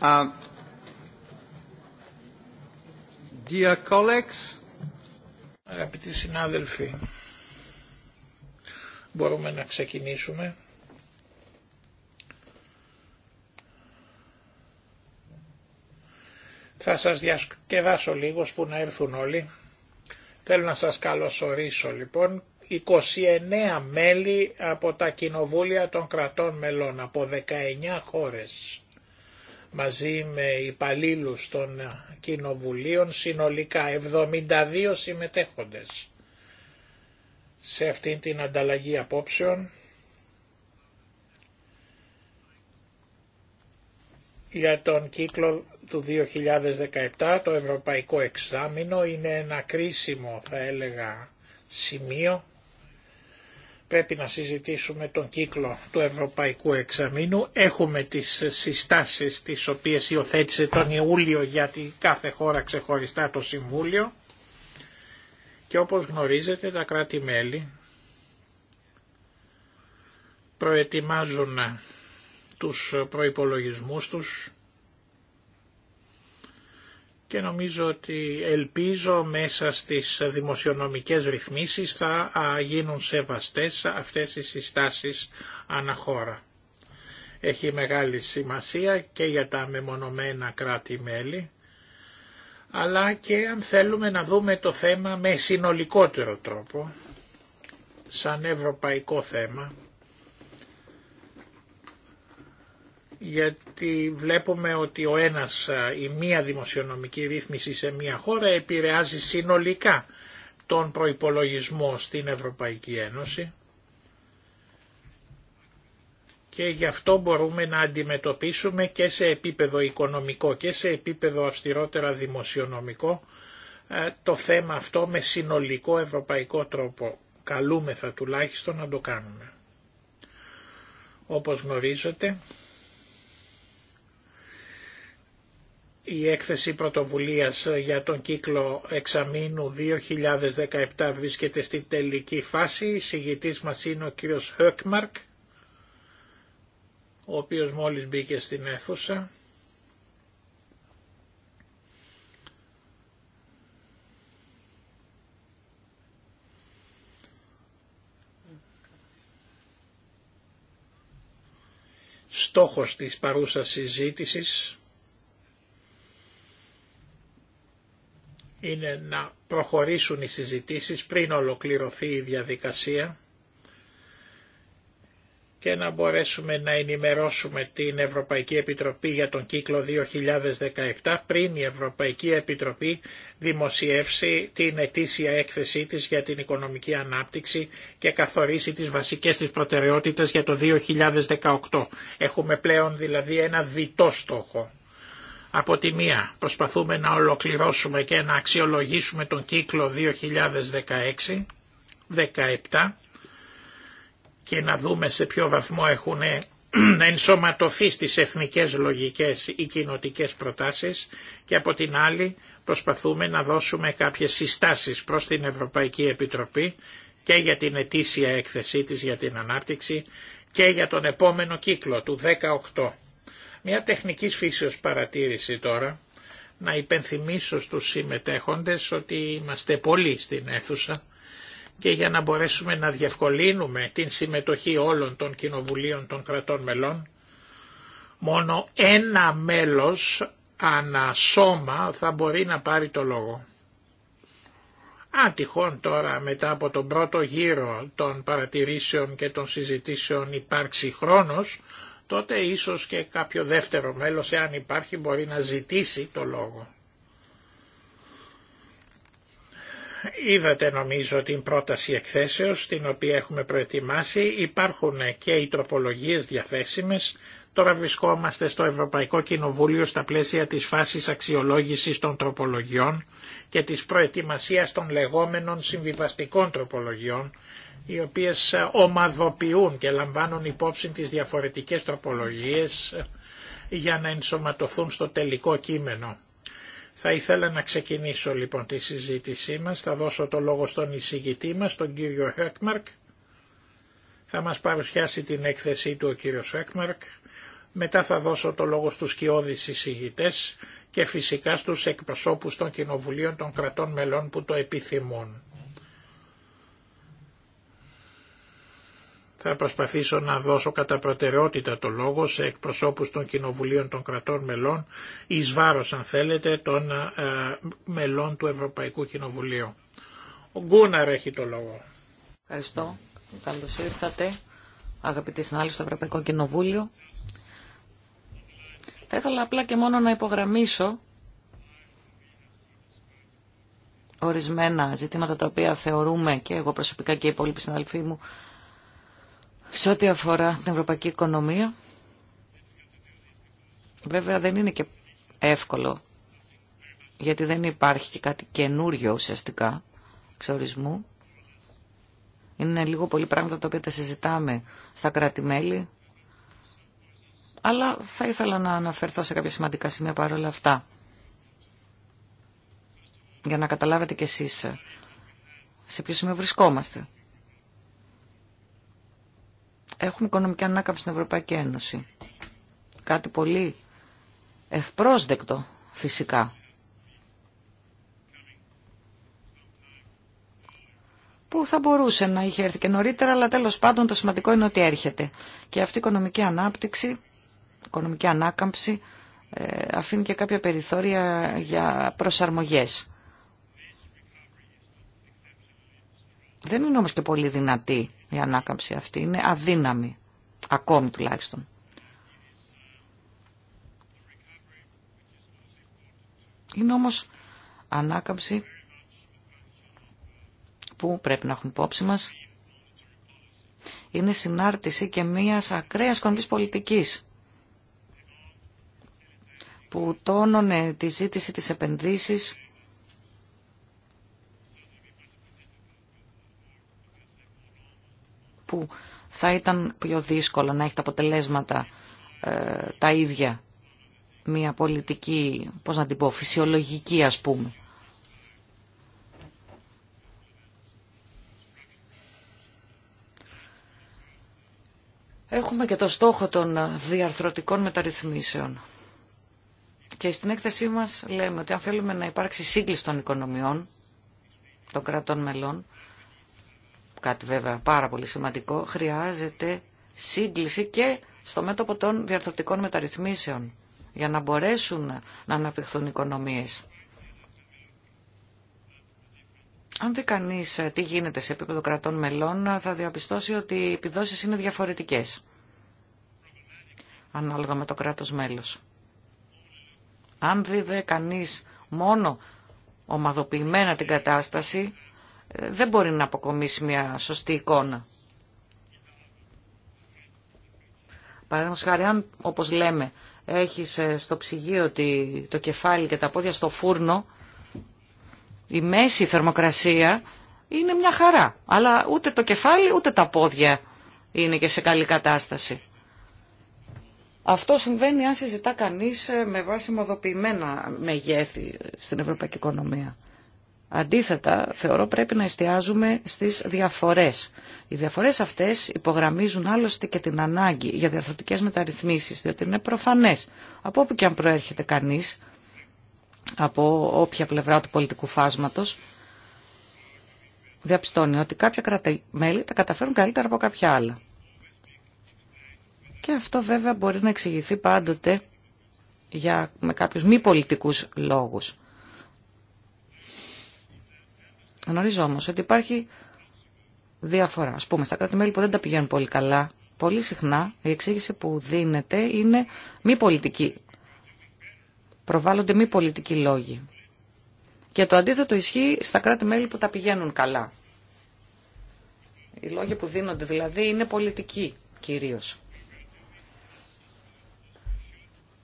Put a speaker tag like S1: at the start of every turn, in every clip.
S1: Uh,
S2: Αγαπητοί συνάδελφοι, μπορούμε να ξεκινήσουμε. Θα σας διασκεδάσω λίγο που να έρθουν όλοι. Θέλω να σας καλωσορίσω λοιπόν 29 μέλη από τα κοινοβούλια των κρατών μελών, από 19 χώρες μαζί με υπαλλήλους των κοινοβουλίων συνολικά 72 συμμετέχοντες σε αυτήν την ανταλλαγή απόψεων για τον κύκλο του 2017 το Ευρωπαϊκό Εξάμεινο είναι ένα κρίσιμο θα έλεγα σημείο πρέπει να συζητήσουμε τον κύκλο του Ευρωπαϊκού Εξαμήνου. Έχουμε τις συστάσεις τις οποίες υιοθέτησε τον Ιούλιο γιατί κάθε χώρα ξεχωριστά το Συμβούλιο και όπως γνωρίζετε τα κράτη-μέλη προετοιμάζουν τους προϋπολογισμούς τους και νομίζω ότι ελπίζω μέσα στις δημοσιονομικές ρυθμίσεις θα γίνουν σεβαστές αυτές οι συστάσεις αναχώρα. Έχει μεγάλη σημασία και για τα μεμονωμένα κράτη-μέλη, αλλά και αν θέλουμε να δούμε το θέμα με συνολικότερο τρόπο, σαν ευρωπαϊκό θέμα, γιατί βλέπουμε ότι ο ένας ή μία δημοσιονομική ρύθμιση σε μία χώρα επηρεάζει συνολικά τον προϋπολογισμό στην Ευρωπαϊκή Ένωση και γι' αυτό μπορούμε να αντιμετωπίσουμε και σε επίπεδο οικονομικό και σε επίπεδο αυστηρότερα δημοσιονομικό το θέμα αυτό με συνολικό ευρωπαϊκό τρόπο. Καλούμεθα τουλάχιστον να το κάνουμε. Όπως γνωρίζετε, Η έκθεση πρωτοβουλίας για τον κύκλο εξαμήνου 2017 βρίσκεται στην τελική φάση. Η συγητής μα είναι ο κ. ο οποίος μόλις μπήκε στην αίθουσα. Στόχος της παρούσας συζήτησης είναι να προχωρήσουν οι συζητήσεις πριν ολοκληρωθεί η διαδικασία και να μπορέσουμε να ενημερώσουμε την Ευρωπαϊκή Επιτροπή για τον κύκλο 2017 πριν η Ευρωπαϊκή Επιτροπή δημοσιεύσει την ετήσια έκθεσή της για την οικονομική ανάπτυξη και καθορίσει τις βασικές της προτεραιότητες για το 2018. Έχουμε πλέον δηλαδή ένα διτό στόχο. Από τη μία προσπαθούμε να ολοκληρώσουμε και να αξιολογήσουμε τον κύκλο 2016-17 και να δούμε σε ποιο βαθμό έχουν ενσωματωθεί στις εθνικές λογικές ή κοινοτικές προτάσεις και από την άλλη προσπαθούμε να δώσουμε κάποιες συστάσεις προς την Ευρωπαϊκή Επιτροπή και για την ετήσια έκθεσή της για την ανάπτυξη και για τον επόμενο κύκλο του 18. Μια τεχνικής φύσεως παρατήρηση τώρα, να υπενθυμίσω στους συμμετέχοντες ότι είμαστε πολλοί στην αίθουσα και για να μπορέσουμε να διευκολύνουμε την συμμετοχή όλων των κοινοβουλίων των κρατών μελών, μόνο ένα μέλος ανασώμα θα μπορεί να πάρει το λόγο. Αν τυχόν τώρα μετά από τον πρώτο γύρο των παρατηρήσεων και των συζητήσεων υπάρξει χρόνος, τότε ίσως και κάποιο δεύτερο μέλος, εάν υπάρχει, μπορεί να ζητήσει το λόγο. Είδατε νομίζω την πρόταση εκθέσεως την οποία έχουμε προετοιμάσει. Υπάρχουν και οι τροπολογίες διαθέσιμες. Τώρα βρισκόμαστε στο Ευρωπαϊκό Κοινοβούλιο στα πλαίσια της φάσης αξιολόγησης των τροπολογιών και της προετοιμασίας των λεγόμενων συμβιβαστικών τροπολογιών οι οποίες ε, ομαδοποιούν και λαμβάνουν υπόψη τις διαφορετικές τροπολογίες ε, για να ενσωματωθούν στο τελικό κείμενο. Θα ήθελα να ξεκινήσω λοιπόν τη συζήτησή μας. Θα δώσω το λόγο στον εισηγητή μας, τον κύριο Χέκμαρκ. Θα μας παρουσιάσει την έκθεσή του ο κύριος Χέκμαρκ. Μετά θα δώσω το λόγο στους κοιόδης εισηγητές και φυσικά στους εκπροσώπους των κοινοβουλίων των κρατών μελών που το επιθυμούν. Θα προσπαθήσω να δώσω κατά προτεραιότητα το λόγο σε εκπροσώπους των κοινοβουλίων των κρατών μελών, εις βάρος αν θέλετε, των ε, μελών του Ευρωπαϊκού Κοινοβουλίου. Ο Γκούναρ έχει το
S3: λόγο. Ευχαριστώ. Καλώς ήρθατε, αγαπητοί συνάλλοι, στο Ευρωπαϊκό Κοινοβούλιο. Θα ήθελα απλά και μόνο να υπογραμμίσω ορισμένα ζητήματα τα οποία θεωρούμε και εγώ προσωπικά και οι υπόλοιποι συναδελφοί μου σε ό,τι αφορά την ευρωπαϊκή οικονομία. Βέβαια δεν είναι και εύκολο, γιατί δεν υπάρχει και κάτι καινούριο ουσιαστικά εξορισμού. Είναι λίγο πολύ πράγματα τα οποία τα συζητάμε στα κράτη-μέλη, αλλά θα ήθελα να αναφερθώ σε κάποια σημαντικά σημεία παρόλα αυτά, για να καταλάβετε κι εσείς σε ποιο σημείο βρισκόμαστε έχουμε οικονομική ανάκαμψη στην Ευρωπαϊκή Ένωση. Κάτι πολύ ευπρόσδεκτο φυσικά. Που θα μπορούσε να είχε έρθει και νωρίτερα, αλλά τέλος πάντων το σημαντικό είναι ότι έρχεται. Και αυτή η οικονομική ανάπτυξη, οικονομική ανάκαμψη, ε, αφήνει και κάποια περιθώρια για προσαρμογές. Δεν είναι όμως και πολύ δυνατή η ανάκαμψη αυτή, είναι αδύναμη, ακόμη τουλάχιστον. Είναι όμως ανάκαμψη που πρέπει να έχουμε υπόψη μας. Είναι συνάρτηση και μιας ακραίας κομπής πολιτικής που τόνωνε τη ζήτηση της επενδύσης που θα ήταν πιο δύσκολο να έχει τα αποτελέσματα ε, τα ίδια μια πολιτική, πώς να την πω, φυσιολογική ας πούμε. Έχουμε και το στόχο των διαρθρωτικών μεταρρυθμίσεων. Και στην έκθεσή μας λέμε ότι αν θέλουμε να υπάρξει σύγκληση των οικονομιών, των κρατών μελών, κάτι βέβαια πάρα πολύ σημαντικό, χρειάζεται σύγκληση και στο μέτωπο των διαρθρωτικών μεταρρυθμίσεων για να μπορέσουν να αναπτυχθούν οικονομίες. Αν δει κανεί ε, τι γίνεται σε επίπεδο κρατών μελών, ε, θα διαπιστώσει ότι οι επιδόσεις είναι διαφορετικές ανάλογα με το κράτος μέλος. Αν δει δε κανείς μόνο ομαδοποιημένα την κατάσταση, δεν μπορεί να αποκομίσει μια σωστή εικόνα. Παραδείγματος χάρη, αν όπως λέμε έχεις ε, στο ψυγείο το κεφάλι και τα πόδια στο φούρνο, η μέση θερμοκρασία είναι μια χαρά. Αλλά ούτε το κεφάλι ούτε τα πόδια είναι και σε καλή κατάσταση. Αυτό συμβαίνει αν συζητά κανείς ε, με βάση μοδοποιημένα μεγέθη στην ευρωπαϊκή οικονομία. Αντίθετα, θεωρώ πρέπει να εστιάζουμε στις διαφορές. Οι διαφορές αυτές υπογραμμίζουν άλλωστε και την ανάγκη για διαρθρωτικές μεταρρυθμίσεις, διότι είναι προφανές. Από όπου και αν προέρχεται κανείς, από όποια πλευρά του πολιτικού φάσματος, διαπιστώνει ότι κάποια κράτη-μέλη τα καταφέρουν καλύτερα από κάποια άλλα. Και αυτό βέβαια μπορεί να εξηγηθεί πάντοτε για, με κάποιους μη πολιτικούς λόγους. Γνωρίζω όμω ότι υπάρχει διαφορά. Α πούμε, στα κράτη-μέλη που δεν τα πηγαίνουν πολύ καλά, πολύ συχνά η εξήγηση που δίνεται είναι μη πολιτική. Προβάλλονται μη πολιτικοί λόγοι. Και το αντίθετο ισχύει στα κράτη-μέλη που τα πηγαίνουν καλά. Οι λόγοι που δίνονται δηλαδή είναι πολιτικοί κυρίω.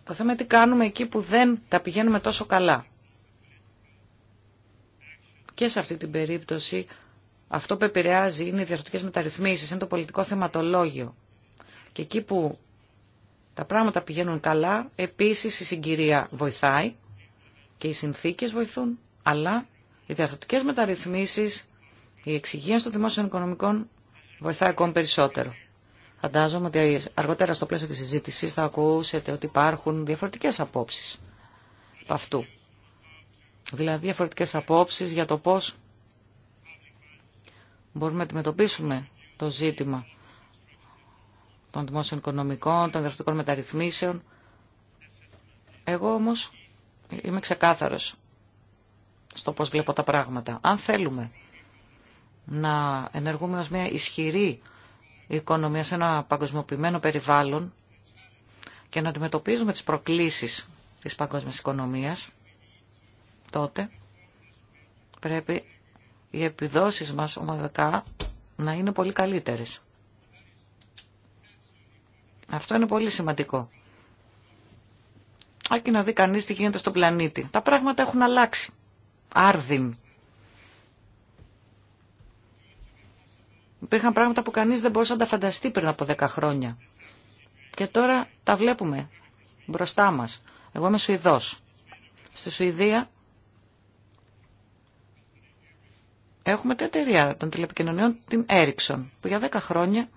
S3: Το θέμα είναι τι κάνουμε εκεί που δεν τα πηγαίνουμε τόσο καλά. Και σε αυτή την περίπτωση αυτό που επηρεάζει είναι οι διαρθρωτικές μεταρρυθμίσεις, είναι το πολιτικό θεματολόγιο. Και εκεί που τα πράγματα πηγαίνουν καλά, επίση η συγκυρία βοηθάει και οι συνθήκες βοηθούν, αλλά οι διαρθρωτικές μεταρρυθμίσεις, η εξυγίανση των δημόσιων οικονομικών βοηθάει ακόμη περισσότερο. Φαντάζομαι ότι αργότερα στο πλαίσιο τη συζήτηση θα ακούσετε ότι υπάρχουν διαφορετικέ απόψει από αυτού. Δηλαδή διαφορετικές απόψεις για το πώς μπορούμε να αντιμετωπίσουμε το ζήτημα των δημόσιων οικονομικών, των δραστικών μεταρρυθμίσεων. Εγώ όμως είμαι ξεκάθαρος στο πώς βλέπω τα πράγματα. Αν θέλουμε να ενεργούμε ως μια ισχυρή οικονομία σε ένα παγκοσμιοποιημένο περιβάλλον και να αντιμετωπίζουμε τις προκλήσεις της παγκόσμιας οικονομίας, τότε πρέπει οι επιδόσεις μας ομαδικά να είναι πολύ καλύτερες. Αυτό είναι πολύ σημαντικό. Άκει να δει κανείς τι γίνεται στον πλανήτη. Τα πράγματα έχουν αλλάξει. Άρδιν. Υπήρχαν πράγματα που κανείς δεν μπορούσε να τα φανταστεί πριν από 10 χρόνια. Και τώρα τα βλέπουμε μπροστά μας. Εγώ είμαι Σουηδός. Στη Σουηδία Έχουμε την εταιρεία των τηλεπικοινωνιών, την Ericsson, που για 10 χρόνια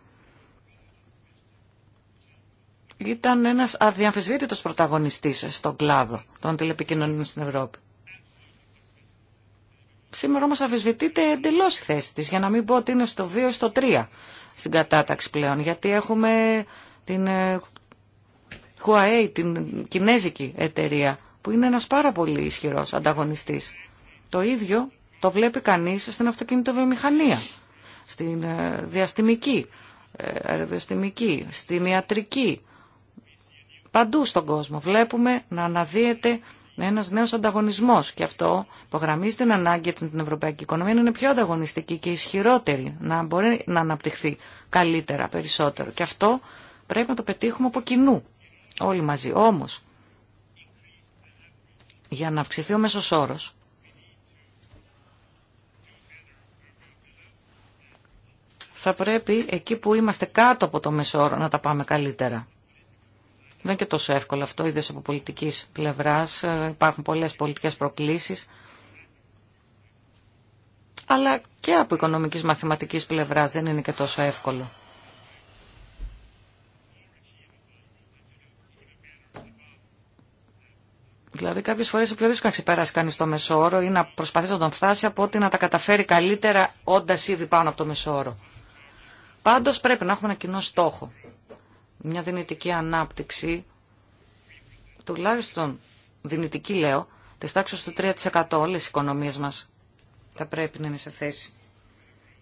S3: ήταν ένας αδιαμφισβήτητος πρωταγωνιστής στον κλάδο των τηλεπικοινωνιών στην Ευρώπη. Σήμερα όμως αμφισβητείται εντελώς η θέση της, για να μην πω ότι είναι στο 2 ή στο 3 στην κατάταξη πλέον, γιατί έχουμε την ε, Huawei, την κινέζικη εταιρεία, που είναι ένας πάρα πολύ ισχυρός ανταγωνιστής. Το ίδιο το βλέπει κανείς στην αυτοκινητοβιομηχανία, στην ε, διαστημική, ε, αεροδιαστημική, στην ιατρική. Παντού στον κόσμο βλέπουμε να αναδύεται ένα νέο ανταγωνισμό. Και αυτό υπογραμμίζει την ανάγκη την ευρωπαϊκή οικονομία να είναι πιο ανταγωνιστική και ισχυρότερη, να μπορεί να αναπτυχθεί καλύτερα, περισσότερο. Και αυτό πρέπει να το πετύχουμε από κοινού, όλοι μαζί. Όμω, για να αυξηθεί ο μέσο όρο, θα πρέπει εκεί που είμαστε κάτω από το μεσόρο να τα πάμε καλύτερα. Δεν είναι και τόσο εύκολο αυτό, είδε από πολιτική πλευρά. Ε, υπάρχουν πολλέ πολιτικέ προκλήσει. Αλλά και από οικονομικής μαθηματικής πλευράς δεν είναι και τόσο εύκολο. Δηλαδή κάποιες φορές είναι πιο δύσκολο να ξεπεράσει κανείς το μεσόωρο ή να προσπαθήσει να τον φτάσει από ότι να τα καταφέρει καλύτερα όντας ήδη πάνω από το μεσόωρο. Πάντως πρέπει να έχουμε ένα κοινό στόχο. Μια δυνητική ανάπτυξη, τουλάχιστον δυνητική λέω, της τάξης του 3% όλες οι οικονομίες μας θα πρέπει να είναι σε θέση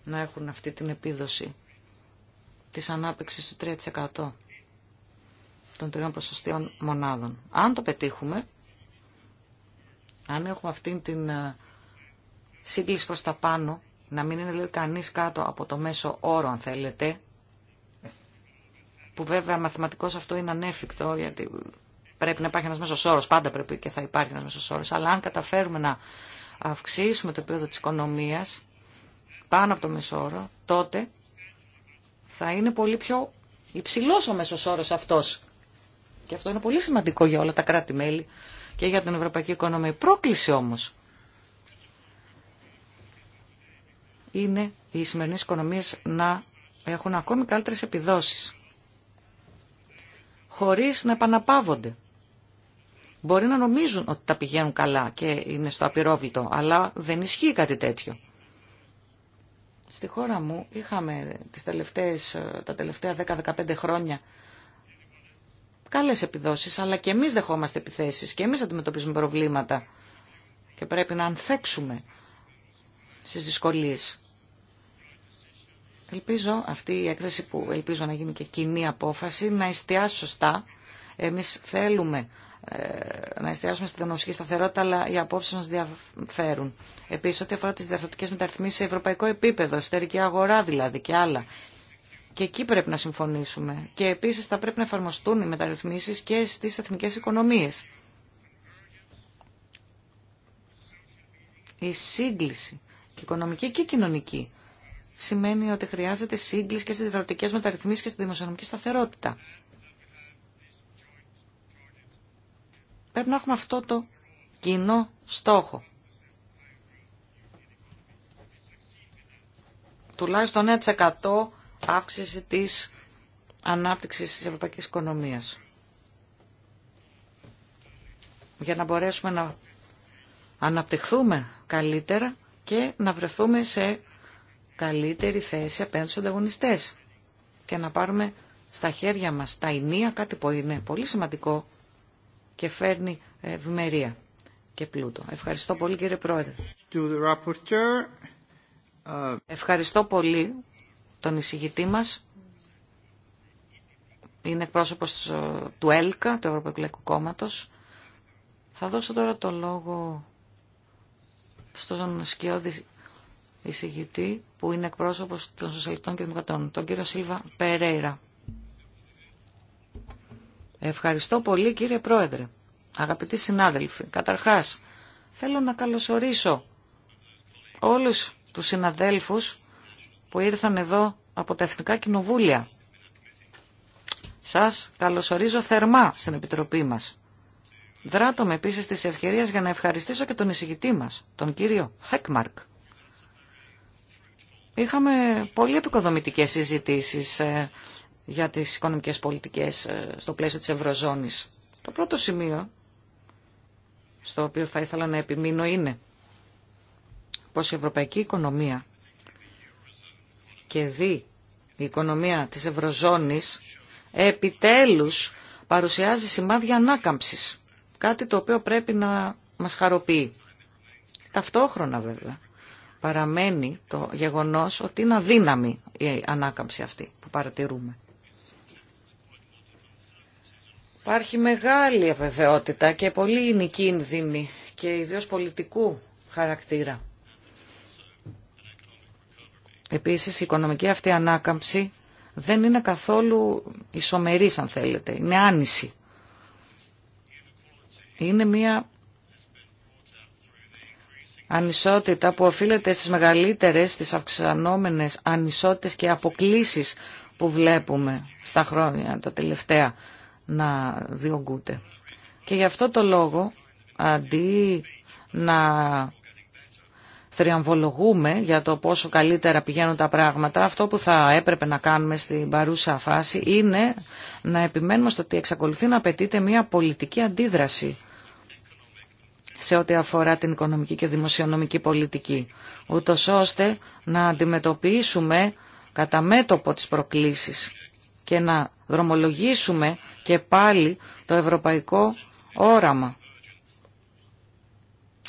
S3: να έχουν αυτή την επίδοση της ανάπτυξης του 3% των τριών ποσοστιών μονάδων. Αν το πετύχουμε, αν έχουμε αυτή την ε, σύγκληση προς τα πάνω, να μην είναι λέει, κανείς κάτω από το μέσο όρο αν θέλετε, που βέβαια μαθηματικώς αυτό είναι ανέφικτο γιατί πρέπει να υπάρχει ένας μέσος όρος, πάντα πρέπει και θα υπάρχει ένας μέσος όρος, αλλά αν καταφέρουμε να αυξήσουμε το επίπεδο της οικονομίας πάνω από το μέσο όρο, τότε θα είναι πολύ πιο υψηλός ο μέσος όρος αυτός. Και αυτό είναι πολύ σημαντικό για όλα τα κράτη-μέλη και για την ευρωπαϊκή οικονομία. πρόκληση όμως είναι οι σημερινέ οικονομίε να έχουν ακόμη καλύτερε επιδόσεις. Χωρίς να επαναπαύονται. Μπορεί να νομίζουν ότι τα πηγαίνουν καλά και είναι στο απειρόβλητο, αλλά δεν ισχύει κάτι τέτοιο. Στη χώρα μου είχαμε τις τελευταίες, τα τελευταία 10-15 χρόνια καλές επιδόσεις, αλλά και εμείς δεχόμαστε επιθέσεις και εμείς αντιμετωπίζουμε προβλήματα και πρέπει να ανθέξουμε στις δυσκολίες. Ελπίζω αυτή η έκθεση που ελπίζω να γίνει και κοινή απόφαση να εστιάσει σωστά. Εμείς θέλουμε ε, να εστιάσουμε στη δημοσιογραφική σταθερότητα, αλλά οι απόψει μα διαφέρουν. Επίση, ό,τι αφορά τι διαρθρωτικέ μεταρρυθμίσει σε ευρωπαϊκό επίπεδο, εσωτερική αγορά δηλαδή και άλλα. Και εκεί πρέπει να συμφωνήσουμε. Και επίση θα πρέπει να εφαρμοστούν οι μεταρρυθμίσει και στι εθνικέ οικονομίε. Η σύγκληση οικονομική και κοινωνική σημαίνει ότι χρειάζεται σύγκληση και στις διδροτικές μεταρρυθμίσεις και στη δημοσιονομική σταθερότητα. Πρέπει να έχουμε αυτό το κοινό στόχο. Τουλάχιστον 9% αύξηση της ανάπτυξης της ευρωπαϊκής οικονομίας. Για να μπορέσουμε να αναπτυχθούμε καλύτερα και να βρεθούμε σε καλύτερη θέση απέναντι στους ανταγωνιστές και να πάρουμε στα χέρια μας τα ενία κάτι που είναι πολύ σημαντικό και φέρνει ευημερία και πλούτο. Ευχαριστώ πολύ κύριε Πρόεδρε. Uh, Ευχαριστώ πολύ τον εισηγητή μας. Είναι εκπρόσωπος του ΕΛΚΑ, του Ευρωπαϊκού Λαϊκού Κόμματος. Θα δώσω τώρα το λόγο στον σκιώδη εισηγητή που είναι εκπρόσωπος των Σοσιαλιστών και Δημοκρατών, τον κύριο Σίλβα Περέιρα. Ευχαριστώ πολύ κύριε Πρόεδρε, αγαπητοί συνάδελφοι. Καταρχάς, θέλω να καλωσορίσω όλους τους συναδέλφους που ήρθαν εδώ από τα Εθνικά Κοινοβούλια. Σας καλωσορίζω θερμά στην Επιτροπή μας. Δράτομαι επίσης της για να ευχαριστήσω και τον εισηγητή μας, τον κύριο Χέκμαρκ. Είχαμε πολύ επικοδομητικές συζητήσεις ε, για τις οικονομικές πολιτικές ε, στο πλαίσιο της Ευρωζώνης. Το πρώτο σημείο στο οποίο θα ήθελα να επιμείνω είναι πως η ευρωπαϊκή οικονομία και δι η οικονομία της Ευρωζώνης επιτέλους παρουσιάζει σημάδια ανάκαμψης. Κάτι το οποίο πρέπει να μας χαροποιεί. Ταυτόχρονα βέβαια παραμένει το γεγονός ότι είναι αδύναμη η ανάκαμψη αυτή που παρατηρούμε. Υπάρχει μεγάλη αβεβαιότητα και πολύ είναι κίνδυνη και ιδίως πολιτικού χαρακτήρα. Επίσης η οικονομική αυτή ανάκαμψη δεν είναι καθόλου ισομερής αν θέλετε, είναι άνηση. Είναι μια ανισότητα που οφείλεται στις μεγαλύτερες, στις αυξανόμενες ανισότητες και αποκλίσεις που βλέπουμε στα χρόνια τα τελευταία να διωγγούνται. Και γι' αυτό το λόγο, αντί να θριαμβολογούμε για το πόσο καλύτερα πηγαίνουν τα πράγματα, αυτό που θα έπρεπε να κάνουμε στην παρούσα φάση είναι να επιμένουμε στο ότι εξακολουθεί να απαιτείται μια πολιτική αντίδραση σε ό,τι αφορά την οικονομική και δημοσιονομική πολιτική, ούτω ώστε να αντιμετωπίσουμε κατά μέτωπο τις προκλήσεις και να δρομολογήσουμε και πάλι το ευρωπαϊκό όραμα.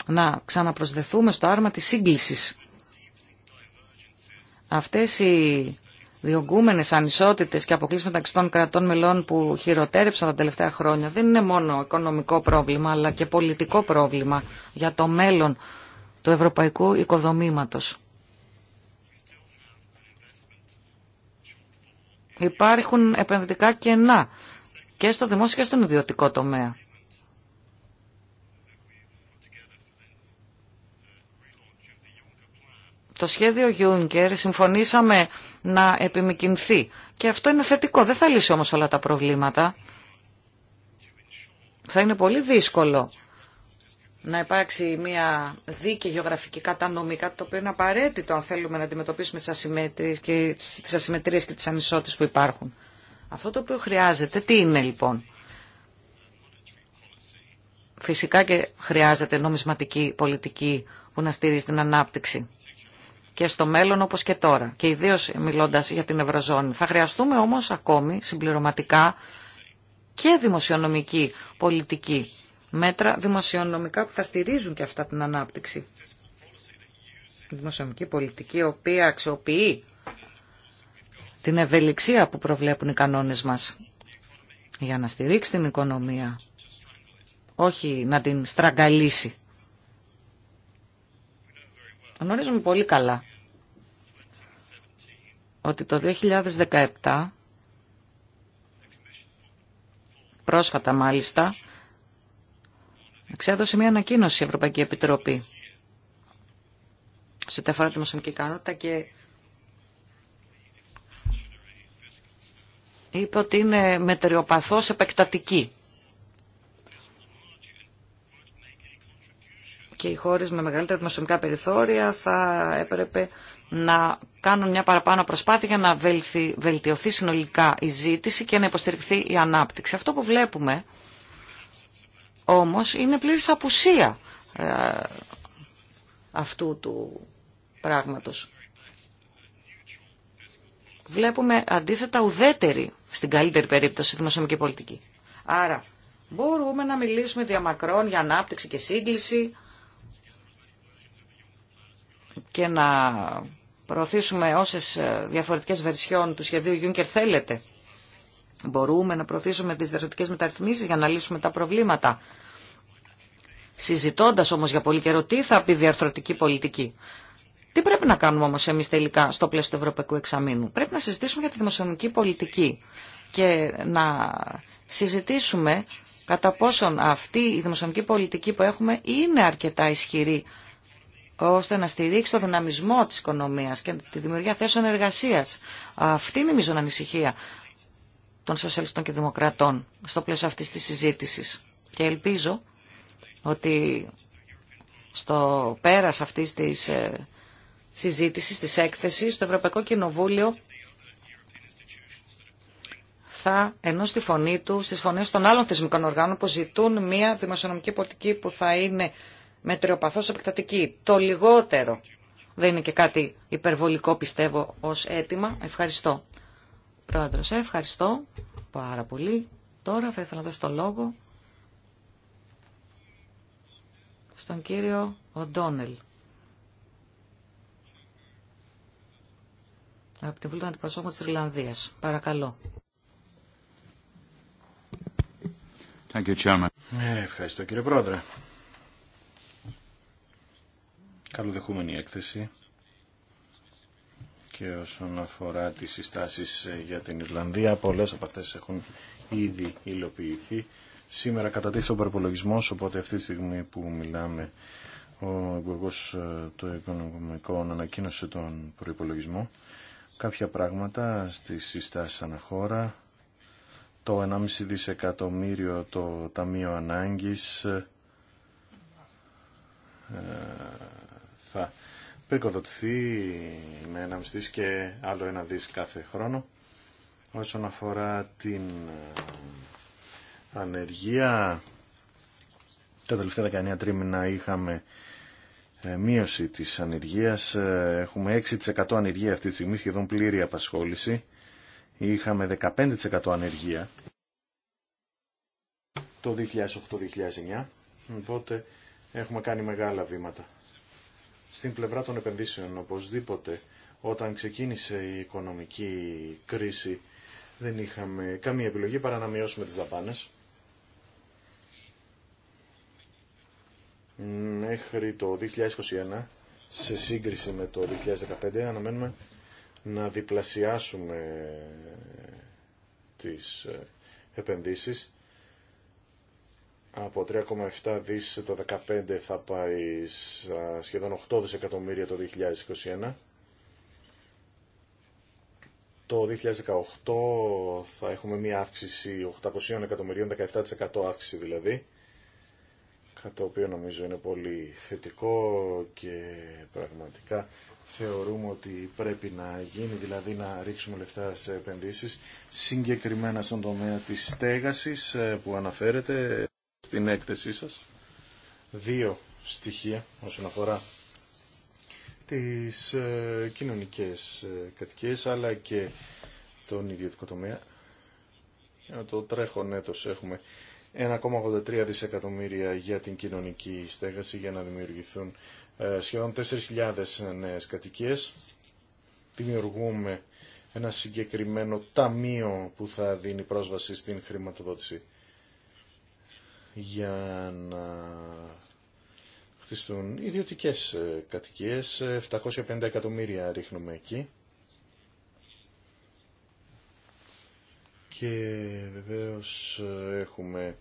S3: Να ξαναπροσδεθούμε στο άρμα της σύγκλησης. Αυτές οι διωγγούμενες ανισότητες και αποκλείσεις μεταξύ των κρατών μελών που χειροτέρεψαν τα τελευταία χρόνια δεν είναι μόνο οικονομικό πρόβλημα αλλά και πολιτικό πρόβλημα για το μέλλον του ευρωπαϊκού οικοδομήματος. Υπάρχουν επενδυτικά κενά και στο δημόσιο και στον ιδιωτικό τομέα. στο σχέδιο Juncker συμφωνήσαμε να επιμηκυνθεί. Και αυτό είναι θετικό. Δεν θα λύσει όμως όλα τα προβλήματα. Θα είναι πολύ δύσκολο να υπάρξει μια δίκαιη γεωγραφική κατανομή, κάτι το οποίο είναι απαραίτητο αν θέλουμε να αντιμετωπίσουμε τις ασυμμετρίες και τις, ασυμμετρίες και τις ανισότητες που υπάρχουν. Αυτό το οποίο χρειάζεται, τι είναι λοιπόν. Φυσικά και χρειάζεται νομισματική πολιτική που να στηρίζει την ανάπτυξη και στο μέλλον όπως και τώρα και ιδίως μιλώντας για την Ευρωζώνη. Θα χρειαστούμε όμως ακόμη συμπληρωματικά και δημοσιονομική πολιτική μέτρα δημοσιονομικά που θα στηρίζουν και αυτά την ανάπτυξη. Δημοσιονομική πολιτική η οποία αξιοποιεί την ευελιξία που προβλέπουν οι κανόνες μας για να στηρίξει την οικονομία, όχι να την στραγγαλίσει. Γνωρίζουμε πολύ καλά ότι το 2017, πρόσφατα μάλιστα, εξέδωσε μια ανακοίνωση η Ευρωπαϊκή Επιτροπή σε ό,τι αφορά τη και είπε ότι είναι μετεριοπαθώς επεκτατική και οι χώρες με μεγαλύτερα δημοσιονομικά περιθώρια θα έπρεπε να κάνουν μια παραπάνω προσπάθεια για να βελτιωθεί συνολικά η ζήτηση και να υποστηριχθεί η ανάπτυξη. Αυτό που βλέπουμε όμως είναι πλήρης απουσία ε, αυτού του πράγματος. Βλέπουμε αντίθετα ουδέτερη, στην καλύτερη περίπτωση, δημοσιονομική πολιτική. Άρα, μπορούμε να μιλήσουμε διαμακρών για ανάπτυξη και σύγκληση, και να προωθήσουμε όσες ε, διαφορετικές βερσιών του σχεδίου Juncker θέλετε. Μπορούμε να προωθήσουμε τις διαφορετικές μεταρρυθμίσεις για να λύσουμε τα προβλήματα. Συζητώντας όμως για πολύ καιρό τι θα πει διαρθρωτική πολιτική. Τι πρέπει να κάνουμε όμως εμείς τελικά στο πλαίσιο του Ευρωπαϊκού Εξαμήνου. Πρέπει να συζητήσουμε για τη δημοσιονομική πολιτική και να συζητήσουμε κατά πόσον αυτή η δημοσιονομική πολιτική που έχουμε είναι αρκετά ισχυρή ώστε να στηρίξει το δυναμισμό της οικονομίας και τη δημιουργία θέσεων εργασίας. Αυτή είναι η μείζων ανησυχία των σοσιαλιστών και δημοκρατών στο πλαίσιο αυτής της συζήτησης. Και ελπίζω ότι στο πέρας αυτής της ε, συζήτησης, της έκθεσης, το Ευρωπαϊκό Κοινοβούλιο θα ενώσει τη φωνή του στις φωνές των άλλων θεσμικών οργάνων που ζητούν μια δημοσιονομική πολιτική που θα είναι μετριοπαθώς επεκτατική. Το λιγότερο δεν είναι και κάτι υπερβολικό πιστεύω ως αίτημα. Ευχαριστώ. Πρόεδρος, ε, ευχαριστώ πάρα πολύ. Τώρα θα ήθελα να δώσω το λόγο στον κύριο Οντόνελ. Από την Βουλή της Ιρλανδίας. Παρακαλώ.
S4: Thank you, Chairman. Ε,
S5: ευχαριστώ κύριε Πρόεδρε καλοδεχούμενη έκθεση και όσον αφορά τις συστάσεις για την Ιρλανδία, πολλές από αυτές έχουν ήδη υλοποιηθεί. Σήμερα κατατίθεται ο προπολογισμό, οπότε αυτή τη στιγμή που μιλάμε ο Υπουργό ε, των Οικονομικών ανακοίνωσε τον προπολογισμό. Κάποια πράγματα στις συστάσεις αναχώρα, το 1,5 δισεκατομμύριο το Ταμείο Ανάγκης, ε, θα περικοδοτηθεί με ένα μισθής και άλλο ένα δις κάθε χρόνο. Όσον αφορά την ε, ανεργία, τα τελευταία 19 τρίμηνα είχαμε ε, μείωση της ανεργίας. Ε, έχουμε 6% ανεργία αυτή τη στιγμή, σχεδόν πλήρη απασχόληση. Είχαμε 15% ανεργία το 2008-2009, οπότε έχουμε κάνει μεγάλα βήματα στην πλευρά των επενδύσεων. Οπωσδήποτε όταν ξεκίνησε η οικονομική κρίση δεν είχαμε καμία επιλογή παρά να μειώσουμε τις δαπάνες. Μέχρι το 2021, σε σύγκριση με το 2015, αναμένουμε να διπλασιάσουμε τις ε, επενδύσεις από 3,7 δις το 2015 θα πάει σχεδόν 8 δισεκατομμύρια το 2021. Το 2018 θα έχουμε μία αύξηση 800 εκατομμυρίων, 17% αύξηση δηλαδή, κάτι το οποίο νομίζω είναι πολύ θετικό και πραγματικά θεωρούμε ότι πρέπει να γίνει, δηλαδή να ρίξουμε λεφτά σε επενδύσεις, συγκεκριμένα στον τομέα της στέγασης ε, που αναφέρεται στην έκθεσή σας δύο στοιχεία όσον αφορά τις ε, κοινωνικές ε, κατοικίες αλλά και τον ιδιωτικό τομέα. Ε, το τρέχον έτος έχουμε 1,83 δισεκατομμύρια για την κοινωνική στέγαση για να δημιουργηθούν σχεδόν 4.000 νέες κατοικίες. Δημιουργούμε ένα συγκεκριμένο ταμείο που θα δίνει πρόσβαση στην χρηματοδότηση για να χτιστούν ιδιωτικές ε, κατοικίες. 750 ε, εκατομμύρια ρίχνουμε εκεί. Και βεβαίως ε, έχουμε,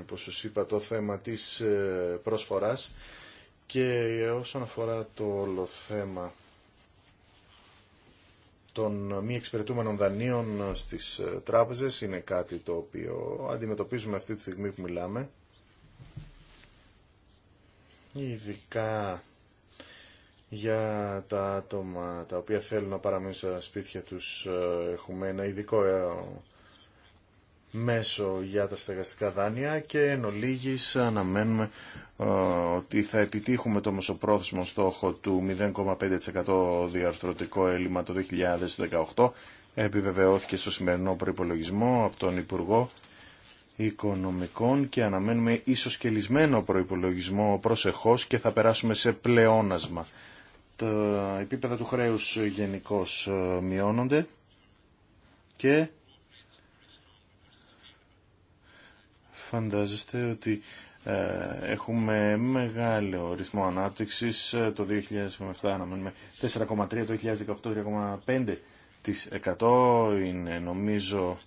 S5: όπως σας είπα, το θέμα της προσφοράς και όσον αφορά το όλο θέμα των μη εξυπηρετούμενων δανείων στις ε, τράπεζες είναι κάτι το οποίο αντιμετωπίζουμε αυτή τη στιγμή που μιλάμε. Ειδικά για τα άτομα τα οποία θέλουν να παραμείνουν στα σπίτια τους ε, έχουμε ένα ειδικό ε, μέσο για τα στεγαστικά δάνεια και εν ολίγης αναμένουμε ε, ότι θα επιτύχουμε το μεσοπρόθεσμο στόχο του 0,5% διαρθρωτικό έλλειμμα το 2018 επιβεβαιώθηκε στο σημερινό προϋπολογισμό από τον Υπουργό Οικονομικών και αναμένουμε ίσως και λυσμένο προϋπολογισμό προσεχώς και θα περάσουμε σε πλεόνασμα. Τα επίπεδα του χρέους γενικώ ε, μειώνονται και φαντάζεστε ότι ε, έχουμε μεγάλο ρυθμό ανάπτυξης. Ε, το 2007 αναμένουμε 4,3, το 2018 3,5% είναι νομίζω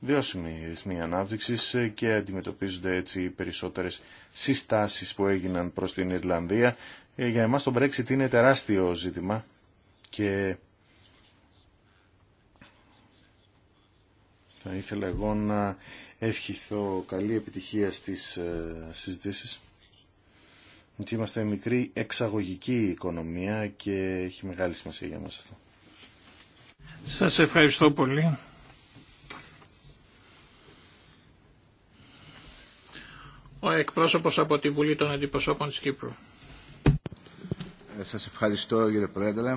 S5: βιώσιμη ρυθμή ανάπτυξης ε, και αντιμετωπίζονται έτσι οι περισσότερες συστάσεις που έγιναν προς την Ιρλανδία. Για εμάς το Brexit είναι τεράστιο ζήτημα και Θα ήθελα εγώ να ευχηθώ καλή επιτυχία στις ε, συζητήσεις. Γιατί είμαστε μικρή εξαγωγική οικονομία και έχει μεγάλη σημασία για μας αυτό.
S2: Σας ευχαριστώ πολύ. Ο εκπρόσωπος από τη Βουλή των Αντιπροσώπων της Κύπρου.
S6: Ε, σας ευχαριστώ κύριε Πρόεδρε.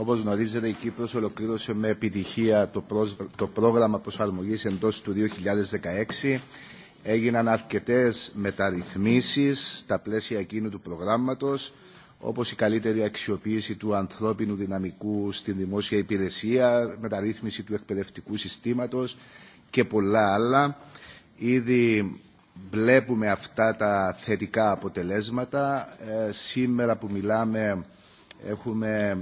S6: Όπως γνωρίζετε, η Κύπρος ολοκλήρωσε με επιτυχία το, το πρόγραμμα προσαρμογής εντός του 2016. Έγιναν αρκετές μεταρρυθμίσεις στα πλαίσια εκείνου του προγράμματος, όπως η καλύτερη αξιοποίηση του ανθρώπινου δυναμικού στη δημόσια υπηρεσία, μεταρρύθμιση του εκπαιδευτικού συστήματος και πολλά άλλα. Ήδη βλέπουμε αυτά τα θετικά αποτελέσματα. Ε, σήμερα που μιλάμε έχουμε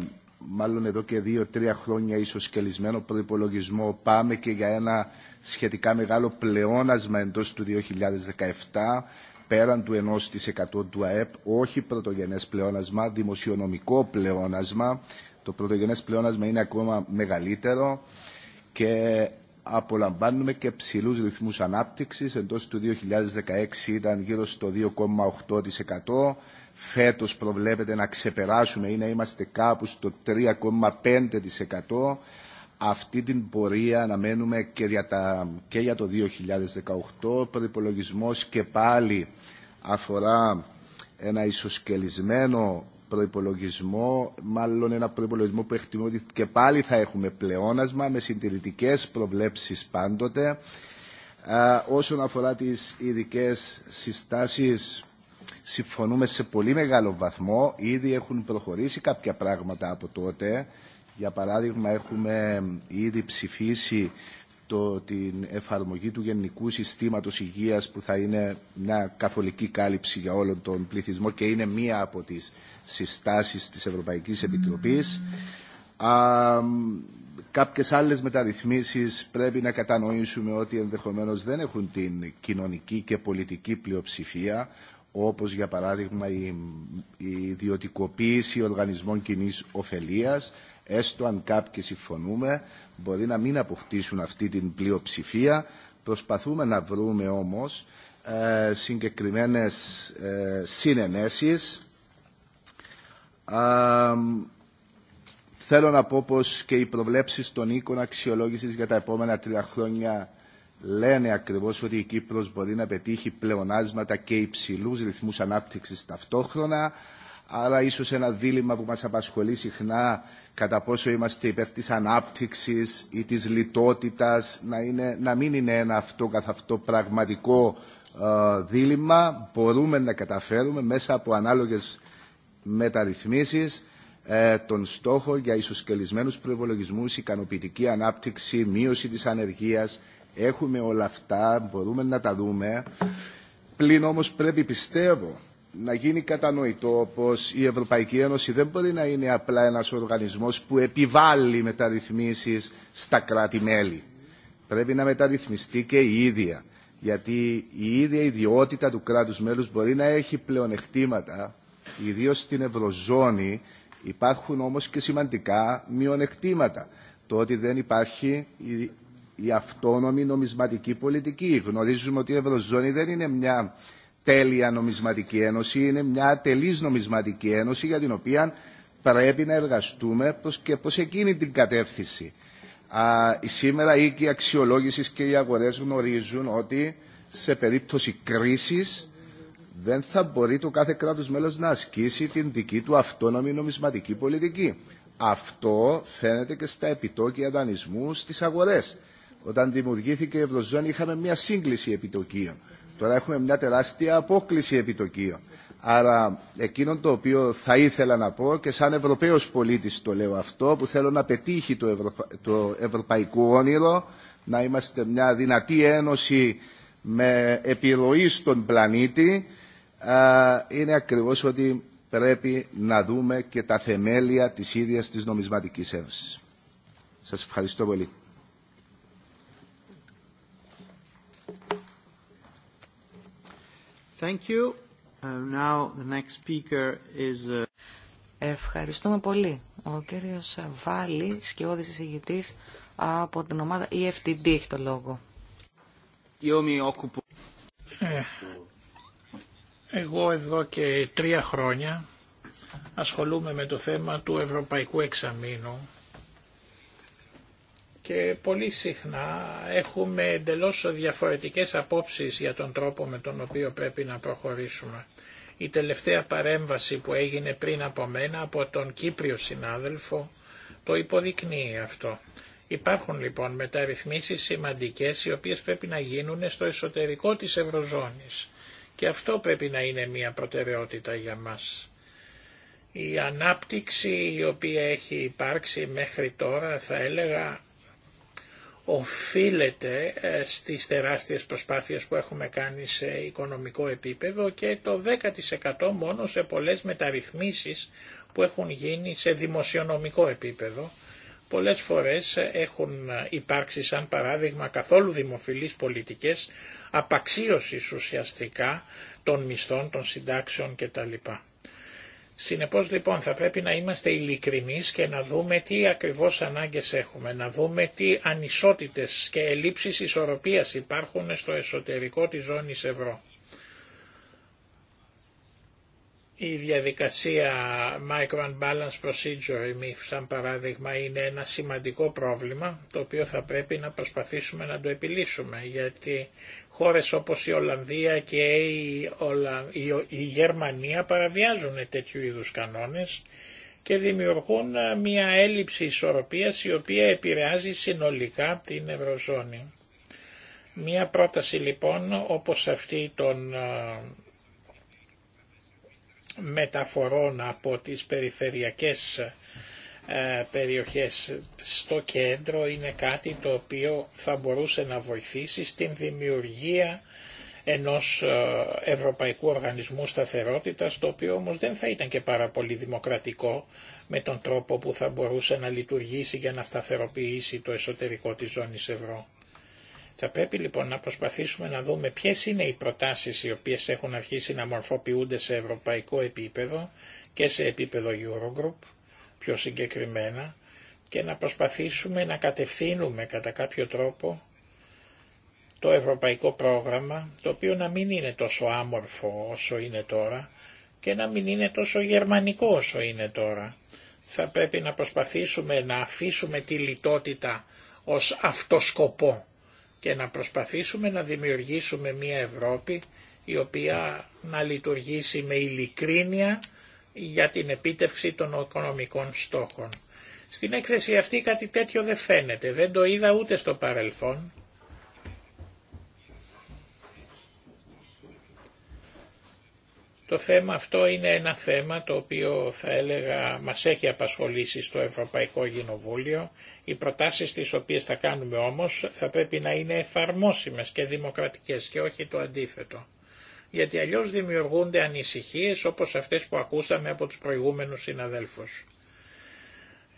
S6: μάλλον εδώ και δύο-τρία χρόνια ίσως κελισμένο προϋπολογισμό πάμε και για ένα σχετικά μεγάλο πλεόνασμα εντός του 2017 πέραν του 1% του ΑΕΠ, όχι πρωτογενές πλεόνασμα, δημοσιονομικό πλεόνασμα. Το πρωτογενές πλεόνασμα είναι ακόμα μεγαλύτερο και απολαμβάνουμε και ψηλούς ρυθμούς ανάπτυξης. Εντός του 2016 ήταν γύρω στο 2,8% φέτος προβλέπεται να ξεπεράσουμε ή να είμαστε κάπου στο 3,5% αυτή την πορεία να μένουμε και για, τα, και για το 2018. προϋπολογισμός και πάλι αφορά ένα ισοσκελισμένο προϋπολογισμό, μάλλον ένα προϋπολογισμό που εκτιμώ ότι και πάλι θα έχουμε πλεόνασμα με συντηρητικές προβλέψεις πάντοτε. Α, όσον αφορά τις ειδικέ συστάσεις, συμφωνούμε σε πολύ μεγάλο βαθμό. Ήδη έχουν προχωρήσει κάποια πράγματα από τότε. Για παράδειγμα, έχουμε ήδη ψηφίσει το, την εφαρμογή του Γενικού Συστήματος Υγείας που θα είναι μια καθολική κάλυψη για όλον τον πληθυσμό και είναι μία από τις συστάσεις της Ευρωπαϊκής Επιτροπής. Α, κάποιες άλλες μεταρρυθμίσεις πρέπει να κατανοήσουμε ότι ενδεχομένως δεν έχουν την κοινωνική και πολιτική πλειοψηφία όπως για παράδειγμα η, η ιδιωτικοποίηση οργανισμών κοινή ωφελία, έστω αν κάποιοι συμφωνούμε, μπορεί να μην αποκτήσουν αυτή την πλειοψηφία. Προσπαθούμε να βρούμε όμως ε, συγκεκριμένες ε, συνενέσεις. θέλω να πω πως και οι προβλέψεις των οίκων αξιολόγησης για τα επόμενα τρία χρόνια λένε ακριβώς ότι η Κύπρος μπορεί να πετύχει πλεονάσματα και υψηλούς ρυθμούς ανάπτυξης ταυτόχρονα, άρα ίσως ένα δίλημα που μα απασχολεί συχνά κατά πόσο είμαστε υπέρ της ανάπτυξης ή της λιτότητας, να, να μην είναι ένα αυτό καθ' αυτό πραγματικό ε, δίλημα. Μπορούμε να καταφέρουμε μέσα από ανάλογες μεταρρυθμίσεις ε, τον στόχο για ισοσκελισμένους προπολογισμού, ικανοποιητική ανάπτυξη, μείωση της ανεργίας, Έχουμε όλα αυτά, μπορούμε να τα δούμε. Πλην όμως πρέπει, πιστεύω, να γίνει κατανοητό πως η Ευρωπαϊκή Ένωση δεν μπορεί να είναι απλά ένας οργανισμός που επιβάλλει μεταρρυθμίσεις στα κράτη-μέλη. Πρέπει να μεταρρυθμιστεί και η ίδια. Γιατί η ίδια ιδιότητα του κράτους μέλους μπορεί να έχει πλεονεκτήματα, ιδίω στην Ευρωζώνη υπάρχουν όμως και σημαντικά μειονεκτήματα. Το ότι δεν υπάρχει η αυτόνομη νομισματική πολιτική. Γνωρίζουμε ότι η Ευρωζώνη δεν είναι μια τέλεια νομισματική ένωση, είναι μια ατελής νομισματική ένωση για την οποία πρέπει να εργαστούμε προς και εκείνη την κατεύθυνση. Α, σήμερα η οίκοι αξιολόγηση και οι αγορές γνωρίζουν ότι σε περίπτωση κρίσης δεν θα μπορεί το κάθε κράτος μέλος να ασκήσει την δική του αυτόνομη νομισματική πολιτική. Αυτό φαίνεται και στα επιτόκια δανεισμού στις αγορές. Όταν δημιουργήθηκε η Ευρωζώνη είχαμε μια σύγκληση επιτοκίων. Τώρα έχουμε μια τεράστια απόκληση επιτοκίων. Άρα εκείνο το οποίο θα ήθελα να πω και σαν Ευρωπαίος πολίτης το λέω αυτό που θέλω να πετύχει το, το ευρωπαϊκό όνειρο να είμαστε μια δυνατή ένωση με επιρροή στον πλανήτη είναι ακριβώς ότι πρέπει να δούμε και τα θεμέλια της ίδιας της νομισματικής ένωσης. Σας ευχαριστώ πολύ.
S3: Uh, uh, Ευχαριστούμε πολύ. Ο κύριος Βάλη, σκιώδης εισηγητής από την ομάδα EFTD έχει το λόγο.
S6: Ε,
S2: εγώ εδώ και τρία χρόνια ασχολούμαι με το θέμα του Ευρωπαϊκού Εξαμήνου και πολύ συχνά έχουμε εντελώς διαφορετικές απόψεις για τον τρόπο με τον οποίο πρέπει να προχωρήσουμε. Η τελευταία παρέμβαση που έγινε πριν από μένα από τον Κύπριο συνάδελφο το υποδεικνύει αυτό. Υπάρχουν λοιπόν μεταρρυθμίσεις σημαντικές οι οποίες πρέπει να γίνουν στο εσωτερικό της Ευρωζώνης και αυτό πρέπει να είναι μια προτεραιότητα για μας. Η ανάπτυξη η οποία έχει υπάρξει μέχρι τώρα θα έλεγα οφείλεται ε, στις τεράστιες προσπάθειες που έχουμε κάνει σε οικονομικό επίπεδο και το 10% μόνο σε πολλές μεταρρυθμίσεις που έχουν γίνει σε δημοσιονομικό επίπεδο. Πολλές φορές ε, έχουν ε, υπάρξει σαν παράδειγμα καθόλου δημοφιλείς πολιτικές απαξίωσης ουσιαστικά των μισθών, των συντάξεων κτλ. Συνεπώς λοιπόν θα πρέπει να είμαστε ειλικρινεί και να δούμε τι ακριβώς ανάγκες έχουμε, να δούμε τι ανισότητες και ελλείψεις ισορροπίας υπάρχουν στο εσωτερικό της ζώνης ευρώ. Η διαδικασία Micro Balance Procedure, ή σαν παράδειγμα, είναι ένα σημαντικό πρόβλημα το οποίο θα πρέπει να προσπαθήσουμε να το επιλύσουμε Χώρες όπως η Ολλανδία και η, η Γερμανία παραβιάζουν τέτοιου είδους κανόνες και δημιουργούν ε, μια έλλειψη ισορροπίας η οποία επηρεάζει συνολικά την Ευρωζώνη. Μια πρόταση λοιπόν όπως αυτή των ε, μεταφορών από τις περιφερειακές ε, περιοχές στο κέντρο είναι κάτι το οποίο θα μπορούσε να βοηθήσει στην δημιουργία ενός ε, Ευρωπαϊκού Οργανισμού Σταθερότητας, το οποίο όμως δεν θα ήταν και πάρα πολύ δημοκρατικό με τον τρόπο που θα μπορούσε να λειτουργήσει για να σταθεροποιήσει το εσωτερικό της ζώνης ευρώ. Θα πρέπει λοιπόν να προσπαθήσουμε να δούμε ποιες είναι οι προτάσεις οι οποίες έχουν αρχίσει να μορφοποιούνται σε ευρωπαϊκό επίπεδο και σε επίπεδο Eurogroup πιο συγκεκριμένα και να προσπαθήσουμε να κατευθύνουμε κατά κάποιο τρόπο το ευρωπαϊκό πρόγραμμα, το οποίο να μην είναι τόσο άμορφο όσο είναι τώρα και να μην είναι τόσο γερμανικό όσο είναι τώρα. Θα πρέπει να προσπαθήσουμε να αφήσουμε τη λιτότητα ως αυτοσκοπό και να προσπαθήσουμε να δημιουργήσουμε μια Ευρώπη η οποία να λειτουργήσει με ειλικρίνεια, για την επίτευξη των οικονομικών στόχων. Στην έκθεση αυτή κάτι τέτοιο δεν φαίνεται, δεν το είδα ούτε στο παρελθόν. Το θέμα αυτό είναι ένα θέμα το οποίο θα έλεγα μας έχει απασχολήσει στο Ευρωπαϊκό Γενοβούλιο. Οι προτάσεις τις οποίες θα κάνουμε όμως θα πρέπει να είναι εφαρμόσιμες και δημοκρατικές και όχι το αντίθετο γιατί αλλιώς δημιουργούνται ανησυχίες όπως αυτές που ακούσαμε από τους προηγούμενους συναδέλφους.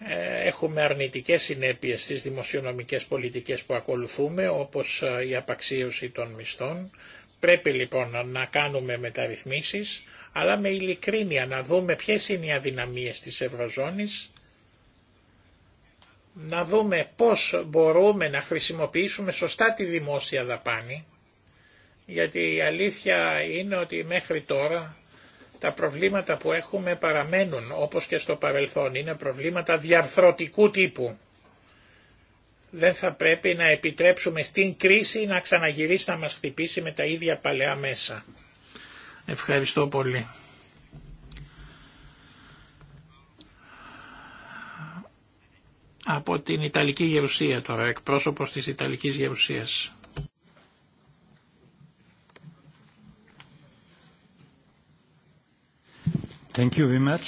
S2: Ε, έχουμε αρνητικές συνέπειες στις δημοσιονομικές πολιτικές που ακολουθούμε, όπως ε, η απαξίωση των μισθών. Πρέπει λοιπόν να κάνουμε μεταρρυθμίσεις, αλλά με ειλικρίνεια να δούμε ποιες είναι οι αδυναμίες της Ευρωζώνης, να δούμε πώς μπορούμε να χρησιμοποιήσουμε σωστά τη δημόσια δαπάνη, γιατί η αλήθεια είναι ότι μέχρι τώρα τα προβλήματα που έχουμε παραμένουν όπως και στο παρελθόν. Είναι προβλήματα διαρθρωτικού τύπου. Δεν θα πρέπει να επιτρέψουμε στην κρίση να ξαναγυρίσει να μας χτυπήσει με τα ίδια παλαιά μέσα. Ευχαριστώ πολύ. Από την Ιταλική Γερουσία τώρα, εκπρόσωπος της Ιταλικής Γερουσίας.
S5: Thank you very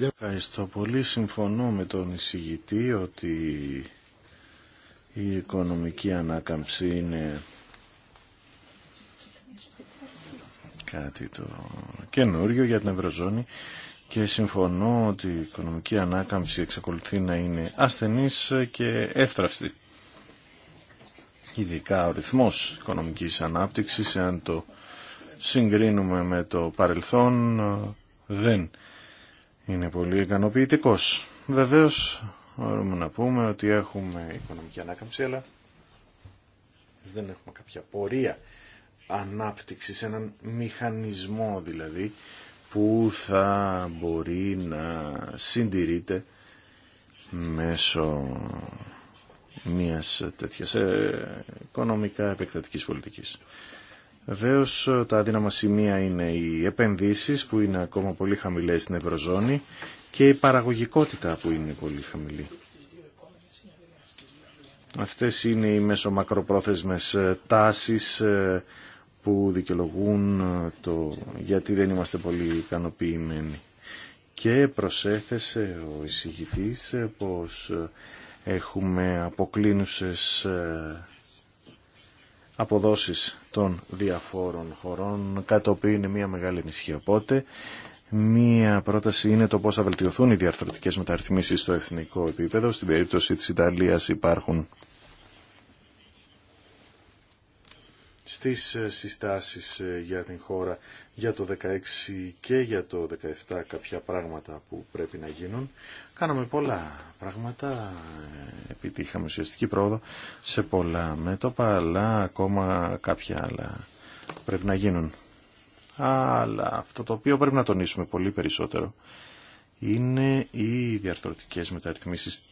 S5: Ευχαριστώ πολύ. Συμφωνώ με τον εισηγητή ότι η οικονομική ανάκαμψη είναι κάτι το καινούριο για την Ευρωζώνη και συμφωνώ ότι η οικονομική ανάκαμψη εξακολουθεί να είναι ασθενής και εύθραυστη. Ειδικά ο ρυθμός οικονομικής ανάπτυξης, εάν το συγκρίνουμε με το παρελθόν δεν είναι πολύ ικανοποιητικό. Βεβαίως μπορούμε να πούμε ότι έχουμε οικονομική ανάκαμψη αλλά δεν έχουμε κάποια πορεία ανάπτυξης, έναν μηχανισμό δηλαδή που θα μπορεί να συντηρείται μέσω μιας τέτοιας ε, οικονομικά επεκτατικής πολιτικής. Βεβαίω τα αδύναμα σημεία είναι οι επενδύσεις που είναι ακόμα πολύ χαμηλές στην Ευρωζώνη και η παραγωγικότητα που είναι πολύ χαμηλή. Αυτές είναι οι μεσομακροπρόθεσμες ε, τάσεις ε, που δικαιολογούν ε, το γιατί δεν είμαστε πολύ ικανοποιημένοι. Και προσέθεσε ο εισηγητής πως έχουμε αποκλίνουσες αποδόσεις των διαφόρων χωρών, κάτι το οποίο είναι μια μεγάλη ενισχύ. Οπότε, μία πρόταση είναι το πώς θα βελτιωθούν οι διαρθρωτικές μεταρρυθμίσεις στο εθνικό επίπεδο. Στην περίπτωση της Ιταλίας υπάρχουν στις συστάσεις ε, για την χώρα για το 2016 και για το 2017 κάποια πράγματα που πρέπει να γίνουν. Κάναμε πολλά πράγματα, επιτύχαμε ουσιαστική πρόοδο σε πολλά μέτωπα, αλλά ακόμα κάποια άλλα πρέπει να γίνουν. Αλλά αυτό το οποίο πρέπει να τονίσουμε πολύ περισσότερο είναι οι διαρθρωτικές μεταρρυθμίσεις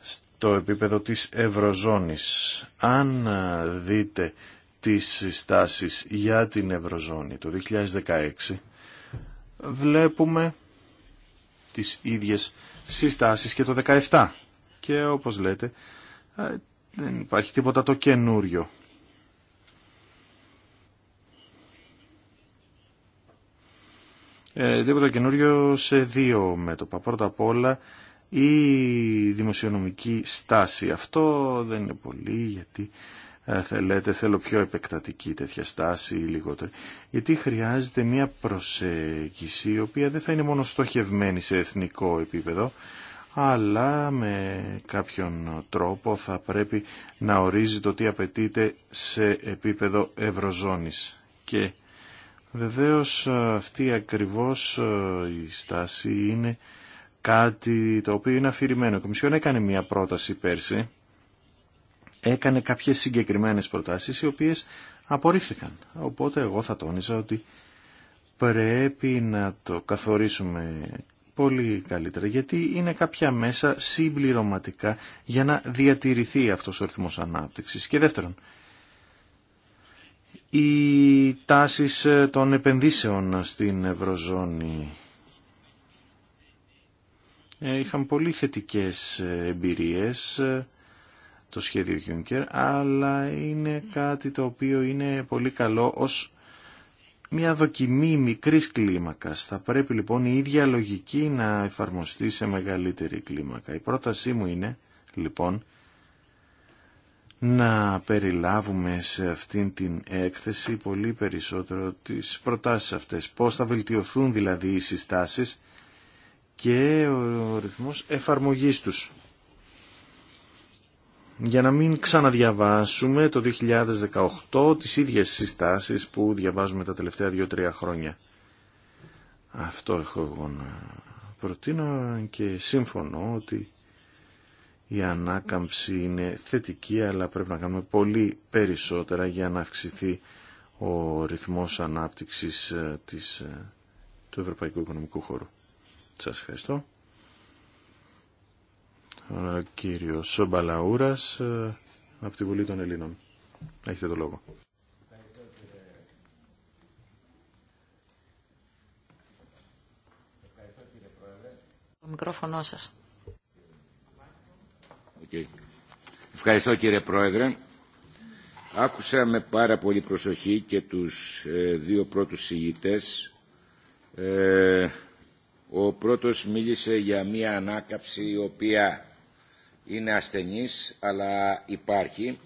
S5: στο επίπεδο της Ευρωζώνης. Αν δείτε τις συστάσεις για την Ευρωζώνη το 2016, βλέπουμε τις ίδιες συστάσεις και το 17. Και όπως λέτε, δεν υπάρχει τίποτα το καινούριο. Ε, τίποτα καινούριο σε δύο μέτωπα. Πρώτα απ' όλα η δημοσιονομική στάση. Αυτό δεν είναι πολύ γιατί θέλετε, ε, θέλω πιο επεκτατική τέτοια στάση ή λιγότερη. Γιατί χρειάζεται μια προσέγγιση η οποία δεν θα είναι μόνο στοχευμένη σε εθνικό επίπεδο, αλλά με κάποιον τρόπο θα πρέπει να ορίζει το τι απαιτείται σε επίπεδο ευρωζώνης. Και βεβαίως αυτή ακριβώς ε, η στάση είναι κάτι το οποίο είναι αφηρημένο. Η Κομισιόν έκανε μια πρόταση πέρσι, έκανε κάποιες συγκεκριμένες προτάσεις οι οποίες απορρίφθηκαν. Οπότε εγώ θα τόνιζα ότι πρέπει να το καθορίσουμε πολύ καλύτερα γιατί είναι κάποια μέσα συμπληρωματικά για να διατηρηθεί αυτός ο ρυθμός ανάπτυξης. Και δεύτερον, οι τάσεις των επενδύσεων στην Ευρωζώνη ε, είχαν πολύ θετικές εμπειρίες το σχέδιο Juncker, αλλά είναι κάτι το οποίο είναι πολύ καλό ως μια δοκιμή μικρής κλίμακας. Θα πρέπει λοιπόν η ίδια λογική να εφαρμοστεί σε μεγαλύτερη κλίμακα. Η πρότασή μου είναι λοιπόν να περιλάβουμε σε αυτήν την έκθεση πολύ περισσότερο τις προτάσεις αυτές. Πώς θα βελτιωθούν δηλαδή οι συστάσεις και ο ρυθμός εφαρμογής τους για να μην ξαναδιαβάσουμε το 2018 τις ίδιες συστάσεις που διαβάζουμε τα τελευταια δυο δύο-τρία χρόνια. Αυτό έχω εγώ να προτείνω και σύμφωνο ότι η ανάκαμψη είναι θετική αλλά πρέπει να κάνουμε πολύ περισσότερα για να αυξηθεί ο ρυθμός ανάπτυξης ε, της, ε, του Ευρωπαϊκού Οικονομικού Χώρου. Σας ευχαριστώ ο κύριος Μπαλαούρας ε, από τη Βουλή των Ελλήνων. Έχετε το λόγο.
S3: μικρόφωνο σας.
S4: Ευχαριστώ κύριε Πρόεδρε. Άκουσα με πάρα πολύ προσοχή και τους ε, δύο πρώτους συγητές. Ε, ο πρώτος μίλησε για μία ανάκαψη η οποία είναι ασθενής, αλλά υπάρχει.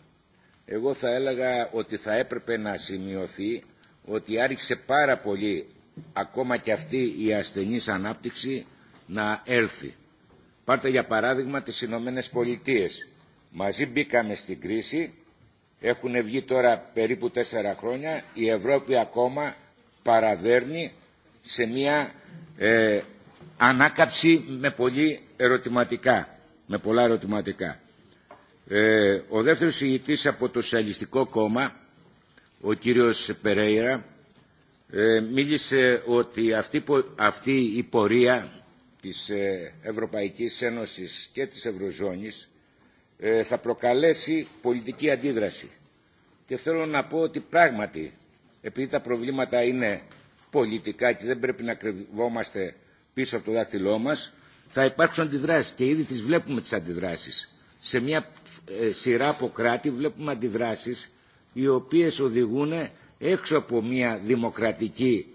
S4: Εγώ θα έλεγα ότι θα έπρεπε να σημειωθεί ότι άρχισε πάρα πολύ ακόμα και αυτή η ασθενής ανάπτυξη να έρθει. Πάρτε για παράδειγμα τις Ηνωμένε Πολιτείε. Μαζί μπήκαμε στην κρίση, έχουν βγει τώρα περίπου τέσσερα χρόνια, η Ευρώπη ακόμα παραδέρνει σε μια ε, ανάκαψη με πολύ ερωτηματικά με πολλά ερωτηματικά. Ε, ο δεύτερος ηγητής από το Σοσιαλιστικό Κόμμα, ο κύριος Περέιρα, ε, μίλησε ότι αυτή, αυτή η πορεία της ε, Ευρωπαϊκής Ένωσης και της Ευρωζώνης θα προκαλέσει πολιτική αντίδραση. Και θέλω να πω ότι πράγματι, επειδή τα προβλήματα είναι πολιτικά και δεν πρέπει να κρυβόμαστε πίσω από το δάχτυλό μας, θα υπάρξουν αντιδράσεις και ήδη τις βλέπουμε τις αντιδράσεις. Σε μια ε, σειρά από κράτη βλέπουμε αντιδράσεις οι οποίες οδηγούν έξω από μια δημοκρατική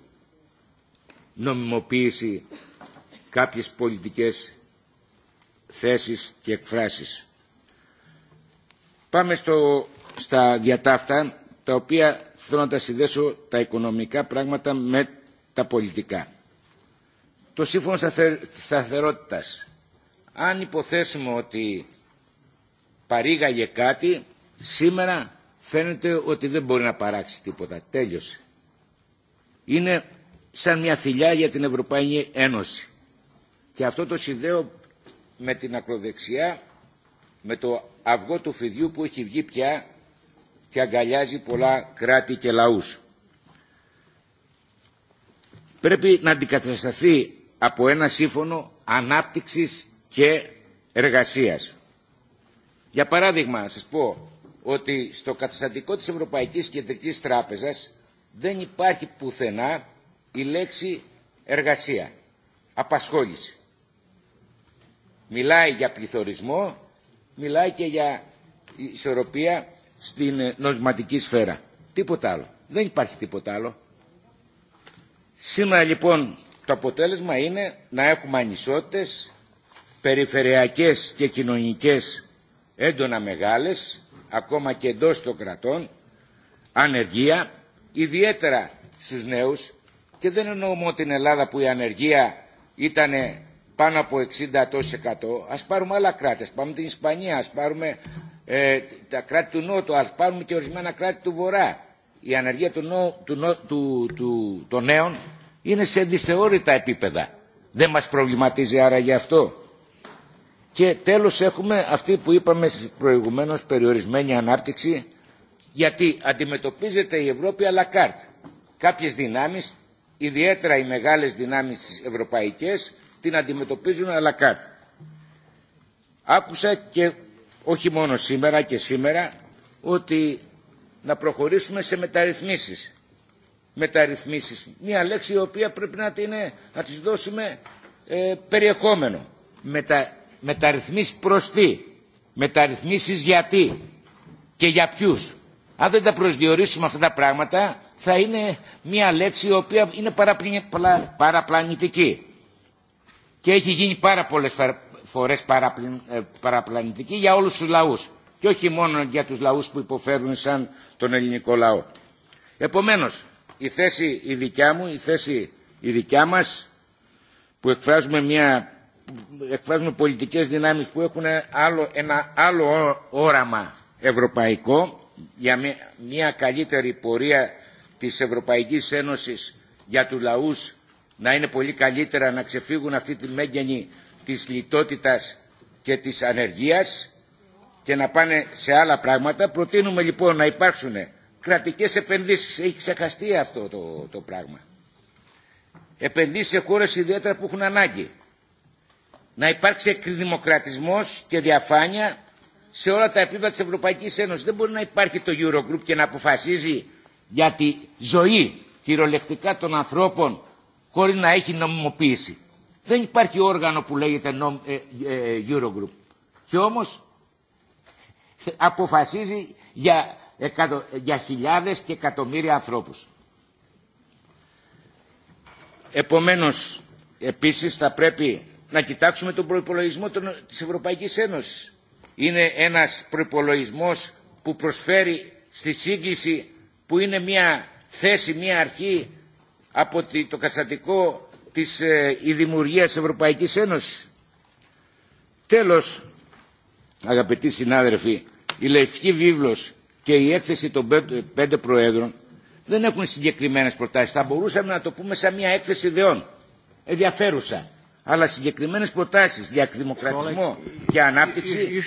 S4: νομιμοποίηση κάποιες πολιτικές θέσεις και εκφράσεις. Πάμε στο, στα διατάφτα, τα οποία θέλω να τα συνδέσω τα οικονομικά πράγματα με τα πολιτικά το σύμφωνο σταθερότητας. Αν υποθέσουμε ότι παρήγαγε κάτι, σήμερα φαίνεται ότι δεν μπορεί να παράξει τίποτα. Τέλειωσε. Είναι σαν μια θηλιά για την Ευρωπαϊκή Ένωση. Και αυτό το συνδέω με την ακροδεξιά, με το αυγό του φιδιού που έχει βγει πια και αγκαλιάζει πολλά κράτη και λαούς. Πρέπει να αντικατασταθεί από ένα σύμφωνο ανάπτυξης και εργασίας. Για παράδειγμα, να σας πω ότι στο καταστατικό της Ευρωπαϊκής Κεντρικής Τράπεζας δεν υπάρχει πουθενά η λέξη εργασία, απασχόληση. Μιλάει για πληθωρισμό, μιλάει και για ισορροπία στην νοσματική σφαίρα. Τίποτα άλλο. Δεν υπάρχει τίποτα άλλο. Σήμερα λοιπόν το αποτέλεσμα είναι να έχουμε ανισότητες περιφερειακές και κοινωνικές έντονα μεγάλες, ακόμα και εντό των κρατών, ανεργία, ιδιαίτερα στους νέους και δεν εννοούμε την Ελλάδα που η ανεργία ήταν πάνω από 60% ας πάρουμε άλλα κράτη, ας πάρουμε την Ισπανία, ας πάρουμε ε, τα κράτη του Νότου, ας πάρουμε και ορισμένα κράτη του Βορρά. Η ανεργία των νέων είναι σε δυσθεώρητα επίπεδα. Δεν μας προβληματίζει άρα γι' αυτό. Και τέλος έχουμε αυτή που είπαμε προηγουμένως περιορισμένη ανάπτυξη γιατί αντιμετωπίζεται η Ευρώπη αλλά κάρτ. Κάποιες δυνάμεις, ιδιαίτερα οι μεγάλες δυνάμεις ευρωπαϊκές, την αντιμετωπίζουν αλλά κάρτ. Άκουσα και όχι μόνο σήμερα και σήμερα ότι να προχωρήσουμε σε μεταρρυθμίσεις μεταρρυθμίσεις. Μια λέξη η οποία πρέπει να, την, να της δώσουμε ε, περιεχόμενο. Μετα, μεταρρυθμίσεις προς τι. Μεταρρυθμίσεις γιατί και για ποιους. Αν δεν τα προσδιορίσουμε αυτά τα πράγματα θα είναι μια λέξη η οποία είναι παραπλανητική. Και έχει γίνει πάρα πολλές φορές ε, παραπλανητική για όλους τους λαούς. Και όχι μόνο για τους λαούς που υποφέρουν σαν τον ελληνικό λαό. Επομένως, η θέση η δικιά μου, η θέση η δικιά μας που εκφράζουμε, μια, εκφράζουμε πολιτικές δυνάμεις που έχουν άλλο, ένα άλλο όραμα ευρωπαϊκό για μια, καλύτερη πορεία της Ευρωπαϊκής Ένωσης για τους λαούς να είναι πολύ καλύτερα να ξεφύγουν αυτή τη μέγενη της λιτότητας και της ανεργίας και να πάνε σε άλλα πράγματα. Προτείνουμε λοιπόν να υπάρξουν κρατικές επενδύσεις. Έχει ξεχαστεί αυτό το, το πράγμα. Επενδύσεις σε χώρες ιδιαίτερα που έχουν ανάγκη. Να υπάρξει εκδημοκρατισμός και διαφάνεια σε όλα τα επίπεδα της Ευρωπαϊκής Ένωσης. Δεν μπορεί να υπάρχει το Eurogroup και να αποφασίζει για τη ζωή κυριολεκτικά των ανθρώπων χωρίς να έχει νομιμοποίηση. Δεν υπάρχει όργανο που λέγεται ε, ε, Eurogroup. Και όμως αποφασίζει για για χιλιάδες και εκατομμύρια ανθρώπους. Επομένως, επίσης θα πρέπει να κοιτάξουμε τον προϋπολογισμό της Ευρωπαϊκής Ένωσης. Είναι ένας προϋπολογισμός που προσφέρει στη σύγκληση που είναι μια θέση, μια αρχή από το καταστατικό της ε, η δημιουργίας Ευρωπαϊκής Ένωσης. Τέλος, αγαπητοί συνάδελφοι, η Λευκή Βίβλος και η έκθεση των πέντε προέδρων δεν έχουν συγκεκριμένε προτάσει. Θα μπορούσαμε να το πούμε σαν μια έκθεση ιδεών. Ενδιαφέρουσα. Αλλά συγκεκριμένε προτάσει για εκδημοκρατισμό και ανάπτυξη.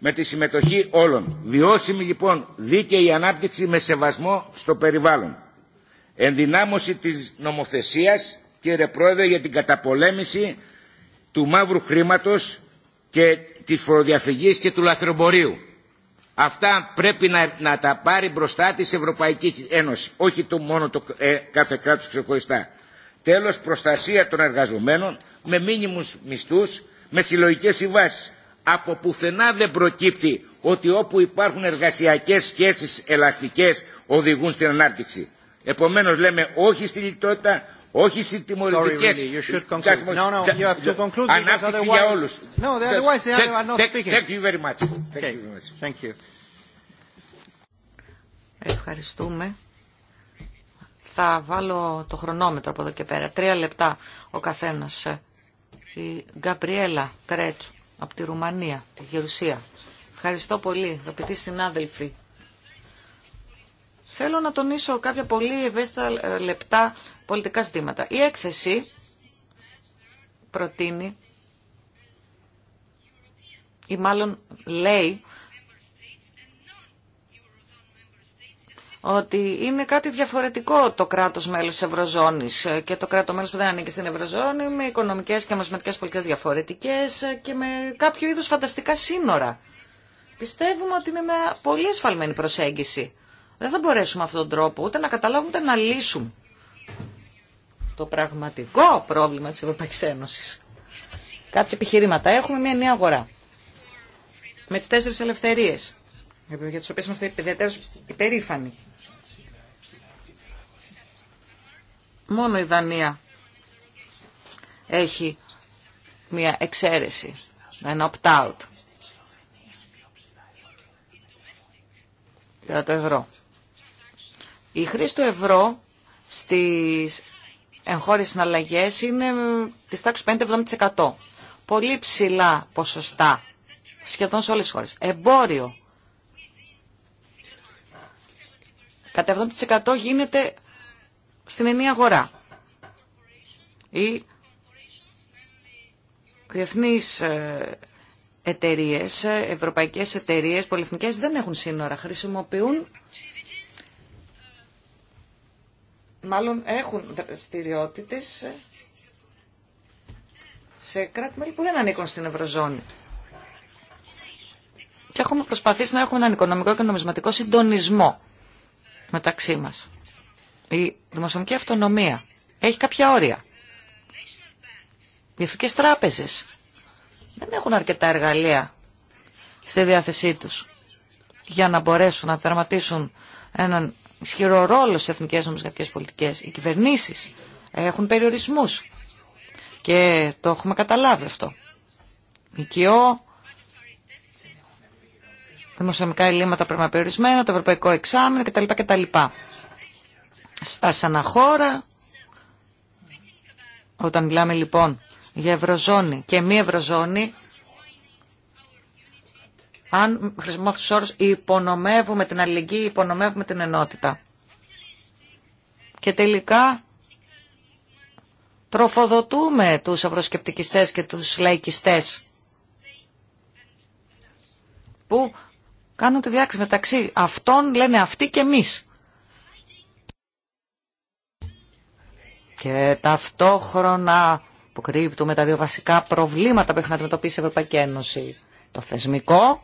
S4: Με τη συμμετοχή όλων. Βιώσιμη λοιπόν δίκαιη ανάπτυξη με σεβασμό στο περιβάλλον. Ενδυνάμωση της νομοθεσίας, κύριε Πρόεδρε, για την καταπολέμηση του μαύρου χρήματος και της φοροδιαφυγής και του λαθρομπορίου. Αυτά πρέπει να, τα πάρει μπροστά της Ευρωπαϊκή Ένωση, όχι το μόνο το ε, κάθε κράτος ξεχωριστά. Τέλος, προστασία των εργαζομένων με μήνυμους μισθούς, με συλλογικές συμβάσεις. Από πουθενά δεν προκύπτει ότι όπου υπάρχουν εργασιακές σχέσεις ελαστικές οδηγούν στην ανάπτυξη. Επομένως λέμε όχι στη λιτότητα, όχι σε ανάπτυξη
S6: για όλους.
S3: Ευχαριστούμε. Θα βάλω το χρονόμετρο από εδώ και πέρα. Τρία λεπτά ο καθένας. Η Γκαμπριέλα Κρέτσου από τη Ρουμανία, τη Γερουσία. Ευχαριστώ πολύ, αγαπητοί συνάδελφοι. Θέλω να τονίσω κάποια πολύ ευαίσθητα ε, λεπτά πολιτικά ζητήματα. Η έκθεση προτείνει ή μάλλον λέει ότι είναι κάτι διαφορετικό το κράτος μέλος της Ευρωζώνης ε, και το κράτος μέλος που δεν ανήκει στην Ευρωζώνη με οικονομικές και μοσμετικές πολιτικές διαφορετικές ε, και με κάποιο είδους φανταστικά σύνορα. Πιστεύουμε ότι είναι μια πολύ ασφαλμένη προσέγγιση δεν θα μπορέσουμε αυτόν τον τρόπο ούτε να καταλάβουμε ούτε να λύσουμε το πραγματικό πρόβλημα της Ευρωπαϊκής Ένωσης. Κάποια επιχειρήματα. Έχουμε μια νέα αγορά. Με τις τέσσερις ελευθερίες, για τις οποίες είμαστε ιδιαίτερα υπερήφανοι. Μόνο η Δανία έχει μια εξαίρεση, ένα opt-out για το ευρώ. Η χρήση του ευρώ στις εγχώριες συναλλαγές είναι της τάξης 5-70%. Πολύ ψηλά ποσοστά σχεδόν σε όλες τις χώρες. Εμπόριο. Κατά 70% γίνεται στην ενή αγορά. Οι διεθνείς ε, εταιρείες, ευρωπαϊκές εταιρείες, πολυεθνικές δεν έχουν σύνορα. Χρησιμοποιούν μάλλον έχουν δραστηριότητε σε κράτη-μέλη που δεν ανήκουν στην Ευρωζώνη. Και έχουμε προσπαθήσει να έχουμε έναν οικονομικό και νομισματικό συντονισμό μεταξύ μας. Η δημοσιονομική αυτονομία έχει κάποια όρια. Οι εθνικέ τράπεζε. δεν έχουν αρκετά εργαλεία στη διάθεσή τους για να μπορέσουν να τερματίσουν έναν ισχυρό ρόλο στι εθνικέ νομισματικέ πολιτικέ. Οι κυβερνήσει έχουν περιορισμού. Και το έχουμε καταλάβει αυτό. Οικειό, δημοσιονομικά ελλείμματα περιορισμένα το ευρωπαϊκό εξάμεινο κτλ. κτλ. Στάση αναχώρα. Όταν μιλάμε λοιπόν για ευρωζώνη και μη ευρωζώνη, αν χρησιμοποιούμε αυτούς τους όρους, υπονομεύουμε την αλληλεγγύη, υπονομεύουμε την ενότητα. Και τελικά τροφοδοτούμε τους ευρωσκεπτικιστές και τους λαϊκιστές που κάνουν τη διάξη μεταξύ αυτών, λένε αυτοί και εμείς. Και ταυτόχρονα που κρύπτουμε τα δύο βασικά προβλήματα που έχουν να αντιμετωπίσει η Ευρωπαϊκή Ένωση. Το θεσμικό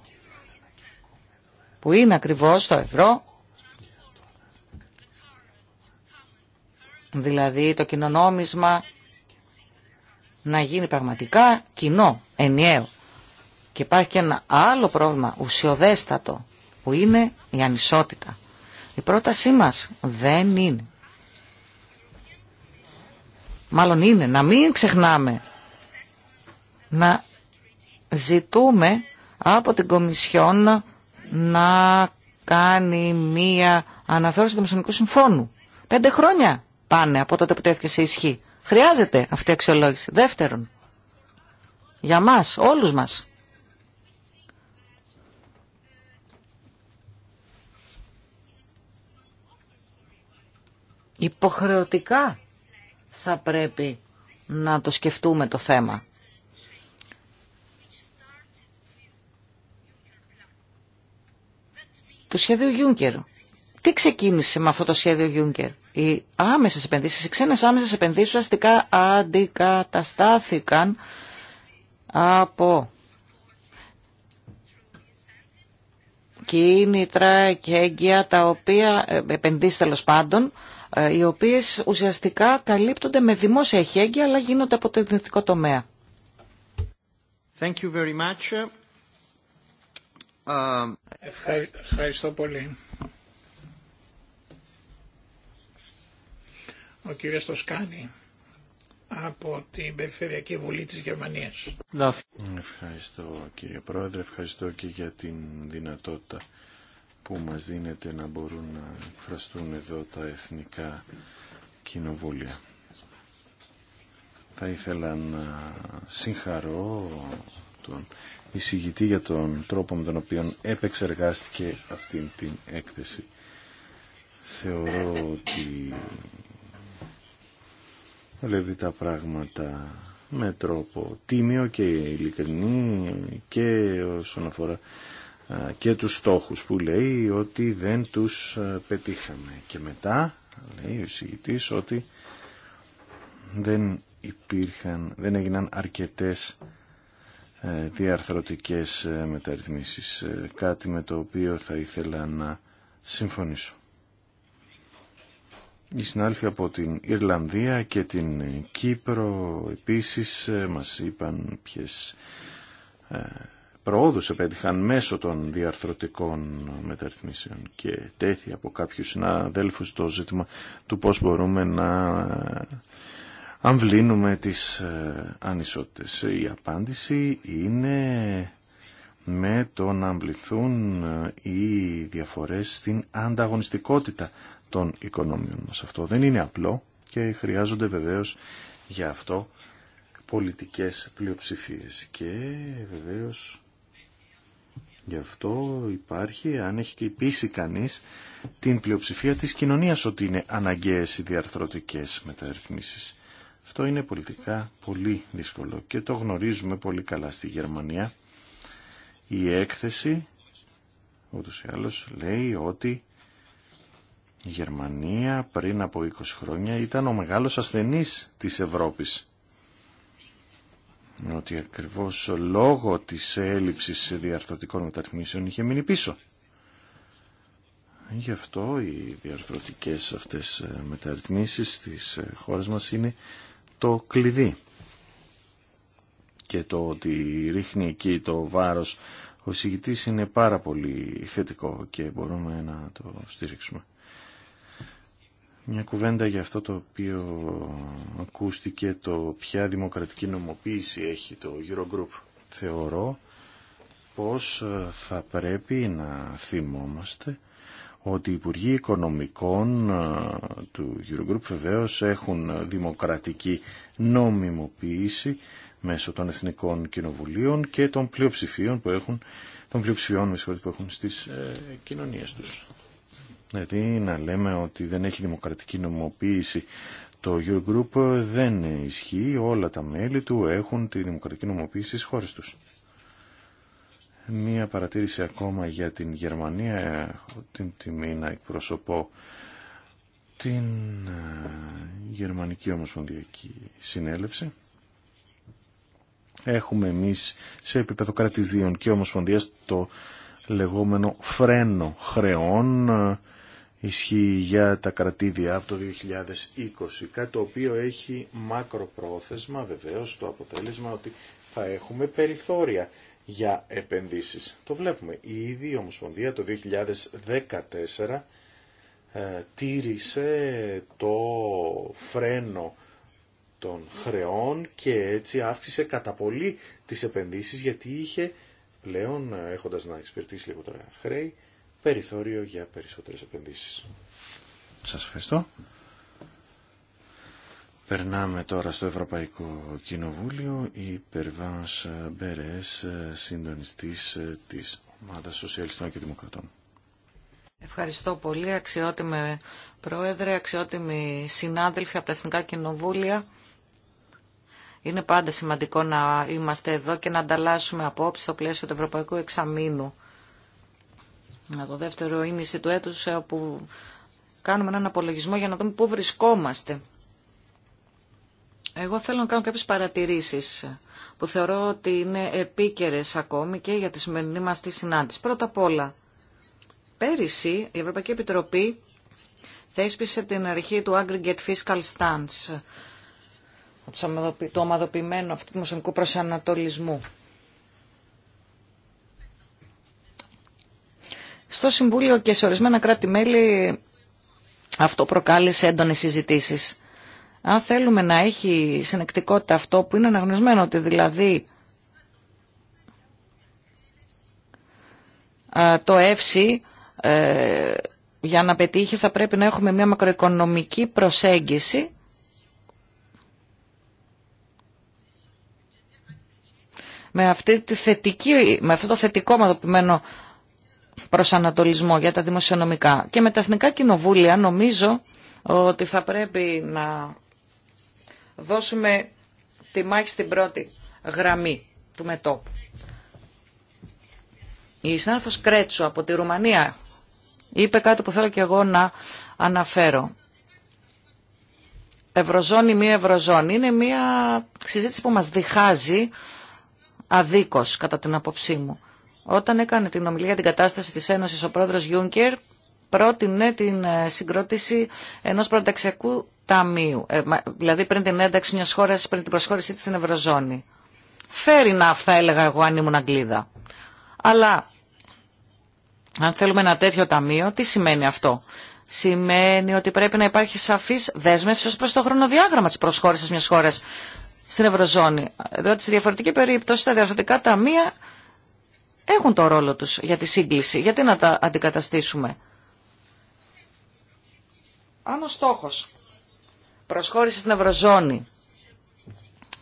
S3: που είναι ακριβώς το ευρώ, δηλαδή το κοινωνόμισμα να γίνει πραγματικά κοινό, ενιαίο. Και υπάρχει και ένα άλλο πρόβλημα ουσιοδέστατο που είναι η ανισότητα. Η πρότασή μας δεν είναι. Μάλλον είναι να μην ξεχνάμε να ζητούμε από την Κομισιόν να κάνει μία αναθεώρηση του Μεσονικού Συμφώνου. Πέντε χρόνια πάνε από τότε που τέθηκε σε ισχύ. Χρειάζεται αυτή η αξιολόγηση. Δεύτερον, για μας, όλους μας. Υποχρεωτικά θα πρέπει να το σκεφτούμε το θέμα. του σχέδιου Γιούγκερ. Τι ξεκίνησε με αυτό το σχέδιο Γιούγκερ. Οι άμεσε επενδύσει. οι ξένε άμεσες επενδύσεις ουσιαστικά αντικαταστάθηκαν από κίνητρα και έγκυα τα οποία, ε, επενδύσει τέλο πάντων, ε, οι οποίες ουσιαστικά καλύπτονται με δημόσια χέγγια αλλά γίνονται από το ιδιωτικό τομέα.
S2: Thank you very much. Um, ευχαριστώ πολύ. Ο κύριος Τοσκάνη από την Περιφερειακή Βουλή της Γερμανίας.
S5: Ευχαριστώ κύριε Πρόεδρε, ευχαριστώ και για την δυνατότητα που μας δίνεται να μπορούν να εκφραστούν εδώ τα εθνικά κοινοβούλια. Θα ήθελα να συγχαρώ τον εισηγητή για τον τρόπο με τον οποίο επεξεργάστηκε αυτή την έκθεση. Θεωρώ ότι βλέπει τα πράγματα με τρόπο τίμιο και ειλικρινή και όσον αφορά και τους στόχους που λέει ότι δεν τους πετύχαμε. Και μετά λέει ο εισηγητής ότι δεν υπήρχαν, δεν έγιναν αρκετές ε, διαρθρωτικές ε, μεταρρυθμίσεις, ε, κάτι με το οποίο θα ήθελα να συμφωνήσω. Οι συνάλφοι από την Ιρλανδία και την Κύπρο επίσης μας είπαν ποιες προόδους επέτυχαν μέσω των διαρθρωτικών μεταρρυθμίσεων και τέθη από κάποιους συναδέλφους το ζήτημα του πώς μπορούμε να βλύνουμε τις ε, ανισότητες. Η απάντηση είναι με το να αμβληθούν ε, οι διαφορές στην ανταγωνιστικότητα των οικονομιών μας. Αυτό δεν είναι απλό και χρειάζονται βεβαίως για αυτό πολιτικές πλειοψηφίες και βεβαίως γι' αυτό υπάρχει αν έχει και πείσει κανείς την πλειοψηφία της κοινωνίας ότι είναι αναγκαίες οι διαρθρωτικές μεταρρυθμίσεις. Αυτό είναι πολιτικά πολύ δύσκολο και το γνωρίζουμε πολύ καλά στη Γερμανία. Η έκθεση, ούτως ή άλλως, λέει ότι η Γερμανία πριν από 20 χρόνια ήταν ο μεγάλος ασθενής της Ευρώπης. Ότι ακριβώς λόγω της έλλειψης διαρθρωτικών μεταρρυθμίσεων είχε μείνει πίσω. Γι' αυτό οι διαρθρωτικές αυτές μεταρρυθμίσεις στις χώρες μας είναι το κλειδί. Και το ότι ρίχνει εκεί το βάρος ο εισηγητής είναι πάρα πολύ θετικό και μπορούμε να το στήριξουμε. Μια κουβέντα για αυτό το οποίο ακούστηκε το ποια δημοκρατική νομοποίηση έχει το Eurogroup. Θεωρώ πως θα πρέπει να θυμόμαστε ότι οι Υπουργοί Οικονομικών ε, του Eurogroup βεβαίω έχουν δημοκρατική νομιμοποίηση μέσω των Εθνικών Κοινοβουλίων και των πλειοψηφίων που έχουν, των πλειοψηφιών που έχουν στις ε, κοινωνίες τους. Δηλαδή να λέμε ότι δεν έχει δημοκρατική νομιμοποίηση το Eurogroup δεν ισχύει, όλα τα μέλη του έχουν τη δημοκρατική νομιμοποίηση στις χώρες τους. Μία παρατήρηση ακόμα για την Γερμανία. Έχω την τιμή να εκπροσωπώ την ε, Γερμανική Ομοσπονδιακή Συνέλευση. Έχουμε εμείς σε επίπεδο κρατηδίων και ομοσπονδίας το λεγόμενο φρένο χρεών ισχύει για τα κρατήδια από το 2020, κάτι το οποίο έχει μακροπρόθεσμα βεβαίως το αποτέλεσμα ότι θα έχουμε περιθώρια για επενδύσεις. Το βλέπουμε. Η ίδια Ομοσπονδία το 2014 ε, τήρησε το φρένο των χρεών και έτσι αύξησε κατά πολύ τις επενδύσεις γιατί είχε πλέον, ε, έχοντας να εξυπηρετήσει λιγότερα χρέη, περιθώριο για περισσότερες επενδύσεις. Σας ευχαριστώ. Περνάμε τώρα στο Ευρωπαϊκό Κοινοβούλιο. Η Περβάνς Μπερές, συντονιστής της Ομάδας Σοσιαλιστών και Δημοκρατών.
S3: Ευχαριστώ πολύ, αξιότιμε Πρόεδρε, αξιότιμοι συνάδελφοι από τα Εθνικά Κοινοβούλια. Είναι πάντα σημαντικό να είμαστε εδώ και να ανταλλάσσουμε απόψεις στο πλαίσιο του Ευρωπαϊκού Εξαμήνου. Το δεύτερο ήμιση του έτους όπου κάνουμε έναν απολογισμό για να δούμε πού βρισκόμαστε εγώ θέλω να κάνω κάποιες παρατηρήσεις που θεωρώ ότι είναι επίκαιρες ακόμη και για τη σημερινή μας τη συνάντηση. Πρώτα απ' όλα, πέρυσι η Ευρωπαϊκή Επιτροπή θέσπισε την αρχή του Aggregate Fiscal Stance, του ομαδοποιημένου αυτού του προσανατολισμού. Στο Συμβούλιο και σε ορισμένα κράτη-μέλη αυτό προκάλεσε έντονες συζητήσεις. Αν θέλουμε να έχει συνεκτικότητα αυτό που είναι αναγνωσμένο, ότι δηλαδή το ΕΦΣΥ για να πετύχει θα πρέπει να έχουμε μια μακροοικονομική προσέγγιση με, αυτή τη θετική, με αυτό το θετικό μαδοποιημένο προσανατολισμό για τα δημοσιονομικά. Και με τα εθνικά κοινοβούλια νομίζω ότι θα πρέπει να δώσουμε τη μάχη στην πρώτη γραμμή του μετόπου. Η συνάδελφος Κρέτσο από τη Ρουμανία είπε κάτι που θέλω και εγώ να αναφέρω. Ευρωζώνη, μη ευρωζώνη. Είναι μία συζήτηση που μας διχάζει αδίκως, κατά την απόψή μου. Όταν έκανε την ομιλία για την κατάσταση της Ένωσης ο πρόεδρος Γιούνκερ, πρότεινε την ε, συγκρότηση ενός πρωταξιακού ταμείου, ε, δηλαδή πριν την ένταξη μιας χώρας, πριν την προσχώρησή της στην Ευρωζώνη. Φέρει να αυτά έλεγα εγώ αν ήμουν Αγγλίδα. Αλλά αν θέλουμε ένα τέτοιο ταμείο, τι σημαίνει αυτό. Σημαίνει ότι πρέπει να υπάρχει σαφής δέσμευση ως προς το χρονοδιάγραμμα της προσχώρησης μιας χώρας στην Ευρωζώνη. Διότι σε διαφορετική περίπτωση τα διαφορετικά ταμεία έχουν το ρόλο τους για τη σύγκληση. Γιατί να τα αντικαταστήσουμε. Αν ο στόχος προσχώρηση στην Ευρωζώνη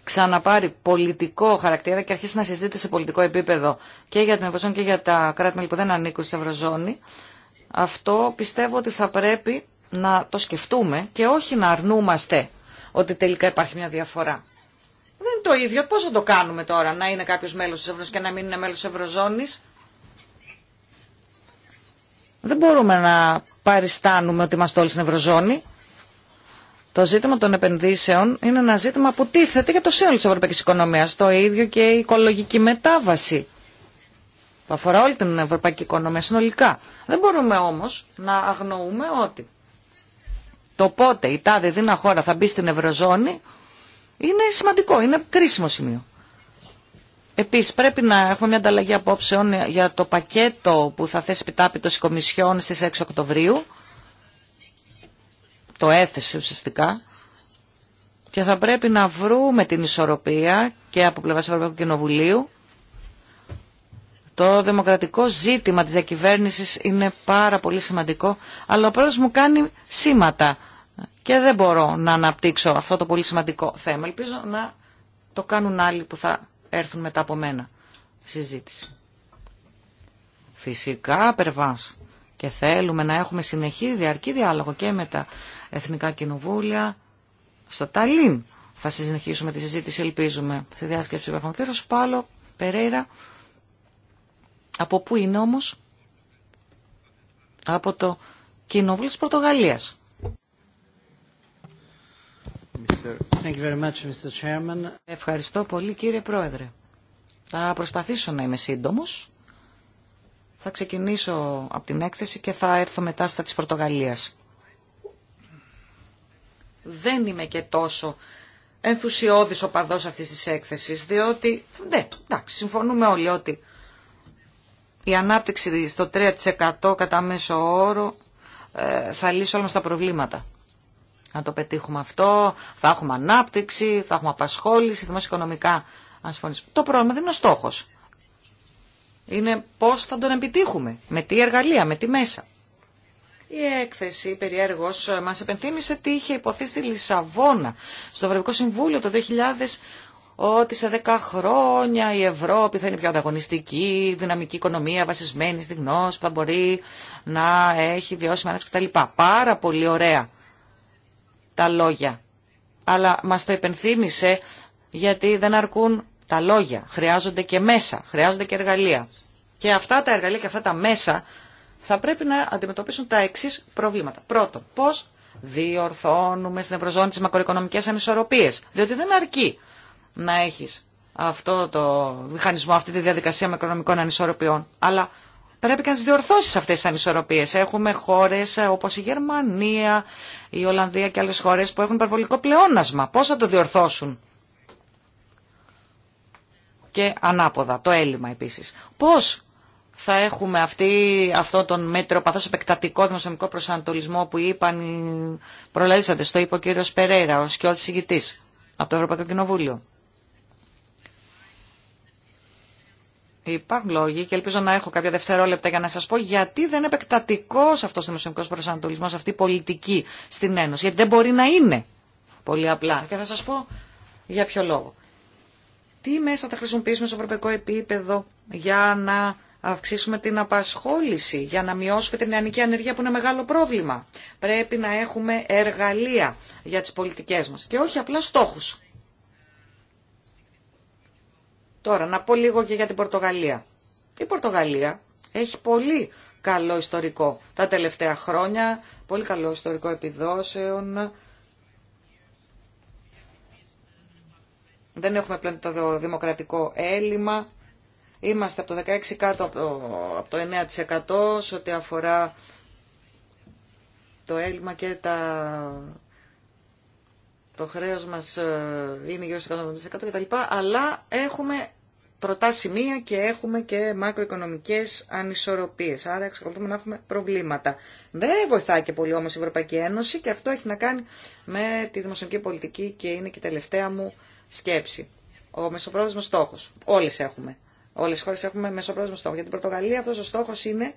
S3: ξαναπάρει πολιτικό χαρακτήρα και αρχίσει να συζητείται σε πολιτικό επίπεδο και για την Ευρωζώνη και για τα κράτη-μέλη που δεν ανήκουν στην Ευρωζώνη, αυτό πιστεύω ότι θα πρέπει να το σκεφτούμε και όχι να αρνούμαστε ότι τελικά υπάρχει μια διαφορά. Δεν είναι το ίδιο. Πώς θα το κάνουμε τώρα να είναι κάποιος μέλος της Ευρωζώνης και να μην είναι μέλος της Ευρωζώνης. Δεν μπορούμε να παριστάνουμε ότι είμαστε όλοι στην Ευρωζώνη. Το ζήτημα των επενδύσεων είναι ένα ζήτημα που τίθεται για το σύνολο της Ευρωπαϊκή οικονομίας. Το ίδιο και η οικολογική μετάβαση που αφορά όλη την ευρωπαϊκή οικονομία συνολικά. Δεν μπορούμε όμως να αγνοούμε ότι το πότε η τάδε δίνα χώρα θα μπει στην Ευρωζώνη είναι σημαντικό, είναι κρίσιμο σημείο. Επίσης πρέπει να έχουμε μια ανταλλαγή απόψεων για το πακέτο που θα θέσει επιτάπητος η Κομισιόν στις 6 Οκτωβρίου. Το έθεσε ουσιαστικά. Και θα πρέπει να βρούμε την ισορροπία και από πλευράς Ευρωπαϊκού Κοινοβουλίου. Το δημοκρατικό ζήτημα της διακυβέρνηση είναι πάρα πολύ σημαντικό, αλλά ο πρόεδρος μου κάνει σήματα και δεν μπορώ να αναπτύξω αυτό το πολύ σημαντικό θέμα. Ελπίζω να το κάνουν άλλοι που θα έρθουν μετά από μένα συζήτηση. Φυσικά, περβάς. Και θέλουμε να έχουμε συνεχή διαρκή διάλογο και με τα Εθνικά Κοινοβούλια στο Ταλίν. Θα συνεχίσουμε τη συζήτηση, ελπίζουμε, στη διάσκεψη του Κύριο Σπάλο, Περέιρα, από πού είναι όμως, από το Κοινοβούλιο της Πορτογαλίας. Ευχαριστώ πολύ κύριε Πρόεδρε. Θα προσπαθήσω να είμαι σύντομος. Θα ξεκινήσω από την έκθεση και θα έρθω μετά στα της Πορτογαλίας. Δεν είμαι και τόσο ενθουσιώδης οπαδός αυτής της έκθεσης, διότι, ναι, εντάξει, συμφωνούμε όλοι ότι η ανάπτυξη στο 3% κατά μέσο όρο ε, θα λύσει όλα μας τα προβλήματα να το πετύχουμε αυτό, θα έχουμε ανάπτυξη, θα έχουμε απασχόληση, δημοσιοοικονομικά Το πρόβλημα δεν είναι ο στόχος. Είναι πώς θα τον επιτύχουμε, με τι εργαλεία, με τι μέσα. Η έκθεση περιέργω μα επενθύμησε τι είχε υποθεί στη Λισαβόνα, στο Ευρωπαϊκό Συμβούλιο το 2000, ότι σε 10 χρόνια η Ευρώπη θα είναι πιο ανταγωνιστική, δυναμική οικονομία βασισμένη στη γνώση, που θα μπορεί να έχει βιώσιμη ανάπτυξη κτλ. Πάρα πολύ ωραία τα λόγια. Αλλά μας το υπενθύμησε γιατί δεν αρκούν τα λόγια. Χρειάζονται και μέσα, χρειάζονται και εργαλεία. Και αυτά τα εργαλεία και αυτά τα μέσα θα πρέπει να αντιμετωπίσουν τα εξή προβλήματα. Πρώτον, πώ διορθώνουμε στην Ευρωζώνη τι μακροοικονομικέ ανισορροπίε. Διότι δεν αρκεί να έχει αυτό το μηχανισμό, αυτή τη διαδικασία μακροοικονομικών ανισορροπιών. Αλλά πρέπει να τι διορθώσει αυτέ τι ανισορροπίε. Έχουμε χώρε όπω η Γερμανία, η Ολλανδία και άλλε χώρε που έχουν υπερβολικό πλεόνασμα. Πώ θα το διορθώσουν. Και ανάποδα, το έλλειμμα επίση. Πώ θα έχουμε αυτή, αυτό τον μέτρο παθώς επεκτατικό δημοσιονομικό προσανατολισμό που είπαν οι στο το είπε ο κύριος Περέρα, ο σκιώτης από το Ευρωπαϊκό Κοινοβούλιο. Υπάρχουν λόγοι και ελπίζω να έχω κάποια δευτερόλεπτα για να σα πω γιατί δεν είναι επεκτατικό αυτό ο δημοσιονομικό προσανατολισμό, αυτή η πολιτική στην Ένωση. Γιατί δεν μπορεί να είναι. Πολύ απλά. Και θα σα πω για ποιο λόγο. Τι μέσα θα χρησιμοποιήσουμε στο ευρωπαϊκό επίπεδο για να αυξήσουμε την απασχόληση, για να μειώσουμε την νεανική ανεργία που είναι μεγάλο πρόβλημα. Πρέπει να έχουμε εργαλεία για τις πολιτικέ μας και όχι απλά στόχους. Τώρα, να πω λίγο και για την Πορτογαλία. Η Πορτογαλία έχει πολύ καλό ιστορικό τα τελευταία χρόνια, πολύ καλό ιστορικό επιδόσεων. Δεν έχουμε πλέον το δημοκρατικό έλλειμμα. Είμαστε από το 16 κάτω από το 9% σε ό,τι αφορά το έλλειμμα και τα το χρέο μα ε, είναι γύρω στο 170% κτλ. Αλλά έχουμε τροτά σημεία και έχουμε και μακροοικονομικές ανισορροπίε. Άρα εξακολουθούμε να έχουμε προβλήματα. Δεν βοηθάει και πολύ όμω η Ευρωπαϊκή Ένωση και αυτό έχει να κάνει με τη δημοσιονομική πολιτική και είναι και η τελευταία μου σκέψη. Ο μεσοπρόθεσμος στόχο. Όλε έχουμε. Όλε οι χώρες έχουμε μεσοπρόθεσμο στόχο. Για την Πορτογαλία αυτό ο στόχο είναι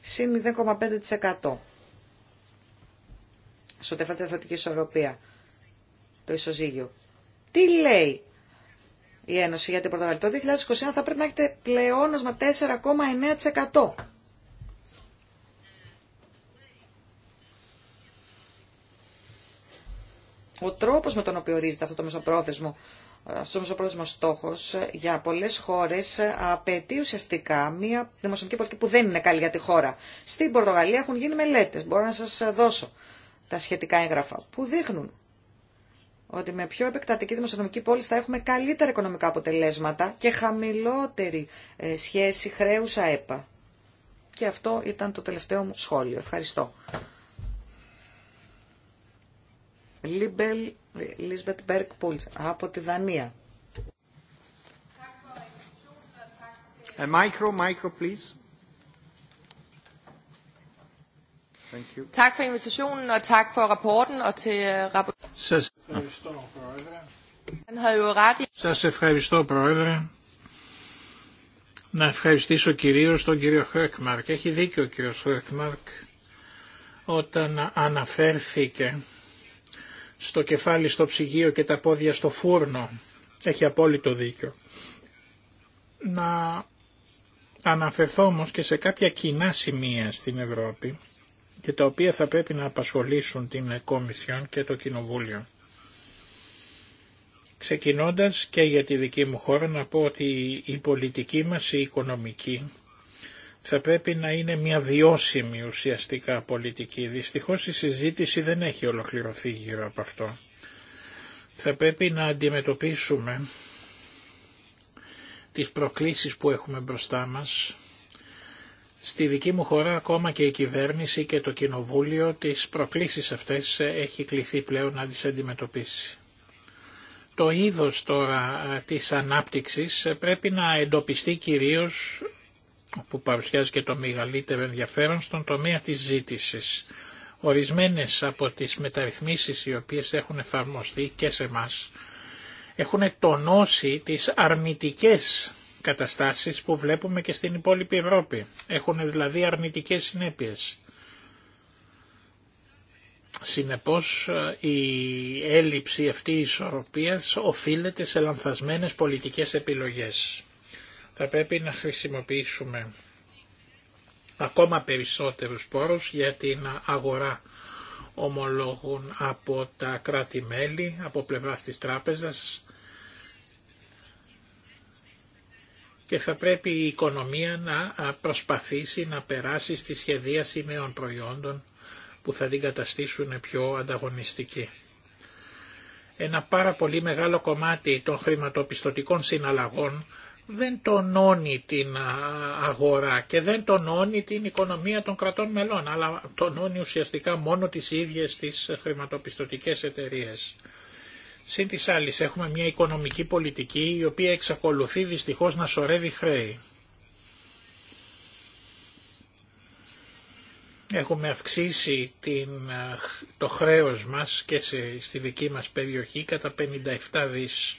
S3: συν 0,5% Στο ισορροπία το ισοζύγιο. Τι λέει η Ένωση για την Πορτογαλία. Το 2021 θα πρέπει να έχετε πλεόνασμα 4,9%. Ο τρόπος με τον οποίο ορίζεται αυτό το μεσοπρόθεσμο, αυτός ο μεσοπρόθεσμος στόχος ε, για πολλές χώρες ε, απαιτεί ουσιαστικά μια δημοσιονομική πολιτική που δεν είναι καλή για τη χώρα. Στην Πορτογαλία έχουν γίνει μελέτες, μπορώ να σας ε, δώσω τα σχετικά έγγραφα, που δείχνουν ότι με πιο επεκτατική δημοσιονομική πόλη θα έχουμε καλύτερα οικονομικά αποτελέσματα και χαμηλότερη ε, σχέση χρέους ΑΕΠΑ. Και αυτό ήταν το τελευταίο μου σχόλιο. Ευχαριστώ. από τη Δανία. A ε, micro, micro Tak ευχαριστώ, Πρόεδρε.
S2: ευχαριστώ, Πρόεδρε. Να ευχαριστήσω κυρίως τον κύριο Χέρκμαρκ. Έχει δίκιο ο κύριος Χέρκμαρκ όταν αναφέρθηκε στο κεφάλι στο ψυγείο και τα πόδια στο φούρνο. Έχει απόλυτο δίκιο. Να αναφερθώ όμως και σε κάποια κοινά σημεία στην Ευρώπη και τα οποία θα πρέπει να απασχολήσουν την Κόμισιον και το Κοινοβούλιο. Ξεκινώντας και για τη δική μου χώρα να πω ότι η πολιτική μας η οικονομική θα πρέπει να είναι μια βιώσιμη ουσιαστικά πολιτική. Δυστυχώς η συζήτηση δεν έχει ολοκληρωθεί γύρω από αυτό. Θα πρέπει να αντιμετωπίσουμε τις προκλήσεις που έχουμε μπροστά μας Στη δική μου χώρα ακόμα και η κυβέρνηση και το κοινοβούλιο τις προκλήσεις αυτές έχει κληθεί πλέον να τις αντιμετωπίσει. Το είδος τώρα ε, της ανάπτυξης ε, πρέπει να εντοπιστεί κυρίως, που παρουσιάζει και το μεγαλύτερο ενδιαφέρον, στον τομέα της ζήτησης. Ορισμένες από τις μεταρρυθμίσεις οι οποίες έχουν εφαρμοστεί και σε μας έχουν τονώσει τις αρνητικές καταστάσεις που βλέπουμε και στην υπόλοιπη Ευρώπη. Έχουν δηλαδή αρνητικές συνέπειες. Συνεπώς η έλλειψη αυτή ισορροπίας οφείλεται σε λανθασμένες πολιτικές επιλογές. Θα πρέπει να χρησιμοποιήσουμε ακόμα περισσότερους πόρους για την αγορά ομολόγων από τα κράτη-μέλη, από πλευρά της τράπεζας, και θα πρέπει η οικονομία να προσπαθήσει να περάσει στη σχεδίαση νέων προϊόντων που θα την καταστήσουν πιο ανταγωνιστική. Ένα πάρα πολύ μεγάλο κομμάτι των χρηματοπιστωτικών συναλλαγών δεν τονώνει την αγορά και δεν τονώνει την οικονομία των κρατών μελών, αλλά τονώνει ουσιαστικά μόνο τις ίδιες τις χρηματοπιστωτικές εταιρείες. Συν της άλλης έχουμε μια οικονομική πολιτική η οποία εξακολουθεί δυστυχώς να σωρεύει χρέη. Έχουμε αυξήσει την, το χρέος μας και σε, στη δική μας περιοχή κατά 57 δις.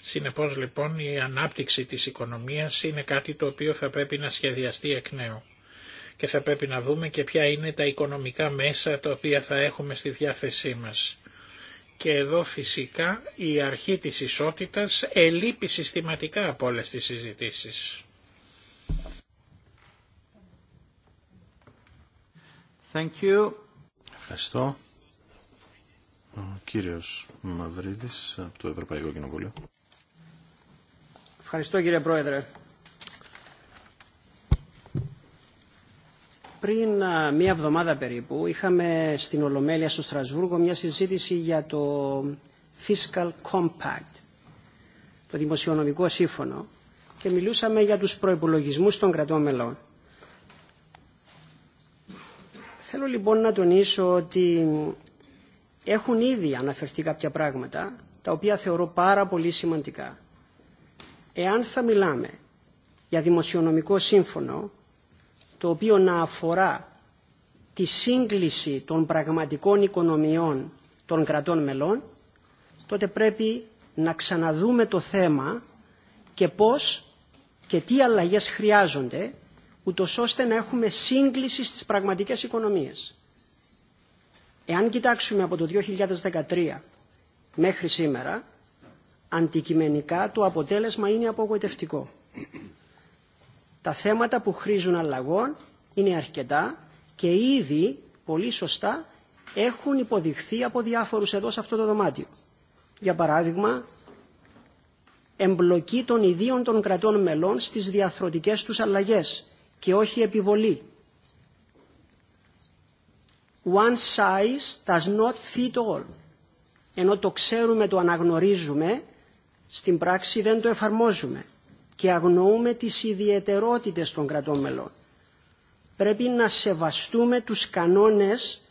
S2: Συνεπώς λοιπόν η ανάπτυξη της οικονομίας είναι κάτι το οποίο θα πρέπει να σχεδιαστεί εκ νέου. Και θα πρέπει να δούμε και ποια είναι τα οικονομικά μέσα τα οποία θα έχουμε στη διάθεσή μας. Και εδώ φυσικά η αρχή της ισότητας ελείπει συστηματικά από όλες τις συζητήσεις.
S5: Thank you. Ευχαριστώ. Ο κύριος Μαυρίδης από το Ευρωπαϊκό Κοινοβούλιο.
S1: Ευχαριστώ κύριε Πρόεδρε. Πριν μία εβδομάδα περίπου είχαμε στην Ολομέλεια στο Στρασβούργο μια συζήτηση για το Fiscal Compact, το Δημοσιονομικό Σύμφωνο, και μιλούσαμε για τους προϋπολογισμούς των κρατών μελών. Θέλω λοιπόν να τονίσω ότι έχουν ήδη αναφερθεί κάποια πράγματα, τα οποία θεωρώ πάρα πολύ σημαντικά. Εάν θα μιλάμε για δημοσιονομικό σύμφωνο, το οποίο να αφορά τη σύγκληση των πραγματικών οικονομιών των κρατών μελών, τότε πρέπει να ξαναδούμε το θέμα και πώς και τι αλλαγές χρειάζονται, ούτω ώστε να έχουμε σύγκληση στις πραγματικές οικονομίες. Εάν κοιτάξουμε από το 2013 μέχρι σήμερα, αντικειμενικά το αποτέλεσμα είναι απογοητευτικό. Τα θέματα που χρήζουν αλλαγών είναι αρκετά και ήδη πολύ σωστά έχουν υποδειχθεί από διάφορους εδώ σε αυτό το δωμάτιο. Για παράδειγμα, εμπλοκή των ιδίων των κρατών μελών στις διαθροτικές τους αλλαγές και όχι επιβολή. One size does not fit all. Ενώ το ξέρουμε, το αναγνωρίζουμε, στην πράξη δεν το εφαρμόζουμε και αγνοούμε τις ιδιαιτερότητες των κρατών μελών. Πρέπει να σεβαστούμε τους κανόνες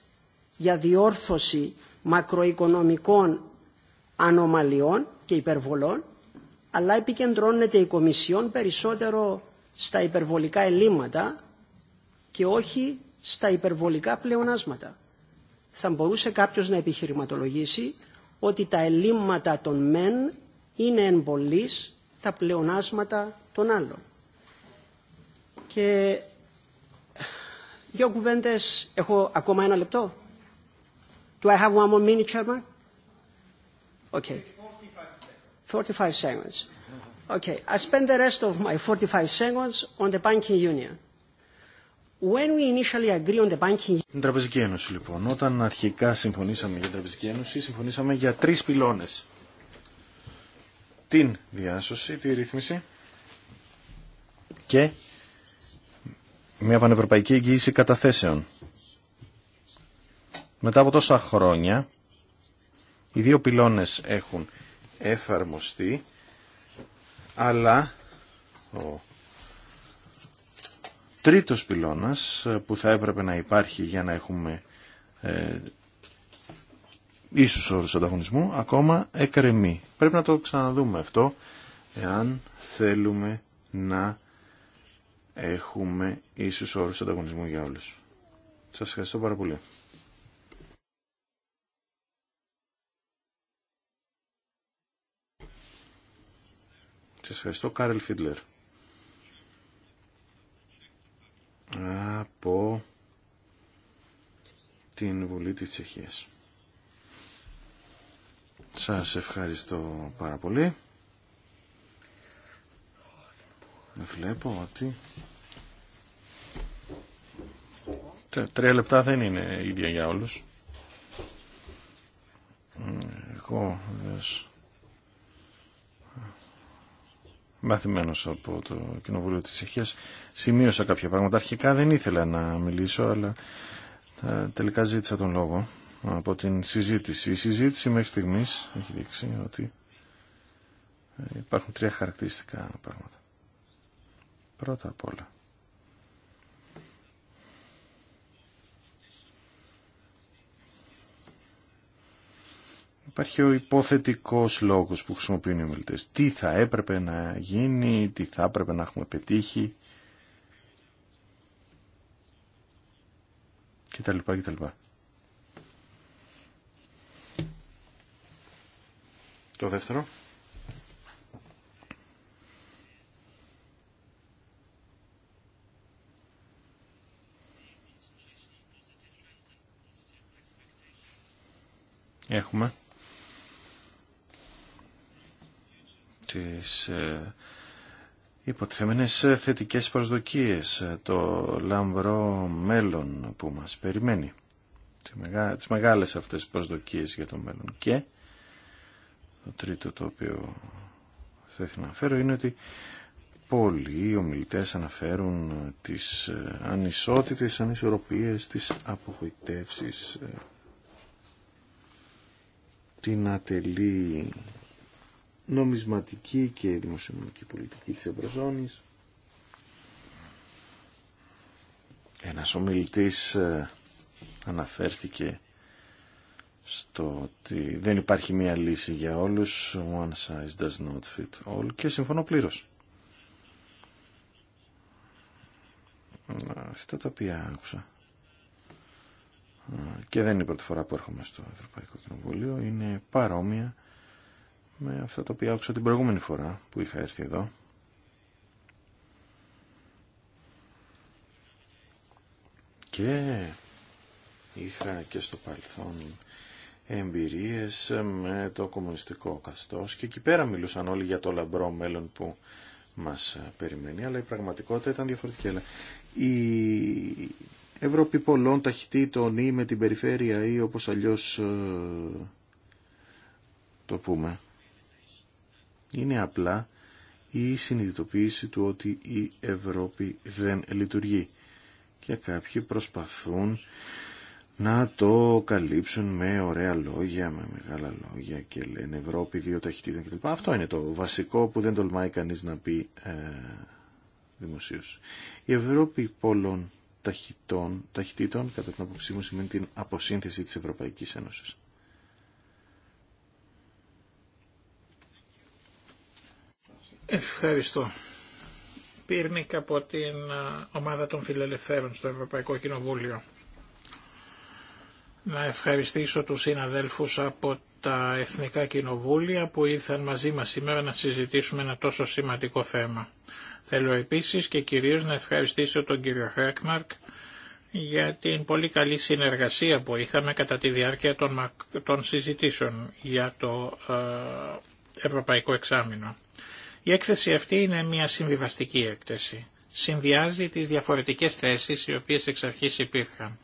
S1: για διόρθωση μακροοικονομικών ανομαλιών και υπερβολών, αλλά επικεντρώνεται η Κομισιόν περισσότερο στα υπερβολικά ελλείμματα και όχι στα υπερβολικά πλεονάσματα. Θα μπορούσε κάποιος να επιχειρηματολογήσει ότι τα ελλείμματα των μεν είναι εν τα πλεονάσματα των άλλων. Και δύο κουβέντες, έχω ακόμα ένα λεπτό. Do I have one more minute, Chairman? Okay. 45 seconds. Okay, I spend the rest of my 45 seconds on the banking union.
S5: When we initially agree on the banking... union, Την Τραπεζική Ένωση λοιπόν. Όταν αρχικά συμφωνήσαμε για την Τραπεζική Ένωση, συμφωνήσαμε για τρεις πυλώνες την διάσωση, τη ρύθμιση και μια πανευρωπαϊκή εγγύηση καταθέσεων. Μετά από τόσα χρόνια, οι δύο πυλώνες έχουν εφαρμοστεί, αλλά ο τρίτος πυλώνας που θα έπρεπε να υπάρχει για να έχουμε ε, ίσους όρους ανταγωνισμού ακόμα εκρεμεί. Πρέπει να το ξαναδούμε αυτό εάν θέλουμε να έχουμε ίσους όρους ανταγωνισμού για όλους. Σας ευχαριστώ πάρα πολύ. Σας ευχαριστώ Κάρελ Φίτλερ. Από την Βουλή της Τσεχίας. Σας ευχαριστώ πάρα πολύ. Βλέπω ότι... Τρία λεπτά δεν είναι ίδια για όλους. Εγώ δες, μαθημένος από το Κοινοβούλιο της Αιχίας σημείωσα κάποια πράγματα. Αρχικά δεν ήθελα να μιλήσω, αλλά ε, τελικά ζήτησα τον λόγο από την συζήτηση. Η συζήτηση μέχρι στιγμής έχει δείξει ότι ε, υπάρχουν τρία χαρακτηριστικά πράγματα. Πρώτα απ' όλα. Υπάρχει ο υποθετικός λόγος που χρησιμοποιούν οι ομιλητές. Τι θα έπρεπε να γίνει, τι θα έπρεπε να έχουμε πετύχει τα λοιπά. Το δεύτερο. Έχουμε τις ε, υποτιθέμενες θετικές προσδοκίες, ε, το λαμπρό μέλλον που μας περιμένει, τις μεγάλες αυτές προσδοκίες για το μέλλον και το τρίτο το οποίο θα να φέρω είναι ότι πολλοί ομιλητές αναφέρουν τις ε, ανισότητες, τις ανισορροπίες, τις απογοητεύσεις, ε, την ατελή νομισματική και δημοσιονομική πολιτική της Ευρωζώνης. Ένας ομιλητής ε, αναφέρθηκε στο ότι δεν υπάρχει μία λύση για όλους, one size does not fit all και συμφωνώ πλήρως. Αυτά τα οποία άκουσα και δεν είναι η πρώτη φορά που έρχομαι στο Ευρωπαϊκό Κοινοβούλιο, είναι παρόμοια με αυτά τα οποία άκουσα την προηγούμενη φορά που είχα έρθει εδώ. Και είχα και στο παρελθόν εμπειρίες με το κομμουνιστικό καθεστώς και εκεί πέρα μιλούσαν όλοι για το λαμπρό μέλλον που μας περιμένει, αλλά η πραγματικότητα ήταν διαφορετική. η Ευρώπη πολλών ταχυτήτων ή με την περιφέρεια ή όπως αλλιώς ε, το πούμε, είναι απλά η συνειδητοποίηση του ότι η Ευρώπη δεν λειτουργεί και κάποιοι προσπαθούν να το καλύψουν με ωραία λόγια, με μεγάλα λόγια και λένε Ευρώπη, δύο ταχυτήτων κλπ. Αυτό είναι το βασικό που δεν τολμάει κανείς να πει ε, δημοσίως. Η Ευρώπη πολλών ταχυτών, ταχυτήτων, κατά την άποψή μου, σημαίνει την αποσύνθεση της Ευρωπαϊκής Ένωσης.
S2: Ευχαριστώ. Πύρνικ από την ε, ομάδα των φιλελευθέρων στο Ευρωπαϊκό Κοινοβούλιο να ευχαριστήσω τους συναδέλφους από τα Εθνικά Κοινοβούλια που ήρθαν μαζί μας σήμερα να συζητήσουμε ένα τόσο σημαντικό θέμα. Θέλω επίσης και κυρίως να ευχαριστήσω τον κύριο Χέκμαρκ για την πολύ καλή συνεργασία που είχαμε κατά τη διάρκεια των, συζητήσεων για το ε, Ευρωπαϊκό Εξάμεινο. Η έκθεση αυτή είναι μια συμβιβαστική έκθεση. Συνδυάζει τις διαφορετικές θέσεις οι οποίες εξ αρχής υπήρχαν.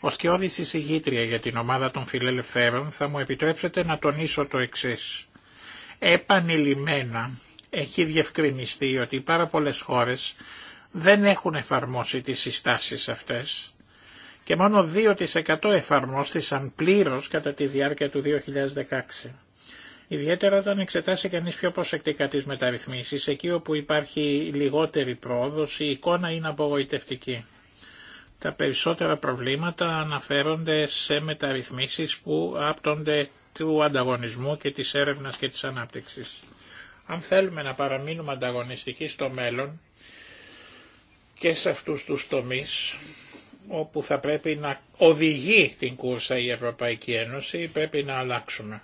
S2: Ως και όδηση για την ομάδα των φιλελευθέρων θα μου επιτρέψετε να τονίσω το εξή. Επανειλημμένα έχει διευκρινιστεί ότι πάρα πολλέ χώρες δεν έχουν εφαρμόσει τις συστάσεις αυτές και μόνο 2% εφαρμόστησαν πλήρως κατά τη διάρκεια του 2016. Ιδιαίτερα όταν εξετάσει κανείς πιο προσεκτικά τις μεταρρυθμίσεις, εκεί όπου υπάρχει λιγότερη πρόοδος, η εικόνα είναι απογοητευτική. Τα περισσότερα προβλήματα αναφέρονται σε μεταρρυθμίσεις που άπτονται του ανταγωνισμού και της έρευνας και της ανάπτυξης. Αν θέλουμε να παραμείνουμε ανταγωνιστικοί στο μέλλον και σε αυτούς τους τομείς, όπου θα πρέπει να οδηγεί την κούρσα η Ευρωπαϊκή Ένωση, πρέπει να αλλάξουμε.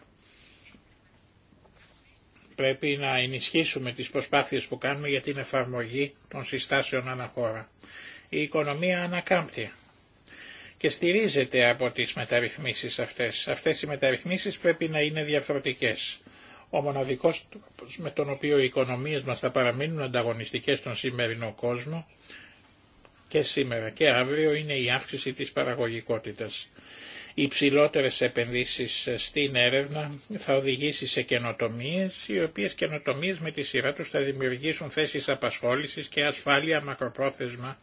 S2: Πρέπει να ενισχύσουμε τις προσπάθειες που κάνουμε για την εφαρμογή των συστάσεων αναχώρα η οικονομία ανακάμπτει και στηρίζεται από τις μεταρρυθμίσεις αυτές. Αυτές οι μεταρρυθμίσεις πρέπει να είναι διαφορετικές. Ο μοναδικός με τον οποίο οι οικονομίες μας θα παραμείνουν ανταγωνιστικές στον σημερινό κόσμο και σήμερα και αύριο είναι η αύξηση της παραγωγικότητας οι ψηλότερες επενδύσεις στην έρευνα θα οδηγήσει σε καινοτομίε, οι οποίες καινοτομίε με τη σειρά του θα δημιουργήσουν θέσεις απασχόλησης και ασφάλεια μακροπρόθεσμα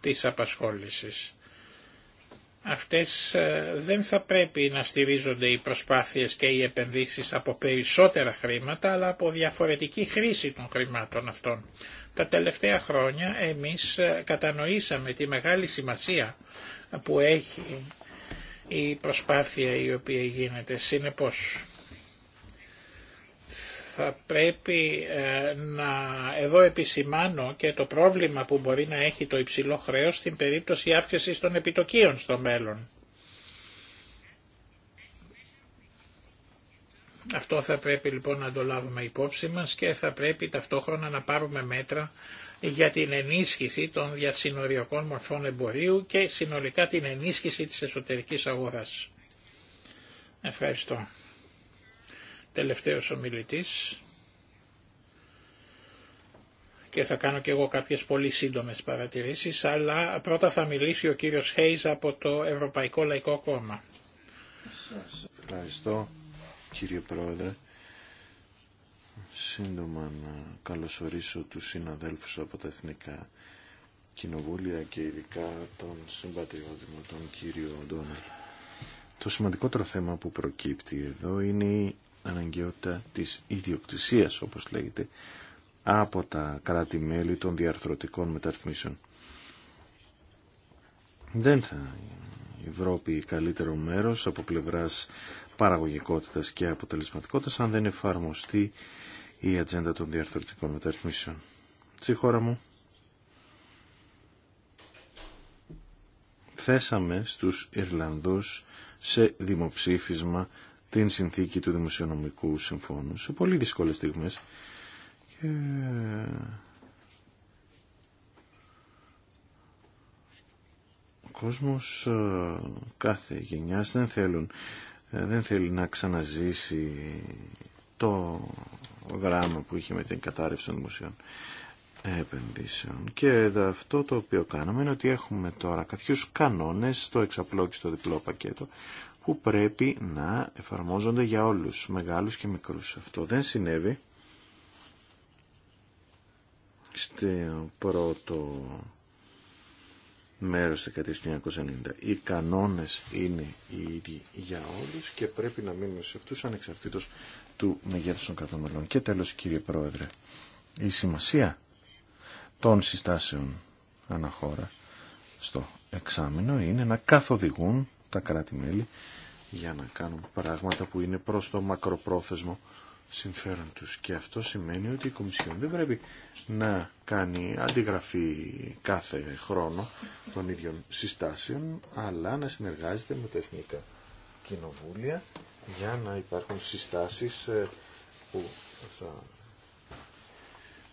S2: της απασχόλησης. Αυτές ε, δεν θα πρέπει να στηρίζονται οι προσπάθειες και οι επενδύσει από περισσότερα χρήματα, αλλά από διαφορετική χρήση των χρημάτων αυτών. Τα τελευταία χρόνια εμείς ε, κατανοήσαμε τη μεγάλη σημασία που έχει η προσπάθεια η οποία γίνεται. Συνεπώς, θα πρέπει ε, να εδώ επισημάνω και το πρόβλημα που μπορεί να έχει το υψηλό χρέος στην περίπτωση αύξησης των επιτοκίων στο μέλλον. Αυτό θα πρέπει λοιπόν να το λάβουμε υπόψη μας και θα πρέπει ταυτόχρονα να πάρουμε μέτρα για την ενίσχυση των διασυνοριακών μορφών εμπορίου και συνολικά την ενίσχυση της εσωτερικής αγοράς. Ευχαριστώ. Τελευταίος ομιλητής και θα κάνω και εγώ κάποιες πολύ σύντομες παρατηρήσεις, αλλά πρώτα θα μιλήσει ο κύριος Χέιζ από το Ευρωπαϊκό Λαϊκό Κόμμα.
S5: ευχαριστώ κύριε Πρόεδρε σύντομα να καλωσορίσω τους συναδέλφους από τα Εθνικά Κοινοβούλια και ειδικά τον συμπατριώτη μου, τον κύριο Ντόναλ. Το σημαντικότερο θέμα που προκύπτει εδώ είναι η αναγκαιότητα της ιδιοκτησίας, όπως λέγεται, από τα κράτη-μέλη των διαρθρωτικών μεταρρυθμίσεων. Δεν θα η Ευρώπη καλύτερο μέρος από πλευράς παραγωγικότητας και αποτελεσματικότητας αν δεν εφαρμοστεί η ατζέντα των διαρθρωτικών μεταρρυθμίσεων. Στη χώρα μου θέσαμε στους Ιρλανδούς σε δημοψήφισμα την συνθήκη του Δημοσιονομικού Συμφώνου σε πολύ δύσκολες στιγμές ο κόσμος ε, κάθε γενιάς δεν θέλουν ε, δεν θέλει να ξαναζήσει το γράμμα που είχε με την κατάρρευση των δημοσίων επενδύσεων. Και αυτό το οποίο κάναμε είναι ότι έχουμε τώρα κάποιους κανόνες στο εξαπλό και στο διπλό πακέτο που πρέπει να εφαρμόζονται για όλους, μεγάλους και μικρούς. Αυτό δεν συνέβη στο πρώτο μέρος δεκαετίας του 1990. Οι κανόνες είναι οι ίδιοι για όλους και πρέπει να μείνουμε σε αυτούς ανεξαρτήτως του μεγέθους των κρατομελών. Και τέλος κύριε Πρόεδρε, η σημασία των συστάσεων αναχώρα στο εξάμεινο είναι να καθοδηγούν τα κράτη-μέλη για να κάνουν πράγματα που είναι προς το μακροπρόθεσμο συμφέρον τους. Και αυτό σημαίνει ότι η Κομισιόν δεν πρέπει να κάνει αντιγραφή κάθε χρόνο των ίδιων συστάσεων, αλλά να συνεργάζεται με τα εθνικά κοινοβούλια για να υπάρχουν συστάσεις ε, που θα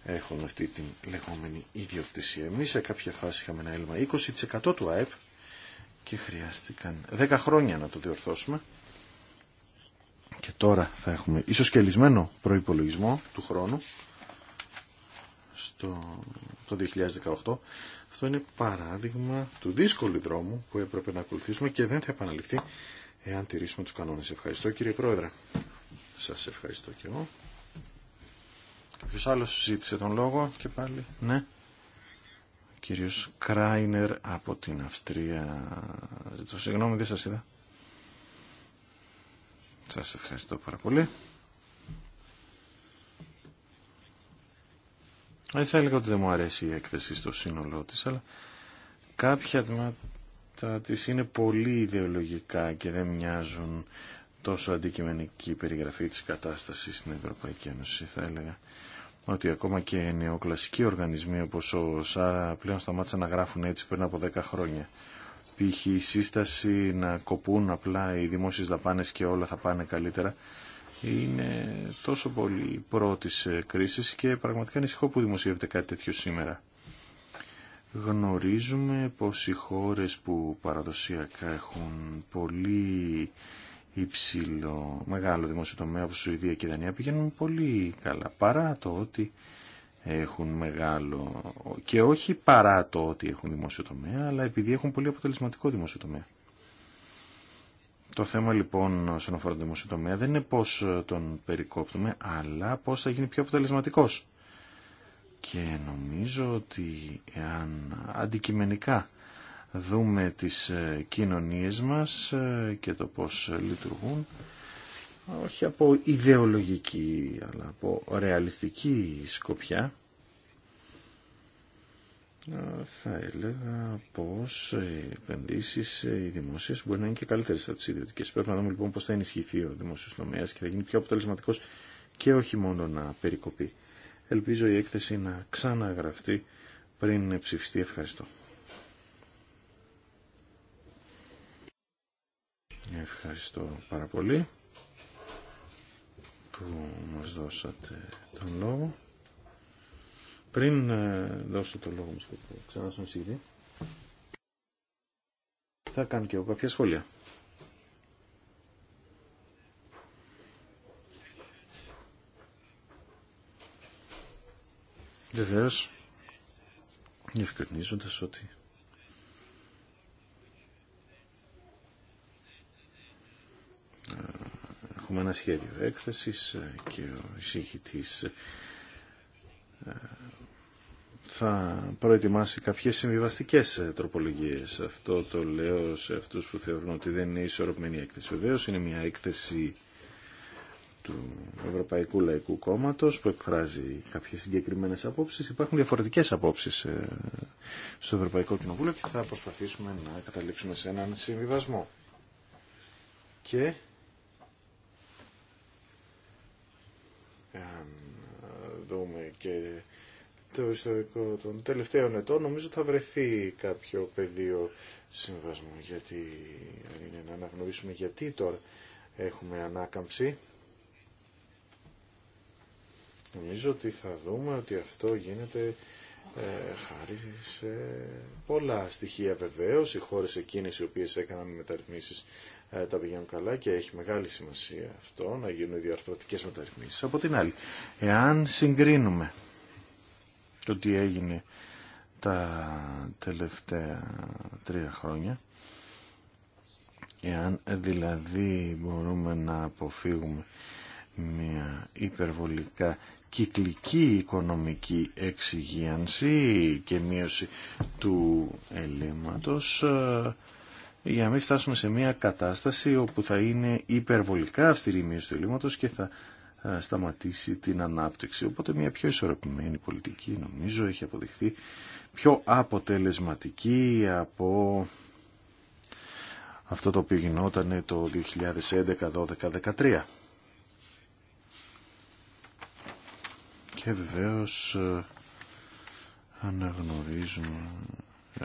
S5: έχουν αυτή την λεγόμενη ιδιοκτησία. Εμεί σε κάποια φάση είχαμε ένα έλλειμμα 20% του ΑΕΠ και χρειάστηκαν 10 χρόνια να το διορθώσουμε και τώρα θα έχουμε ισοσκελισμένο προϋπολογισμό του χρόνου στο, το 2018. Αυτό είναι παράδειγμα του δύσκολου δρόμου που έπρεπε να ακολουθήσουμε και δεν θα επαναληφθεί εάν τηρήσουμε τους κανόνες. Ευχαριστώ κύριε Πρόεδρε. Σας ευχαριστώ και εγώ. Ποιος άλλος ζήτησε τον λόγο και πάλι. Ναι. Ο κύριος Κράινερ από την Αυστρία. συγγνώμη δεν σας είδα. Σας ευχαριστώ πάρα πολύ. Δεν θα έλεγα ότι δεν μου αρέσει η έκθεση στο σύνολό της, αλλά κάποια τμήματα της είναι πολύ ιδεολογικά και δεν μοιάζουν τόσο αντικειμενική περιγραφή της κατάστασης στην Ευρωπαϊκή Ένωση, θα έλεγα ότι ακόμα και νεοκλασικοί οργανισμοί όπως ο ΣΑΡΑ, πλέον σταμάτησαν να γράφουν έτσι πριν από 10 χρόνια. Π.χ. η σύσταση να κοπούν απλά οι δημόσιες δαπάνες και όλα θα πάνε καλύτερα είναι τόσο πολύ πρώτη κρίση και πραγματικά ανησυχώ που δημοσιεύεται κάτι τέτοιο σήμερα. Γνωρίζουμε πως οι χώρες που παραδοσιακά έχουν πολύ υψηλό, μεγάλο δημόσιο τομέα η Σουηδία και Δανία πηγαίνουν πολύ καλά παρά το ότι έχουν μεγάλο και όχι παρά το ότι έχουν δημόσιο τομέα αλλά επειδή έχουν πολύ αποτελεσματικό δημόσιο τομέα. Το θέμα λοιπόν όσον αφορά τον δεν είναι πώς ε, τον περικόπτουμε, αλλά πώς θα γίνει πιο αποτελεσματικός. Και νομίζω ότι αν αντικειμενικά δούμε τις ε, κοινωνίες μας ε, και το πώς λειτουργούν, όχι από ιδεολογική αλλά από ρεαλιστική σκοπιά, θα έλεγα πως οι επενδύσεις, οι δημόσιες μπορεί να είναι και καλύτερες από τις ιδιωτικές. Πρέπει να δούμε λοιπόν πως θα ενισχυθεί ο δημόσιος τομέας και θα γίνει πιο αποτελεσματικός και όχι μόνο να περικοπεί. Ελπίζω η έκθεση να ξαναγραφτεί πριν ψηφιστεί. Ευχαριστώ. Ευχαριστώ πάρα πολύ που μας δώσατε τον λόγο. Πριν ε, δώσω το λόγο μου στο ξανά στον Σίδη, θα κάνω και εγώ κάποια σχόλια. Βεβαίω, ευκρινίζοντα ότι έχουμε ένα σχέδιο έκθεσης ε, και ο εισηγητής ε, θα προετοιμάσει κάποιες συμβιβαστικές ε, τροπολογίες. Αυτό το λέω σε αυτούς που θεωρούν ότι δεν είναι ισορροπημένη έκθεση. Βεβαίω είναι μια έκθεση του Ευρωπαϊκού Λαϊκού Κόμματος που εκφράζει κάποιες συγκεκριμένες απόψεις. Υπάρχουν διαφορετικές απόψεις ε, στο Ευρωπαϊκό Κοινοβούλιο και θα προσπαθήσουμε να καταλήξουμε σε έναν συμβιβασμό. Και ε, δούμε και το ιστορικό των τελευταίων ετών, νομίζω θα βρεθεί κάποιο πεδίο συμβασμού, γιατί είναι να αναγνωρίσουμε γιατί τώρα έχουμε ανάκαμψη, νομίζω ότι θα δούμε ότι αυτό γίνεται ε, χάρη σε πολλά στοιχεία βεβαίως. Οι χώρες εκείνες οι οποίες έκαναν μεταρρυθμίσεις ε, τα πηγαίνουν καλά και έχει μεγάλη σημασία αυτό να γίνουν οι διαρθρωτικές μεταρρυθμίσεις. Από την άλλη, εάν συγκρίνουμε το τι έγινε τα τελευταία τρία χρόνια. Εάν ε, δηλαδή μπορούμε να αποφύγουμε μια υπερβολικά κυκλική οικονομική εξυγίανση και μείωση του ελλείμματος ε, για να μην φτάσουμε σε μια κατάσταση όπου θα είναι υπερβολικά αυστηρή η μείωση του ελλείμματος και θα ε, σταματήσει την ανάπτυξη. Οπότε μια πιο ισορροπημένη πολιτική νομίζω έχει αποδειχθεί πιο αποτελεσματική από αυτό το οποίο γινόταν το 2011, 12, 13. Και βεβαίως ε,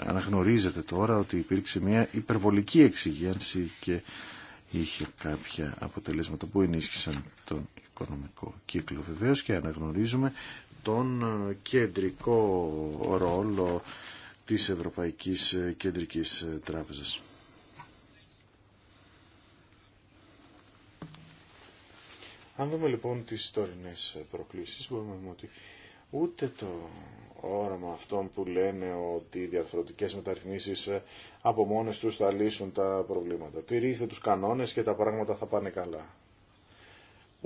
S5: αναγνωρίζεται τώρα ότι υπήρξε μια υπερβολική εξηγένση και είχε κάποια αποτελέσματα που ενίσχυσαν τον οικονομικό κύκλο βεβαίως και αναγνωρίζουμε τον ε, κεντρικό ρόλο της Ευρωπαϊκής ε, Κεντρικής ε, Τράπεζας. Αν δούμε λοιπόν τις τωρινές προκλήσεις μπορούμε να δούμε ότι ούτε το όραμα αυτών που λένε ότι οι διαρθρωτικές μεταρρυθμίσεις από μόνες τους θα λύσουν τα προβλήματα. Τηρήστε τους κανόνες και τα πράγματα θα πάνε καλά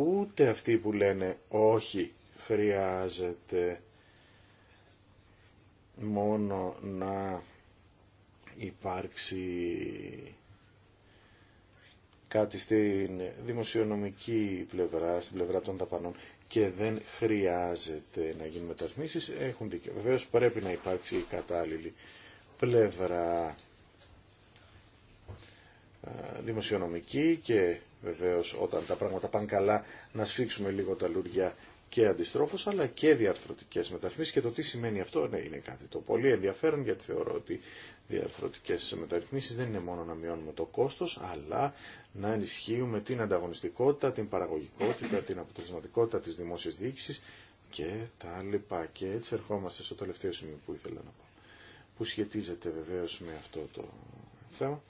S5: ούτε αυτοί που λένε όχι χρειάζεται μόνο να υπάρξει κάτι στην δημοσιονομική πλευρά, στην πλευρά των ταπανών και δεν χρειάζεται να γίνουν μεταρρυθμίσεις, έχουν δίκιο. Βεβαίως πρέπει να υπάρξει η κατάλληλη πλευρά δημοσιονομική και βεβαίως όταν τα πράγματα πάνε καλά να σφίξουμε λίγο τα λουριά και αντιστρόφως αλλά και διαρθρωτικές μεταρρυθμίσεις και το τι σημαίνει αυτό ναι, είναι κάτι το πολύ ενδιαφέρον γιατί θεωρώ ότι διαρθρωτικές μεταρρυθμίσεις δεν είναι μόνο να μειώνουμε το κόστος αλλά να ενισχύουμε την ανταγωνιστικότητα, την παραγωγικότητα, την αποτελεσματικότητα της δημόσιας διοίκησης και τα λοιπά. Και έτσι ερχόμαστε στο τελευταίο σημείο που ήθελα να πω που σχετίζεται βεβαίως με αυτό το θέμα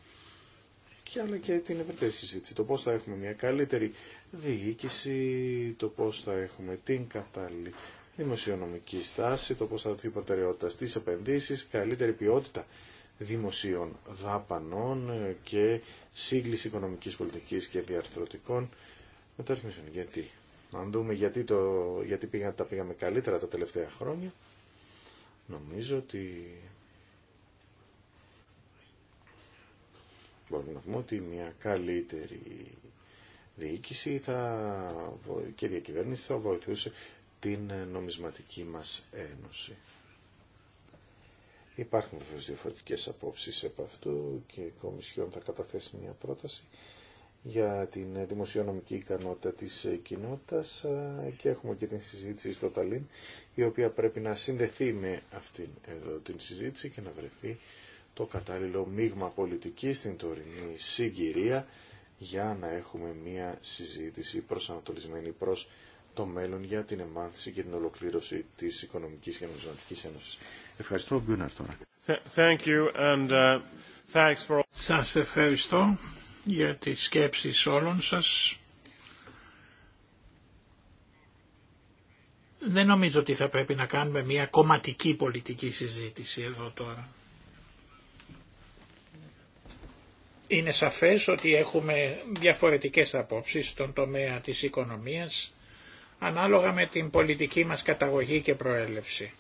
S5: και αλλά και την ευρύτερη συζήτηση. Το πώς θα έχουμε μια καλύτερη διοίκηση, το πώς θα έχουμε την κατάλληλη δημοσιονομική στάση, το πώς θα δοθεί προτεραιότητα στις επενδύσεις, καλύτερη ποιότητα δημοσίων δάπανων και σύγκληση οικονομικής πολιτικής και διαρθρωτικών μεταρρυθμίσεων. Γιατί, αν δούμε γιατί, το, γιατί τα πήγαμε καλύτερα τα τελευταία χρόνια, νομίζω ότι μπορούμε να πούμε ότι μια καλύτερη διοίκηση θα, και διακυβέρνηση θα βοηθούσε την νομισματική μας ένωση. Υπάρχουν βεβαίως διαφορετικές απόψεις από αυτού και η Κομισιόν θα καταθέσει μια πρόταση για την δημοσιονομική ικανότητα της κοινότητας και έχουμε και την συζήτηση στο Ταλίν η οποία πρέπει να συνδεθεί με αυτήν εδώ την συζήτηση και να βρεθεί το κατάλληλο μείγμα πολιτικής στην τωρινή συγκυρία για να έχουμε μία συζήτηση προσανατολισμένη προς το μέλλον για την εμάθηση και την ολοκλήρωση της Οικονομικής και Νομισματικής Ένωσης. Ευχαριστώ, Γκούναρ τώρα. Thank you and, uh, thanks
S2: for... Σας ευχαριστώ για τις σκέψεις όλων σας. Δεν νομίζω ότι θα πρέπει να κάνουμε μια κομματική πολιτική συζήτηση εδώ τώρα. Είναι σαφές ότι έχουμε διαφορετικές απόψεις στον τομέα της οικονομίας ανάλογα με την πολιτική μας καταγωγή και προέλευση.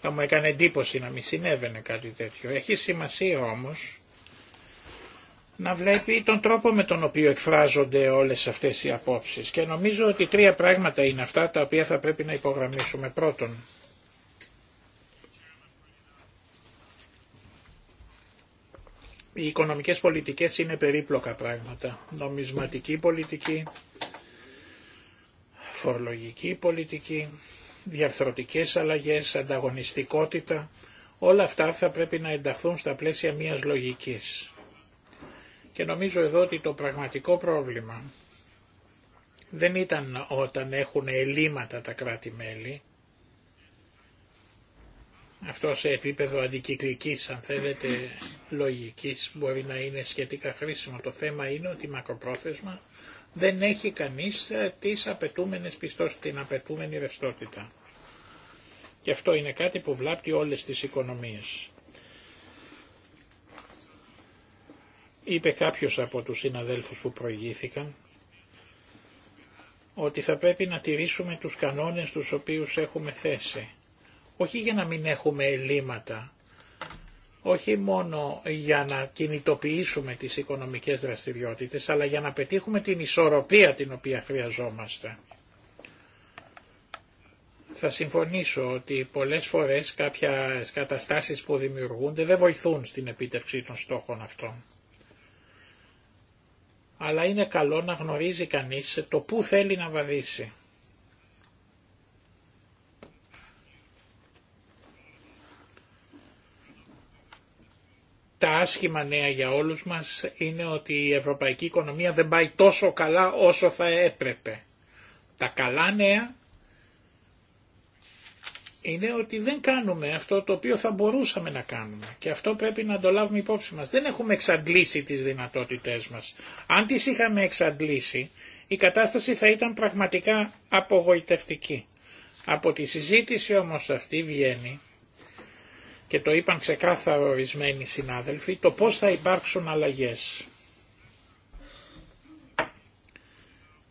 S2: Θα μου έκανε εντύπωση να μην συνέβαινε κάτι τέτοιο. Έχει σημασία όμως να βλέπει τον τρόπο με τον οποίο εκφράζονται όλες αυτές οι απόψεις και νομίζω ότι τρία πράγματα είναι αυτά τα οποία θα πρέπει να υπογραμμίσουμε. Πρώτον, Οι οικονομικές πολιτικές είναι περίπλοκα πράγματα. Νομισματική πολιτική, φορολογική πολιτική, διαρθρωτικές αλλαγές, ανταγωνιστικότητα, όλα αυτά θα πρέπει να ενταχθούν στα πλαίσια μιας λογικής. Και νομίζω εδώ ότι το πραγματικό πρόβλημα δεν ήταν όταν έχουν ελλείμματα τα κράτη-μέλη, αυτό σε επίπεδο αντικυκλικής, αν θέλετε, λογικής μπορεί να είναι σχετικά χρήσιμο. Το θέμα είναι ότι μακροπρόθεσμα δεν έχει κανείς ε, τις απαιτούμενες πιστώσεις, την απαιτούμενη ρευστότητα. Και αυτό είναι κάτι που βλάπτει όλες τις οικονομίες. Είπε κάποιος από τους συναδέλφους που προηγήθηκαν ότι θα πρέπει να τηρήσουμε τους κανόνες τους οποίους έχουμε θέσει όχι για να μην έχουμε ελλείμματα, όχι μόνο για να κινητοποιήσουμε τις οικονομικές δραστηριότητες, αλλά για να πετύχουμε την ισορροπία την οποία χρειαζόμαστε. Θα συμφωνήσω ότι πολλές φορές κάποια καταστάσεις που δημιουργούνται δεν βοηθούν στην επίτευξη των στόχων αυτών. Αλλά είναι καλό να γνωρίζει κανείς το πού θέλει να βαδίσει. τα άσχημα νέα για όλους μας είναι ότι η ευρωπαϊκή οικονομία δεν πάει τόσο καλά όσο θα έπρεπε. Τα καλά νέα είναι ότι δεν κάνουμε αυτό το οποίο θα μπορούσαμε να κάνουμε και αυτό πρέπει να το λάβουμε υπόψη μας. Δεν έχουμε εξαντλήσει τις δυνατότητές μας. Αν τις είχαμε εξαντλήσει η κατάσταση θα ήταν πραγματικά απογοητευτική. Από τη συζήτηση όμως αυτή βγαίνει και το είπαν ξεκάθαρο ορισμένοι συνάδελφοι, το πώς θα υπάρξουν αλλαγές.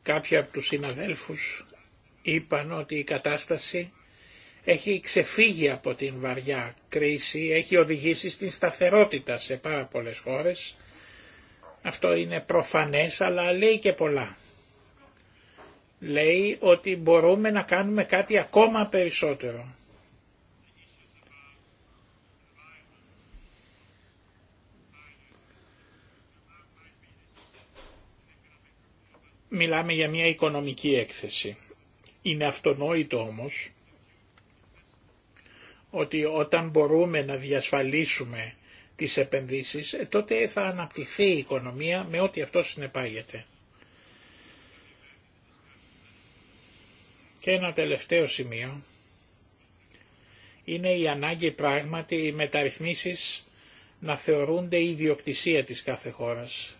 S2: Κάποιοι από τους συναδέλφους είπαν ότι η κατάσταση έχει ξεφύγει από την βαριά κρίση, έχει οδηγήσει στην σταθερότητα σε πάρα πολλές χώρες. Αυτό είναι προφανές αλλά λέει και πολλά. Λέει ότι μπορούμε να κάνουμε κάτι ακόμα περισσότερο. Μιλάμε για μια οικονομική έκθεση. Είναι αυτονόητο όμως ότι όταν μπορούμε να διασφαλίσουμε τις επενδύσεις, ε, τότε θα αναπτυχθεί η οικονομία με ό,τι αυτό συνεπάγεται. Και ένα τελευταίο σημείο είναι η ανάγκη πράγματι οι μεταρρυθμίσεις να θεωρούνται η ιδιοκτησία της κάθε χώρας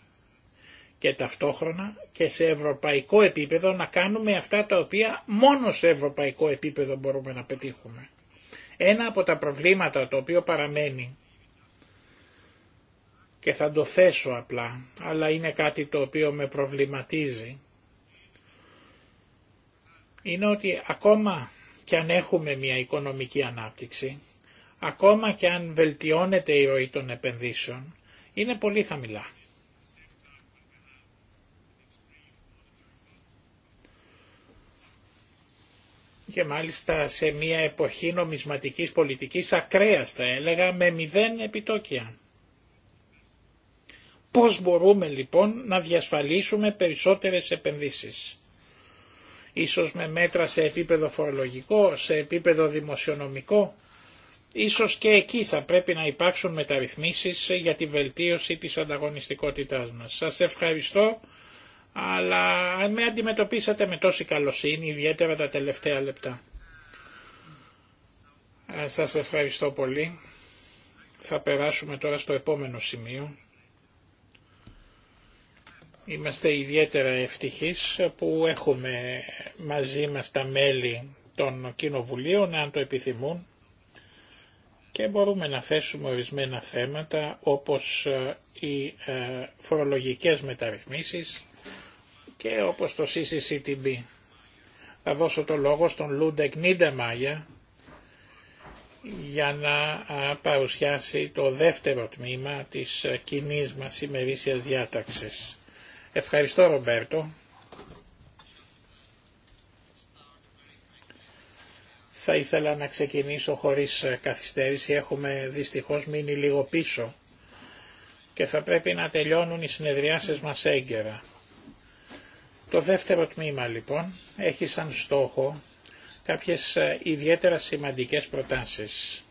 S2: και ταυτόχρονα και σε ευρωπαϊκό επίπεδο να κάνουμε αυτά τα οποία μόνο σε ευρωπαϊκό επίπεδο μπορούμε να πετύχουμε. Ένα από τα προβλήματα το οποίο παραμένει και θα το θέσω απλά, αλλά είναι κάτι το οποίο με προβληματίζει, είναι ότι ακόμα και αν έχουμε μια οικονομική ανάπτυξη, ακόμα και αν βελτιώνεται η ροή των επενδύσεων, είναι πολύ χαμηλά. και μάλιστα σε μια εποχή νομισματικής πολιτικής ακραίας θα έλεγα με μηδέν επιτόκια. Πώς μπορούμε λοιπόν να διασφαλίσουμε περισσότερες επενδύσεις. Ίσως με μέτρα σε επίπεδο φορολογικό, σε επίπεδο δημοσιονομικό. Ίσως και εκεί θα πρέπει να υπάρξουν μεταρρυθμίσεις για τη βελτίωση της ανταγωνιστικότητάς μας. Σας ευχαριστώ αλλά με αντιμετωπίσατε με τόση καλοσύνη, ιδιαίτερα τα τελευταία λεπτά. Ε, σας ευχαριστώ πολύ. Θα περάσουμε τώρα στο επόμενο σημείο. Είμαστε ιδιαίτερα ευτυχείς που έχουμε μαζί μας τα μέλη των κοινοβουλίων, αν το επιθυμούν, και μπορούμε να θέσουμε ορισμένα θέματα όπως ε, οι ε, φορολογικές μεταρρυθμίσεις, και όπως το CCCTB. Θα δώσω το λόγο στον Λούντεκ Μάγια για να παρουσιάσει το δεύτερο τμήμα της ε, κοινή μας ημερήσιας διάταξης. Ευχαριστώ Ρομπέρτο. Θα ήθελα να ξεκινήσω χωρίς ε, καθυστέρηση. Έχουμε δυστυχώς μείνει λίγο πίσω και θα πρέπει να τελειώνουν οι συνεδριάσεις μας έγκαιρα. Το δεύτερο τμήμα λοιπόν έχει σαν στόχο κάποιες ε, ιδιαίτερα σημαντικές προτάσεις.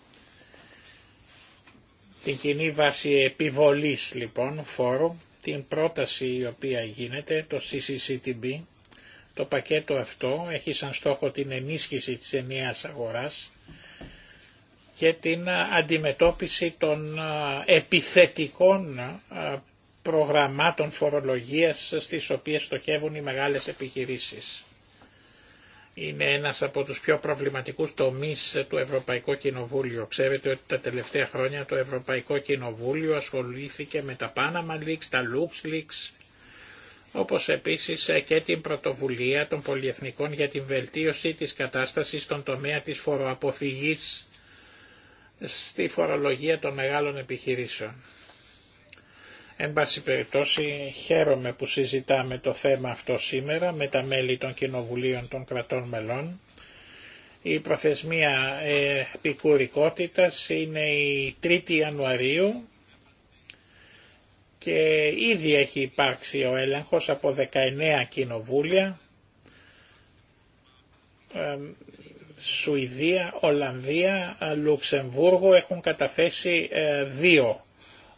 S2: Την κοινή βάση επιβολής λοιπόν φόρου, την πρόταση η οποία γίνεται, το CCCTB, το πακέτο αυτό έχει σαν στόχο την ενίσχυση της ενιαίας αγοράς και την ε, αντιμετώπιση των ε, επιθετικών προγραμμάτων φορολογίας στις οποίες στοχεύουν οι μεγάλες επιχειρήσεις. Είναι ένας από τους πιο προβληματικούς τομείς του Ευρωπαϊκού Κοινοβούλιο. Ξέρετε ότι τα τελευταία χρόνια το Ευρωπαϊκό Κοινοβούλιο ασχολήθηκε με τα Panama Leaks, τα Lux Leaks, όπως επίσης και την πρωτοβουλία των πολιεθνικών για την βελτίωση της κατάστασης στον τομέα της φοροαποφυγής στη φορολογία των μεγάλων επιχειρήσεων. Εν πάση περιπτώσει χαίρομαι που συζητάμε το θέμα αυτό σήμερα με τα μέλη των κοινοβουλίων των κρατών μελών. Η προθεσμία ε, επικουρικότητας είναι η 3η Ιανουαρίου και ήδη έχει υπάρξει ο έλεγχος από 19 κοινοβούλια, ε, Σουηδία, Ολλανδία, Λουξεμβούργο έχουν καταθέσει ε, δύο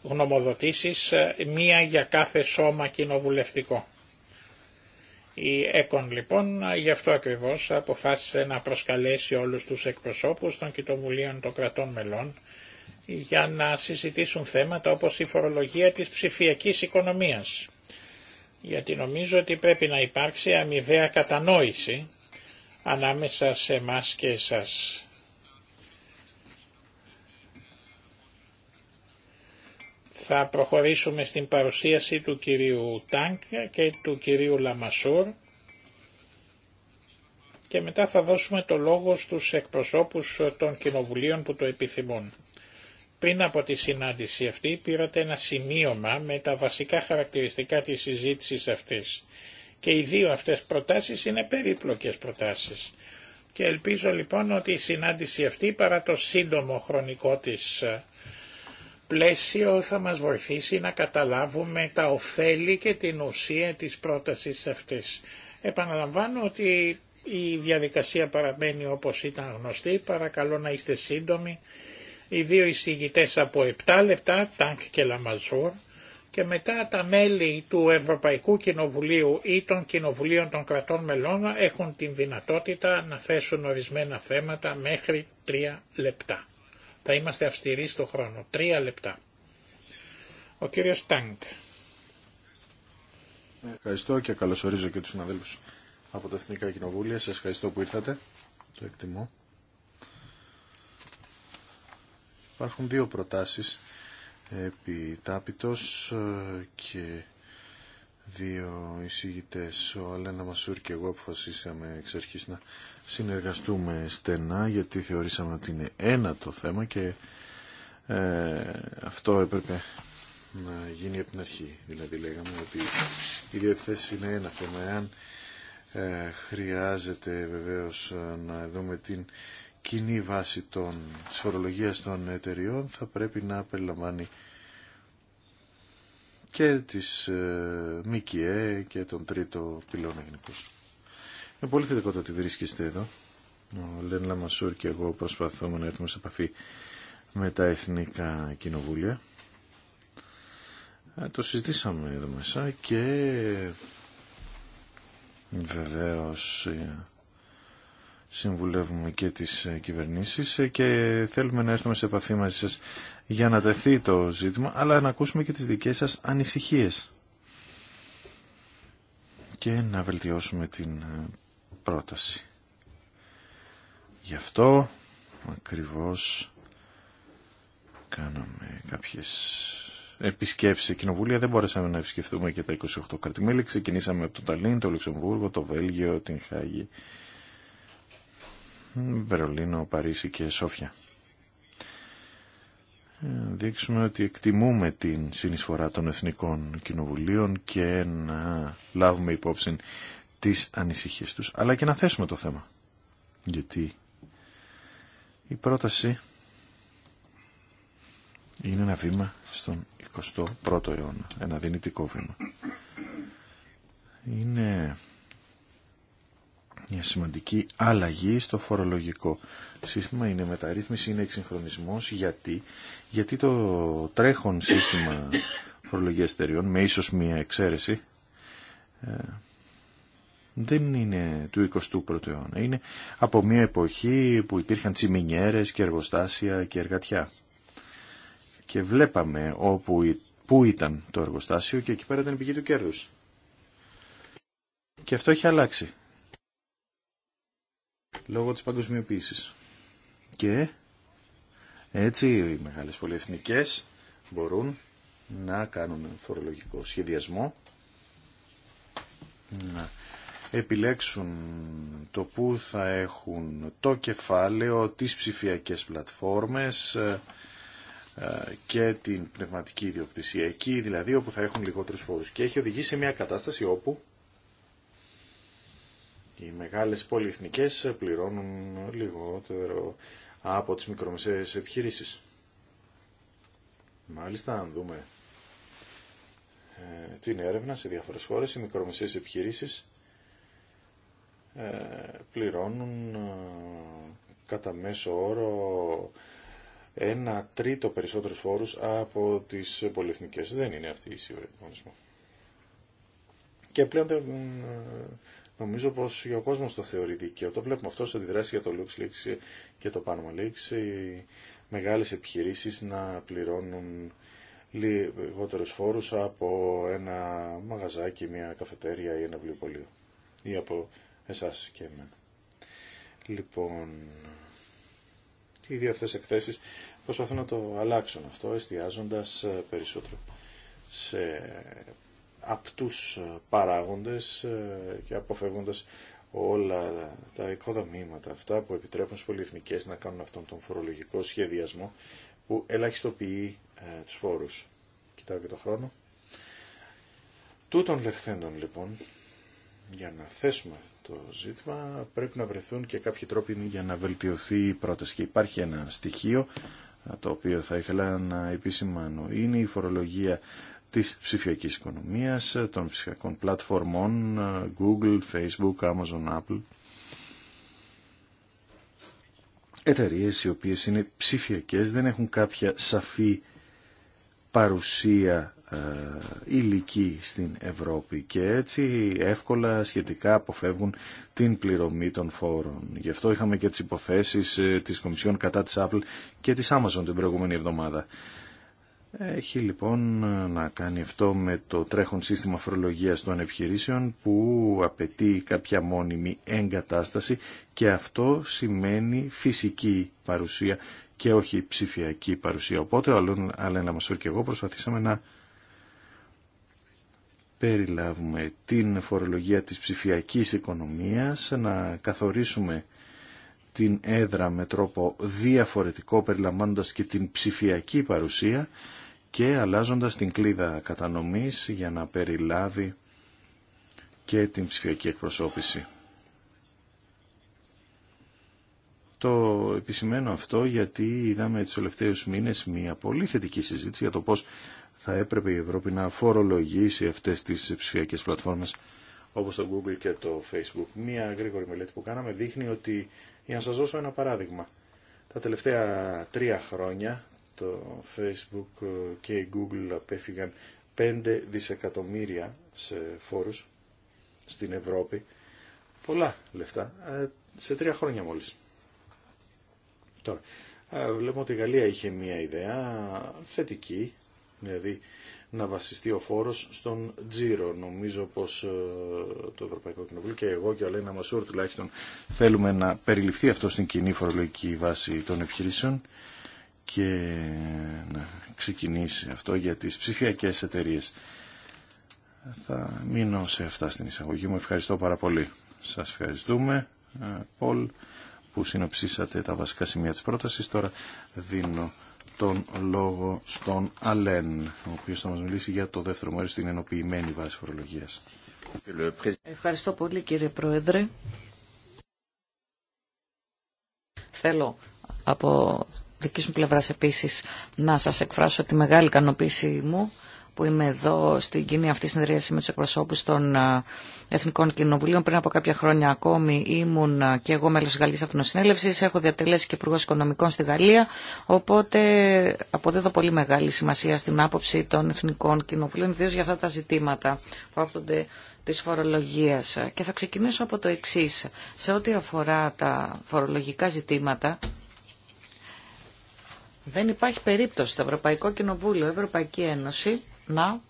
S2: γνωμοδοτήσεις, ε, μία για κάθε σώμα κοινοβουλευτικό. Η ΕΚΟΝ λοιπόν γι' αυτό ακριβώς αποφάσισε να προσκαλέσει όλους τους εκπροσώπους των κοινοβουλίων των κρατών μελών για να συζητήσουν θέματα όπως η φορολογία της ψηφιακής οικονομίας. Γιατί νομίζω ότι πρέπει να υπάρξει αμοιβαία κατανόηση ανάμεσα σε εμά και εσάς. θα προχωρήσουμε στην παρουσίαση του κυρίου Τάνκ και του κυρίου Λαμασούρ και μετά θα δώσουμε το λόγο στους εκπροσώπους των κοινοβουλίων που το επιθυμούν. Πριν από τη συνάντηση αυτή πήρατε ένα σημείωμα με τα βασικά χαρακτηριστικά της συζήτησης αυτής και οι δύο αυτές προτάσεις είναι περίπλοκες προτάσεις. Και ελπίζω λοιπόν ότι η συνάντηση αυτή παρά το σύντομο χρονικό της πλαίσιο θα μας βοηθήσει να καταλάβουμε τα ωφέλη και την ουσία της πρότασης αυτής. Επαναλαμβάνω ότι η διαδικασία παραμένει όπως ήταν γνωστή, παρακαλώ να είστε σύντομοι. Οι δύο εισηγητές από 7 λεπτά, Τάνκ και Λαμαζούρ, και μετά τα μέλη του Ευρωπαϊκού Κοινοβουλίου ή των Κοινοβουλίων των Κρατών Μελών έχουν την δυνατότητα να θέσουν ορισμένα θέματα μέχρι 3 λεπτά. Θα είμαστε αυστηροί στο χρόνο. Τρία λεπτά. Ο κύριος Τάνκ.
S5: Ευχαριστώ και καλωσορίζω και τους συναδέλφους από τα Εθνικά Κοινοβούλια. Σας ευχαριστώ που ήρθατε. Το εκτιμώ. Υπάρχουν δύο προτάσεις επί τάπητος ε, και δύο εισηγητές. Ο Αλένα Μασούρ και εγώ αποφασίσαμε εξ αρχής να συνεργαστούμε στενά γιατί θεωρήσαμε ότι είναι ένα το θέμα και ε, αυτό έπρεπε να γίνει από την αρχή. Δηλαδή λέγαμε ότι η διευθέσει είναι ένα θέμα. Εάν ε, χρειάζεται βεβαίως ε, να δούμε την κοινή βάση των, της φορολογίας των εταιριών θα πρέπει να περιλαμβάνει και τις ε, ΜΚΕ και τον τρίτο πυλώνα γενικούς. Είναι πολύ θετικό το ότι βρίσκεστε εδώ. Ο Λέν Λαμασούρ και εγώ προσπαθούμε να έρθουμε σε επαφή με τα εθνικά κοινοβούλια. Ε, το συζητήσαμε εδώ μέσα και βεβαίως ε, συμβουλεύουμε και τις ε, κυβερνήσεις και θέλουμε να έρθουμε σε επαφή μαζί σας για να τεθεί το ζήτημα αλλά να ακούσουμε και τις δικές σας ανησυχίες και να βελτιώσουμε την πρόταση. Γι' αυτό ακριβώς κάναμε κάποιες επισκέψεις σε κοινοβούλια. Δεν μπορέσαμε να επισκεφτούμε και τα 28 κρατημέλη. Ξεκινήσαμε από το Ταλίν, το Λουξεμβούργο, το Βέλγιο, την Χάγη, Βερολίνο, Παρίσι και Σόφια. Δείξουμε ότι εκτιμούμε την συνεισφορά των Εθνικών Κοινοβουλίων και να λάβουμε υπόψη τις ανησυχίες τους, αλλά και να θέσουμε το θέμα. Γιατί η πρόταση είναι ένα βήμα στον 21ο αιώνα, ένα δυνητικό βήμα. Είναι μια σημαντική αλλαγή στο φορολογικό σύστημα, είναι μεταρρύθμιση, είναι εξυγχρονισμός, γιατί, γιατί το τρέχον σύστημα φορολογίας εταιριών, με ίσως μια εξαίρεση, ε, δεν είναι του 21ου αιώνα. Είναι από μια εποχή που υπήρχαν τσιμινιέρες και εργοστάσια και εργατιά. Και βλέπαμε όπου, πού ήταν το εργοστάσιο και εκεί πέρα ήταν η πηγή του κέρδους. Και αυτό έχει αλλάξει. Λόγω της παγκοσμιοποίησης. Και έτσι οι μεγάλες πολυεθνικές μπορούν να κάνουν φορολογικό σχεδιασμό, να επιλέξουν το που θα έχουν το κεφάλαιο, τις ψηφιακές πλατφόρμες ε, ε, και την πνευματική ιδιοκτησία εκεί, δηλαδή όπου θα έχουν λιγότερους φόρους. Και έχει οδηγήσει σε μια κατάσταση όπου οι μεγάλες πολυεθνικές πληρώνουν λιγότερο από τις μικρομεσαίες επιχειρήσεις. Μάλιστα, αν δούμε ε, την έρευνα σε διάφορες χώρες, οι μικρομεσαίες επιχειρήσεις ε, πληρώνουν ε, κατά μέσο όρο ένα τρίτο περισσότερους φόρους από τις πολυεθνικές. Δεν είναι αυτή η σίγουρη του Και πλέον ε, νομίζω πως ο κόσμος το θεωρεί δίκαιο. Το βλέπουμε αυτό σε αντιδράσει για το LuxLeaks και το πάνω Οι μεγάλες επιχειρήσεις να πληρώνουν λιγότερους φόρους από ένα μαγαζάκι, μια καφετέρια ή ένα βιβλιοπωλείο ή από εσάς και εμένα. Λοιπόν, οι δύο αυτές εκθέσεις προσπαθούν να το αλλάξουν αυτό, εστιάζοντας ε, περισσότερο σε απτούς ε, παράγοντες ε, και αποφεύγοντας όλα τα οικοδομήματα αυτά που επιτρέπουν στους πολυεθνικές να κάνουν αυτόν τον φορολογικό σχεδιασμό που ελαχιστοποιεί ε, τους φόρους. Κοιτάω και το χρόνο. Τούτων λεχθέντων λοιπόν, για να θέσουμε το ζήτημα. Πρέπει να βρεθούν και κάποιοι τρόποι για να βελτιωθεί η πρόταση. Και υπάρχει ένα στοιχείο το οποίο θα ήθελα να επισημάνω. Είναι η φορολογία της ψηφιακής οικονομίας, των ψηφιακών πλατφορμών Google, Facebook, Amazon, Apple. Εταιρείες οι οποίες είναι ψηφιακές δεν έχουν κάποια σαφή παρουσία ηλικοί ε, στην Ευρώπη και έτσι εύκολα σχετικά αποφεύγουν την πληρωμή των φόρων. Γι' αυτό είχαμε και τις υποθέσεις ε, της Κομισιόν κατά της Apple και της Amazon την προηγούμενη εβδομάδα. Έχει λοιπόν ε, να κάνει αυτό με το τρέχον σύστημα φορολογίας των επιχειρήσεων που απαιτεί κάποια μόνιμη εγκατάσταση και αυτό σημαίνει φυσική παρουσία και όχι ψηφιακή παρουσία. Οπότε ο Αλένα Μασούρ και εγώ προσπαθήσαμε να περιλάβουμε την φορολογία της ψηφιακής οικονομίας, να καθορίσουμε την έδρα με τρόπο διαφορετικό περιλαμβάνοντας και την ψηφιακή παρουσία και αλλάζοντας την κλίδα κατανομής για να περιλάβει και την ψηφιακή εκπροσώπηση. Το επισημαίνω αυτό γιατί είδαμε τις τελευταίους μήνες μια πολύ θετική συζήτηση για το πώς θα έπρεπε η Ευρώπη να φορολογήσει αυτές τις ψηφιακές πλατφόρμες όπως το Google και το Facebook. Μία γρήγορη μελέτη που κάναμε δείχνει ότι, για να σας δώσω ένα παράδειγμα, τα τελευταία τρία χρόνια το Facebook και η Google απέφυγαν 5 δισεκατομμύρια σε φόρους στην Ευρώπη. Πολλά λεφτά, ε, σε τρία χρόνια μόλις. Τώρα, ε, βλέπουμε ότι η Γαλλία είχε μία ιδέα θετική, δηλαδή να βασιστεί ο φόρος στον τζίρο. Νομίζω πως ε, το Ευρωπαϊκό Κοινοβούλιο και εγώ και ο Αλένα Μασούρ τουλάχιστον θέλουμε να περιληφθεί αυτό στην κοινή φορολογική βάση των επιχειρήσεων και να ξεκινήσει αυτό για τις ψηφιακές εταιρείες. Θα μείνω σε αυτά στην εισαγωγή μου. Ευχαριστώ πάρα πολύ. Σας ευχαριστούμε, ε, Πολ, που συνοψίσατε τα βασικά σημεία της πρότασης. Τώρα δίνω τον λόγο στον Αλέν, ο οποίος θα μας μιλήσει για το δεύτερο μέρος στην ενοποιημένη βάση φορολογίας.
S3: Ευχαριστώ πολύ κύριε Πρόεδρε. Θέλω από δική μου πλευράς επίσης να σας εκφράσω τη μεγάλη ικανοποίησή μου που είμαι εδώ στην κοινή αυτή συνεδρίαση με τους εκπροσώπους των Εθνικών Κοινοβουλίων. Πριν από κάποια χρόνια ακόμη ήμουν και εγώ μέλος της Γαλλικής Αθηνοσυνέλευσης. Έχω διατελέσει και υπουργό Οικονομικών στη Γαλλία, οπότε αποδίδω πολύ μεγάλη σημασία στην άποψη των Εθνικών Κοινοβουλίων, ιδίως για αυτά τα ζητήματα που άπτονται της φορολογίας. Και θα ξεκινήσω από το εξή. Σε ό,τι αφορά τα φορολογικά ζητήματα, δεν υπάρχει περίπτωση στο Ευρωπαϊκό Κοινοβούλιο, Ευρωπαϊκή Ένωση να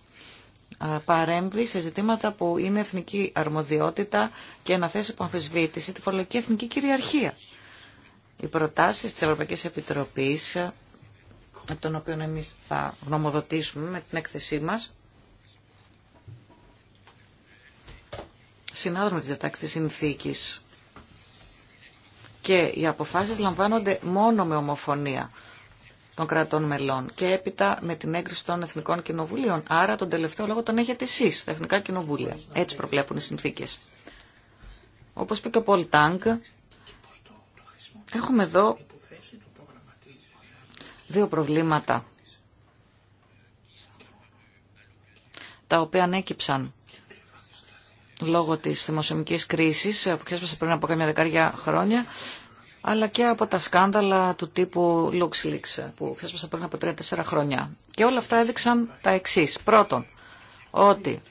S3: ε, παρέμβει σε ζητήματα που είναι εθνική αρμοδιότητα και να θέσει υπό αμφισβήτηση τη φορολογική εθνική κυριαρχία. Οι προτάσει τη Ευρωπαϊκή Επιτροπή, με τον οποίο εμεί θα γνωμοδοτήσουμε με την έκθεσή μας, συνάδουν με τι διατάξει της συνθήκη. Και οι αποφάσει λαμβάνονται μόνο με ομοφωνία των κρατών μελών και έπειτα με την έγκριση των Εθνικών Κοινοβουλίων. Άρα τον τελευταίο λόγο τον έχετε εσεί, τα Εθνικά Κοινοβούλια. Έτσι προβλέπουν οι συνθήκε. Όπω είπε και ο Πολ Τάγκ, έχουμε εδώ δύο προβλήματα τα οποία ανέκυψαν λόγω της δημοσιονομικής κρίσης που ξέσπασε πριν από κάμια δεκάρια χρόνια αλλά και από τα σκάνδαλα του τύπου LuxLeaks που ξέσπασαν πριν απο τρια τρία-τεσσέρα χρόνια. Και όλα αυτά έδειξαν τα εξή. Πρώτον, ότι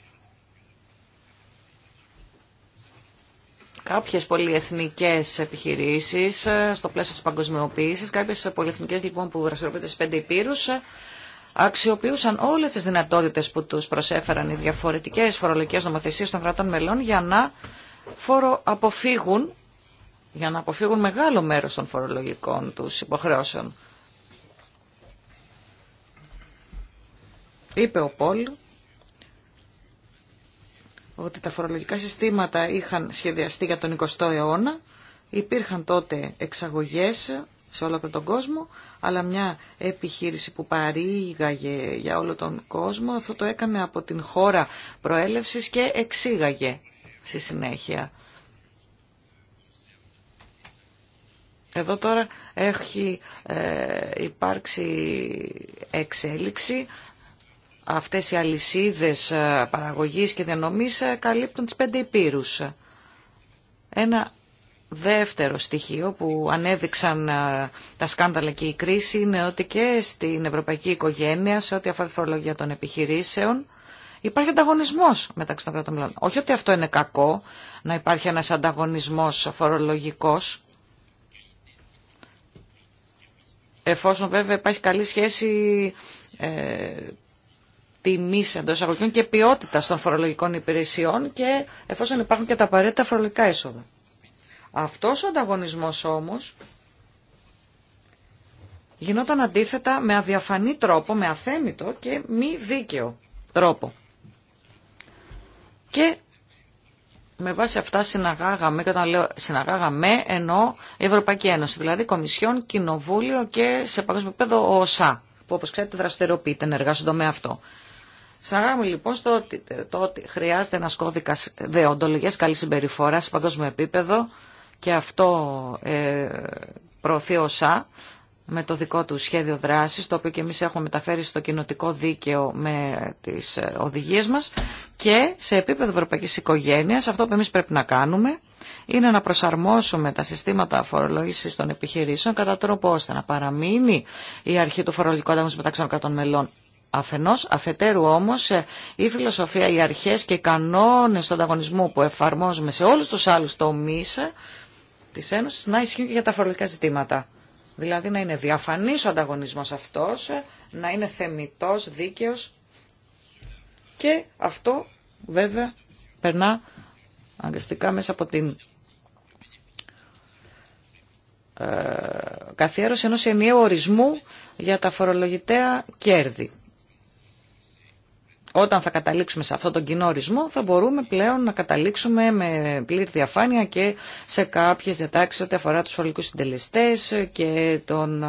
S3: κάποιες πολυεθνικές επιχειρήσεις ε, στο πλαίσιο της παγκοσμιοποίησης, κάποιες πολυεθνικές λοιπόν που δραστηριοποιούνται στις πέντε υπήρους, ε, αξιοποιούσαν όλες τις δυνατότητες που τους προσέφεραν οι διαφορετικές φορολογικές νομοθεσίες των κρατών μελών για να φοροαποφύγουν για να αποφύγουν μεγάλο μέρος των φορολογικών τους υποχρεώσεων. Είπε ο Πολ ότι τα φορολογικά συστήματα είχαν σχεδιαστεί για τον 20ο αιώνα, υπήρχαν τότε εξαγωγές σε όλο τον κόσμο, αλλά μια επιχείρηση που παρήγαγε για όλο τον κόσμο, αυτό το έκανε από την χώρα προέλευσης και εξήγαγε στη συνέχεια. Εδώ τώρα έχει ε, υπάρξει εξέλιξη. Αυτές οι αλυσίδες ε, παραγωγής και διανομής ε, καλύπτουν τις πέντε υπήρους. Ένα δεύτερο στοιχείο που ανέδειξαν τα σκάνδαλα και η κρίση είναι ότι και στην ευρωπαϊκή οικογένεια, σε ό,τι αφορά τη φορολογία των επιχειρήσεων, υπάρχει ανταγωνισμός μεταξύ των κρατών Όχι ότι αυτό είναι κακό, να υπάρχει ένα ανταγωνισμό φορολογικό, εφόσον βέβαια υπάρχει καλή σχέση ε, τιμή εντό και ποιότητα των φορολογικών υπηρεσιών και εφόσον υπάρχουν και τα απαραίτητα φορολογικά έσοδα. Αυτός ο ανταγωνισμός όμως γινόταν αντίθετα με αδιαφανή τρόπο, με αθέμητο και μη δίκαιο τρόπο. Και με βάση αυτά συναγάγαμε, και όταν λέω συναγάγαμε ενώ η Ευρωπαϊκή Ένωση, δηλαδή Κομισιόν, Κοινοβούλιο και σε παγκόσμιο επίπεδο ο ΩΣΑ, που όπω ξέρετε δραστηριοποιείται ενεργά στον τομέα αυτό. Συναγάγαμε λοιπόν στο ότι, το ότι χρειάζεται ένα κώδικα δεοντολογία καλή συμπεριφορά σε παγκόσμιο επίπεδο και αυτό ε, προωθεί ο ΩΣΑ με το δικό του σχέδιο δράσης, το οποίο και εμείς έχουμε μεταφέρει στο κοινοτικό δίκαιο με τις ε, οδηγίες μας και σε επίπεδο ευρωπαϊκής οικογένειας αυτό που εμείς πρέπει να κάνουμε είναι να προσαρμόσουμε τα συστήματα φορολόγησης των επιχειρήσεων κατά τρόπο ώστε να παραμείνει η αρχή του φορολογικού ανταγωνισμού μεταξύ των κρατών μελών Αφενός, αφετέρου όμως, ε, η φιλοσοφία, οι αρχές και οι κανόνες του ανταγωνισμού που εφαρμόζουμε σε όλους τους άλλους τομείς ε, της Ένωσης να ισχύουν και για τα φορολογικά ζητήματα. Δηλαδή να είναι διαφανής ο ανταγωνισμός αυτός, να είναι θεμητός, δίκαιος και αυτό βέβαια περνά αγκαστικά μέσα από την ε, καθιέρωση ενός ενιαίου ορισμού για τα φορολογητέα κέρδη όταν θα καταλήξουμε σε αυτόν τον κοινό ορισμό θα μπορούμε πλέον να καταλήξουμε με πλήρη διαφάνεια και σε κάποιες διατάξεις ό,τι αφορά τους φορολογικούς συντελεστές και, τον...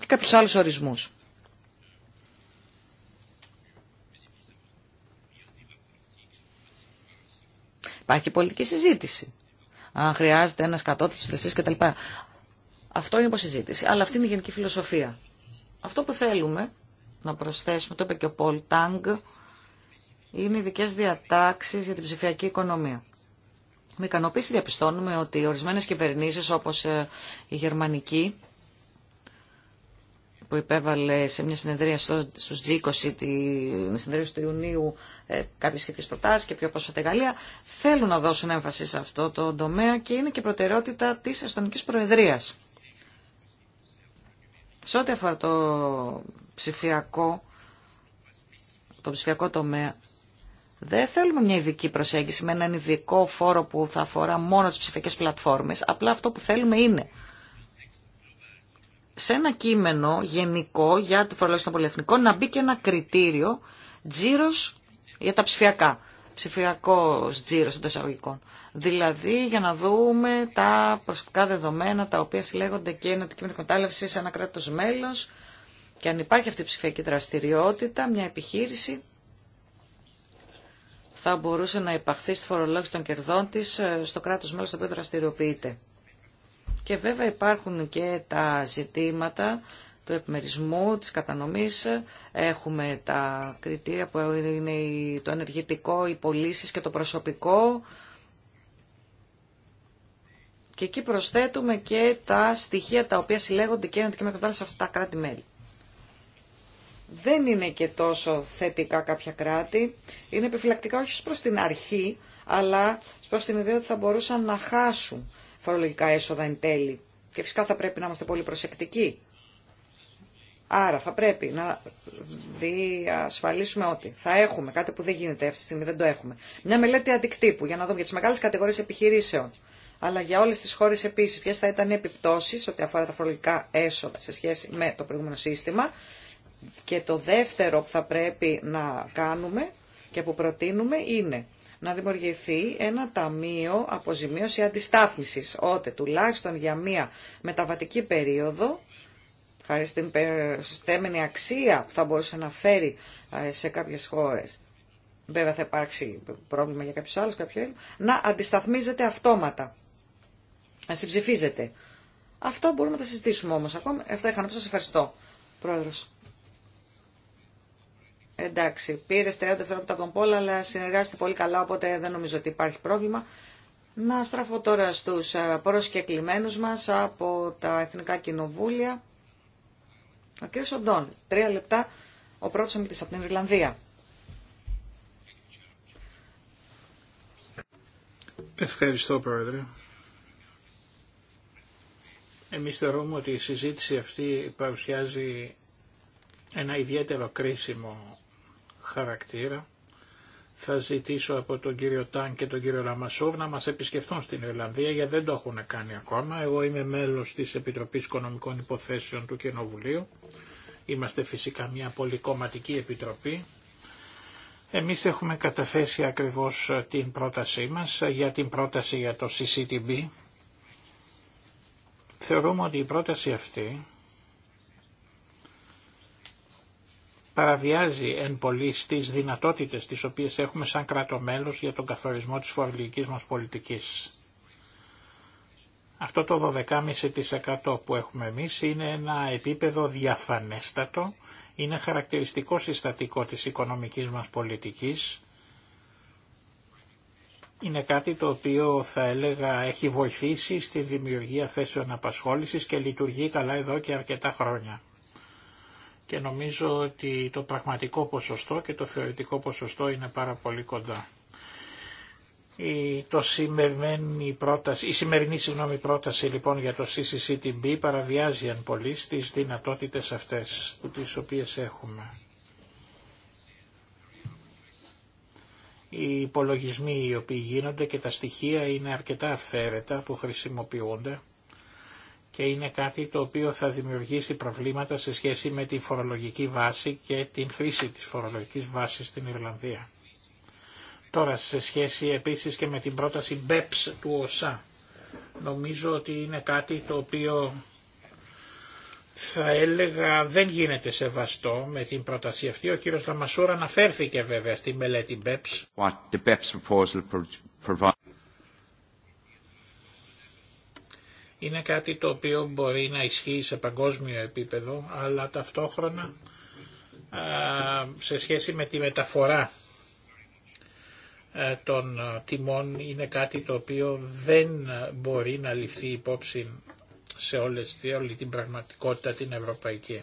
S3: και κάποιους άλλους ορισμούς. Υπάρχει πολιτική συζήτηση. Αν χρειάζεται ένας κατώτης συντελεστής κτλ. Αυτό είναι υποσυζήτηση. Αλλά αυτή είναι η γενική φιλοσοφία. Αυτό που θέλουμε να προσθέσουμε, το είπε και ο Πολ Τάγκ, είναι ειδικέ διατάξεις για την ψηφιακή οικονομία. Με ικανοποίηση διαπιστώνουμε ότι ορισμένες κυβερνήσεις όπως ε, η γερμανική που υπέβαλε σε μια συνεδρία στους G20 τη συνεδρία του Ιουνίου ε, κάποιες σχετικές προτάσει και πιο πρόσφατα Γαλλία θέλουν να δώσουν έμφαση σε αυτό το τομέα και είναι και προτεραιότητα της Αστωνικής Προεδρίας. Σε ό,τι αφορά το ψηφιακό, το ψηφιακό τομέα, δεν θέλουμε μια ειδική προσέγγιση με έναν ειδικό φόρο που θα αφορά μόνο τις ψηφιακές πλατφόρμες. Απλά αυτό που θέλουμε είναι σε ένα κείμενο γενικό για τη φορολογία των πολυεθνικών να μπει και ένα κριτήριο τζίρος για τα ψηφιακά ψηφιακό τζίρο εντό εισαγωγικών. Δηλαδή για να δούμε τα προσωπικά δεδομένα τα οποία συλλέγονται και είναι αντικείμενο εκμετάλλευση σε ένα κράτο μέλο και αν υπάρχει αυτή η ψηφιακή δραστηριότητα, μια επιχείρηση θα μπορούσε να υπαχθεί στη φορολόγηση των κερδών τη ε, στο κράτο μέλο στο οποίο δραστηριοποιείται. Και βέβαια υπάρχουν και τα ζητήματα του επιμερισμού, της κατανομής. Έχουμε τα κριτήρια που είναι το ενεργητικό, οι πωλήσει και το προσωπικό. Και εκεί προσθέτουμε και τα στοιχεία τα οποία συλλέγονται και είναι μετά σε αυτά τα κράτη-μέλη. Δεν είναι και τόσο θετικά κάποια κράτη. Είναι επιφυλακτικά όχι προς την αρχή, αλλά προς την ιδέα ότι θα μπορούσαν να χάσουν φορολογικά έσοδα εν τέλει. Και φυσικά θα πρέπει να είμαστε πολύ προσεκτικοί Άρα θα πρέπει να διασφαλίσουμε ότι θα έχουμε κάτι που δεν γίνεται αυτή τη στιγμή, δεν το έχουμε. Μια μελέτη αντικτύπου για να δούμε για τι μεγάλε κατηγορίε επιχειρήσεων, αλλά για όλε τι χώρε επίση. Ποιε θα ήταν οι επιπτώσει ό,τι αφορά τα φορολογικά έσοδα σε σχέση με το προηγούμενο σύστημα. Και το δεύτερο που θα πρέπει να κάνουμε και που προτείνουμε είναι να δημιουργηθεί ένα ταμείο αποζημίωση αντιστάθμισης, ότε τουλάχιστον για μία μεταβατική περίοδο χάρη στην περιστέμενη αξία που θα μπορούσε να φέρει ε, σε κάποιες χώρες, βέβαια θα υπάρξει πρόβλημα για κάποιους άλλους, κάποιο να αντισταθμίζεται αυτόματα, να συμψηφίζεται. Αυτό μπορούμε να τα συζητήσουμε όμως ακόμα. Αυτά είχα να πω, σας ευχαριστώ, Πρόεδρος. Εντάξει, πήρε 30 δευτερόλεπτα από τον Πόλα, αλλά συνεργάζεται πολύ καλά, οπότε δεν νομίζω ότι υπάρχει πρόβλημα. Να στραφώ τώρα στους ε, προσκεκλημένους μας από τα Εθνικά Κοινοβούλια. Ο κ. Σοντών, τρία λεπτά, ο πρώτος ομιλητής από την Ιρλανδία.
S2: Ευχαριστώ, Πρόεδρε. Εμείς θεωρούμε ότι η συζήτηση αυτή παρουσιάζει ένα ιδιαίτερο κρίσιμο χαρακτήρα θα ζητήσω από τον κύριο Τάν και τον κύριο Ραμασόβ να μας επισκεφθούν στην Ιρλανδία γιατί δεν το έχουν κάνει ακόμα. Εγώ είμαι μέλος της Επιτροπής Οικονομικών Υποθέσεων του Κοινοβουλίου. Είμαστε φυσικά μια πολυκομματική επιτροπή. Εμείς έχουμε καταθέσει ακριβώς την πρότασή μας για την πρόταση για το CCTB. Θεωρούμε ότι η πρόταση αυτή παραβιάζει εν πολύ στις δυνατότητες τις οποίες έχουμε σαν κρατομέλος για τον καθορισμό της φορολογικής μας πολιτικής. Αυτό το 12,5% που έχουμε εμείς είναι ένα επίπεδο διαφανέστατο, είναι χαρακτηριστικό συστατικό της οικονομικής μας πολιτικής, είναι κάτι το οποίο θα έλεγα έχει βοηθήσει στη δημιουργία θέσεων απασχόλησης και λειτουργεί καλά εδώ και αρκετά χρόνια και νομίζω ότι το πραγματικό ποσοστό και το θεωρητικό ποσοστό είναι πάρα πολύ κοντά. Η, το σημερινή πρόταση, η σημερινή συγγνώμη, πρόταση λοιπόν για το CCCTB παραβιάζει αν πολύ στις δυνατότητες αυτές που τις οποίες έχουμε. Οι υπολογισμοί οι οποίοι γίνονται και τα στοιχεία είναι αρκετά αυθαίρετα που χρησιμοποιούνται και είναι κάτι το οποίο θα δημιουργήσει προβλήματα σε σχέση με τη φορολογική βάση και την χρήση της φορολογικής βάσης στην Ιρλανδία. Τώρα σε σχέση επίσης και με την πρόταση BEPS του ΟΣΑ. Νομίζω ότι είναι κάτι το οποίο θα έλεγα δεν γίνεται σεβαστό με την πρόταση αυτή. Ο κύριος Λαμασούρα αναφέρθηκε βέβαια στη μελέτη BEPS. είναι κάτι το οποίο μπορεί να ισχύει σε παγκόσμιο επίπεδο, αλλά ταυτόχρονα σε σχέση με τη μεταφορά των τιμών είναι κάτι το οποίο δεν μπορεί να ληφθεί υπόψη σε όλες, όλη την πραγματικότητα την ευρωπαϊκή.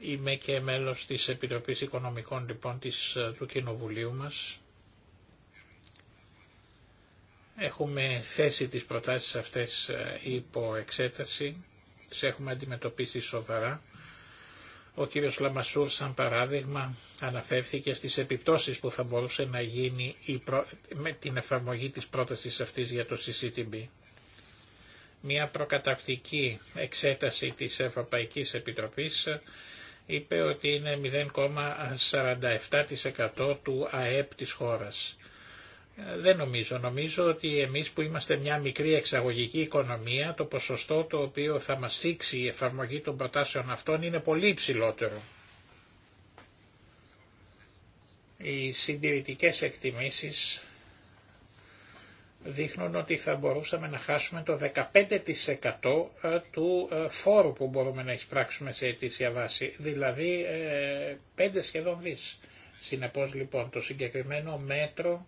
S2: Είμαι και μέλος της Επιτροπής Οικονομικών λοιπόν της, του Κοινοβουλίου μας Έχουμε θέσει τις προτάσεις αυτές ε, υπό εξέταση, τις έχουμε αντιμετωπίσει σοβαρά. Ο κύριος Λαμασούρ, σαν παράδειγμα, αναφέρθηκε στις επιπτώσεις που θα μπορούσε να γίνει με την εφαρμογή της πρότασης αυτής για το CCTB. Μια προκατακτική εξέταση της Ευρωπαϊκής Επιτροπής ε, είπε ότι είναι 0,47% του ΑΕΠ της χώρας δεν νομίζω. Νομίζω ότι εμείς που είμαστε μια μικρή εξαγωγική οικονομία, το ποσοστό το οποίο θα μας στήξει η εφαρμογή των προτάσεων αυτών είναι πολύ υψηλότερο. Οι συντηρητικές εκτιμήσεις δείχνουν ότι θα μπορούσαμε να χάσουμε το 15% ε, του ε, φόρου που μπορούμε να εισπράξουμε σε αιτήσια βάση, δηλαδή 5 ε, σχεδόν δις. Συνεπώς λοιπόν το συγκεκριμένο μέτρο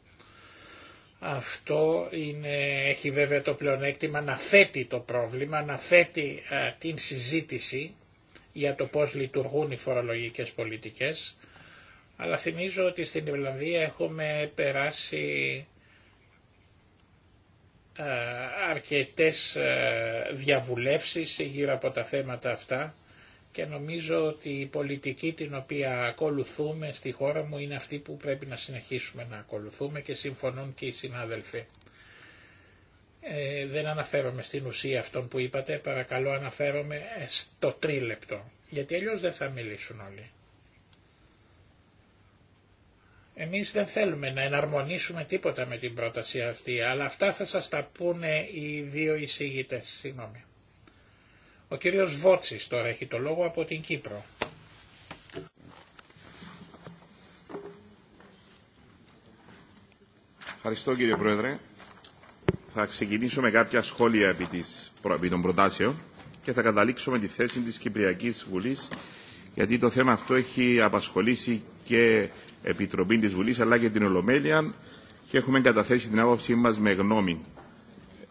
S2: αυτό είναι, έχει βέβαια το πλεονέκτημα να θέτει το πρόβλημα, να θέτει ε, την συζήτηση για το πώς λειτουργούν οι φορολογικές πολιτικές. Αλλά θυμίζω ότι στην Ιρλανδία έχουμε περάσει α, ε, αρκετές ε, διαβουλεύσεις γύρω από τα θέματα αυτά και νομίζω ότι η πολιτική την οποία ακολουθούμε στη χώρα μου είναι αυτή που πρέπει να συνεχίσουμε να ακολουθούμε και συμφωνούν και οι συνάδελφοι. Ε, δεν αναφέρομαι στην ουσία αυτών που είπατε, παρακαλώ αναφέρομαι στο τρίλεπτο, γιατί αλλιώς δεν θα μιλήσουν όλοι. Εμείς δεν θέλουμε να εναρμονίσουμε τίποτα με την πρόταση αυτή, αλλά αυτά θα σας τα πούνε οι δύο εισηγητές, συγγνώμη. Ο κύριος Βότσης τώρα έχει το λόγο από την Κύπρο.
S7: Ευχαριστώ κύριε Πρόεδρε. Θα ξεκινήσω με κάποια σχόλια επί, της, επί των προτάσεων και θα καταλήξω με τη θέση της Κυπριακής Βουλής γιατί το θέμα αυτό έχει απασχολήσει και Επιτροπή της Βουλής αλλά και την Ολομέλεια και έχουμε καταθέσει την άποψή μας με γνώμη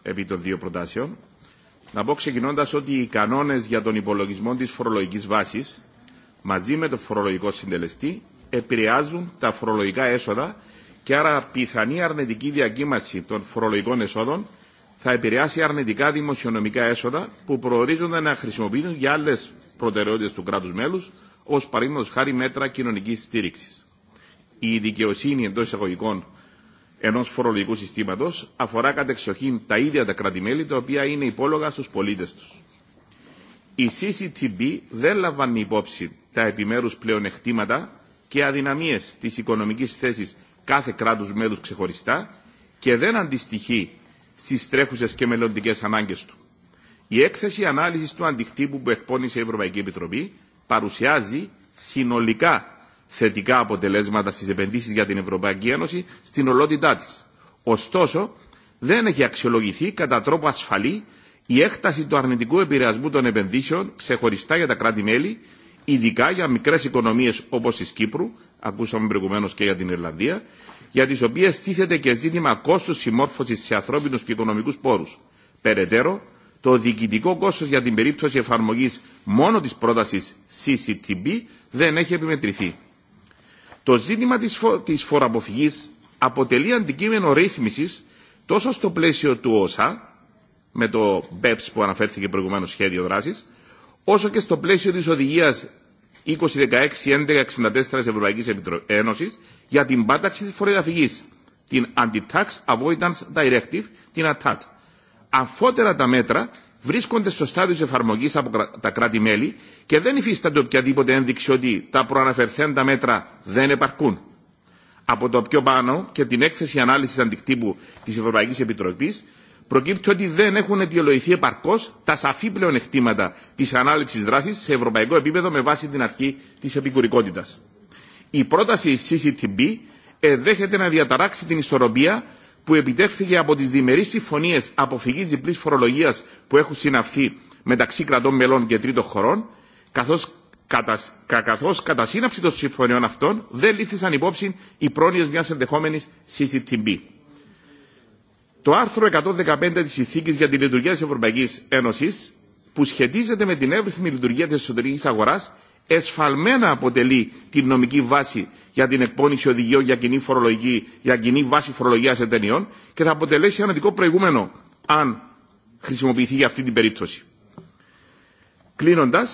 S7: επί των δύο προτάσεων. Να πω ξεκινώντα ότι οι κανόνε για τον υπολογισμό τη φορολογική βάση μαζί με το φορολογικό συντελεστή επηρεάζουν τα φορολογικά έσοδα και άρα πιθανή αρνητική διακύμαση των φορολογικών εσόδων θα επηρεάσει αρνητικά δημοσιονομικά έσοδα που προορίζονται να χρησιμοποιούν για άλλε προτεραιότητε του κράτου μέλου, ω παραδείγματο χάρη μέτρα κοινωνική στήριξη. Η δικαιοσύνη εντό εισαγωγικών Ενό φορολογικού συστήματο, αφορά κατεξοχήν τα ίδια τα κρατημέλη τα οποία είναι υπόλογα στου πολίτε του. Η CCTB δεν λαμβάνει υπόψη τα επιμέρου πλεονεκτήματα και αδυναμίε τη οικονομική θέση κάθε κράτου μέλους ξεχωριστά και δεν αντιστοιχεί στι τρέχουσε και μελλοντικέ ανάγκε του. Η έκθεση ανάλυση του αντικτύπου που εκπώνησε η Ευρωπαϊκή Επιτροπή παρουσιάζει συνολικά θετικά αποτελέσματα στις επενδύσεις για την Ευρωπαϊκή Ένωση στην ολότητά της. Ωστόσο, δεν έχει αξιολογηθεί κατά τρόπο ασφαλή η έκταση του αρνητικού επηρεασμού των επενδύσεων ξεχωριστά για τα κράτη-μέλη, ειδικά για μικρέ οικονομίε όπω τη Κύπρου, ακούσαμε προηγουμένω και για την Ιρλανδία, για τι οποίε τίθεται και ζήτημα κόστου συμμόρφωση σε ανθρώπινου και οικονομικού πόρου. Περαιτέρω, το διοικητικό κόστο για την περίπτωση εφαρμογή μόνο τη πρόταση CCTB δεν έχει επιμετρηθεί. Το ζήτημα της, φο... της φοροαποφυγής αποτελεί αντικείμενο ρύθμισης τόσο στο πλαίσιο του ΩΣΑ, με το BEPS που αναφέρθηκε προηγουμένως σχέδιο δράσης, όσο και στο πλαίσιο της οδηγίας 2016-1164 Ευρωπαϊκής Ένωσης για την πάταξη της φοροδιαφυγής, την Anti-Tax Avoidance Directive, την ATAT. Αφότερα τα μέτρα βρίσκονται στο στάδιο της εφαρμογή από τα κράτη-μέλη και δεν υφίσταται οποιαδήποτε ένδειξη ότι τα προαναφερθέντα μέτρα δεν επαρκούν. Από το πιο πάνω και την έκθεση ανάλυσης αντικτύπου της Ευρωπαϊκής Επιτροπής προκύπτει ότι δεν έχουν αιτιολογηθεί επαρκώς τα σαφή πλεονεκτήματα τη ανάληψη δράση σε ευρωπαϊκό επίπεδο με βάση την αρχή της επικουρικότητας. Η πρόταση CCTB εδέχεται να διαταράξει την ισορροπία που επιτεύχθηκε από τι διμερεί συμφωνίε αποφυγή διπλή φορολογία που έχουν συναυθεί μεταξύ κρατών μελών και τρίτων χωρών, καθώ καθώς κατά σύναψη των συμφωνιών αυτών δεν λήφθησαν υπόψη οι πρόνοιε μια ενδεχόμενη CCTB. Το άρθρο 115 τη συνθήκη για τη Λειτουργία τη Ευρωπαϊκή Ένωση, που σχετίζεται με την εύρυθμη λειτουργία τη εσωτερική αγορά, εσφαλμένα αποτελεί την νομική βάση για την εκπόνηση οδηγιών για κοινή, φορολογική, για κοινή βάση φορολογία εταιρεών και θα αποτελέσει δικό προηγούμενο αν χρησιμοποιηθεί για αυτή την περίπτωση. Κλείνοντα,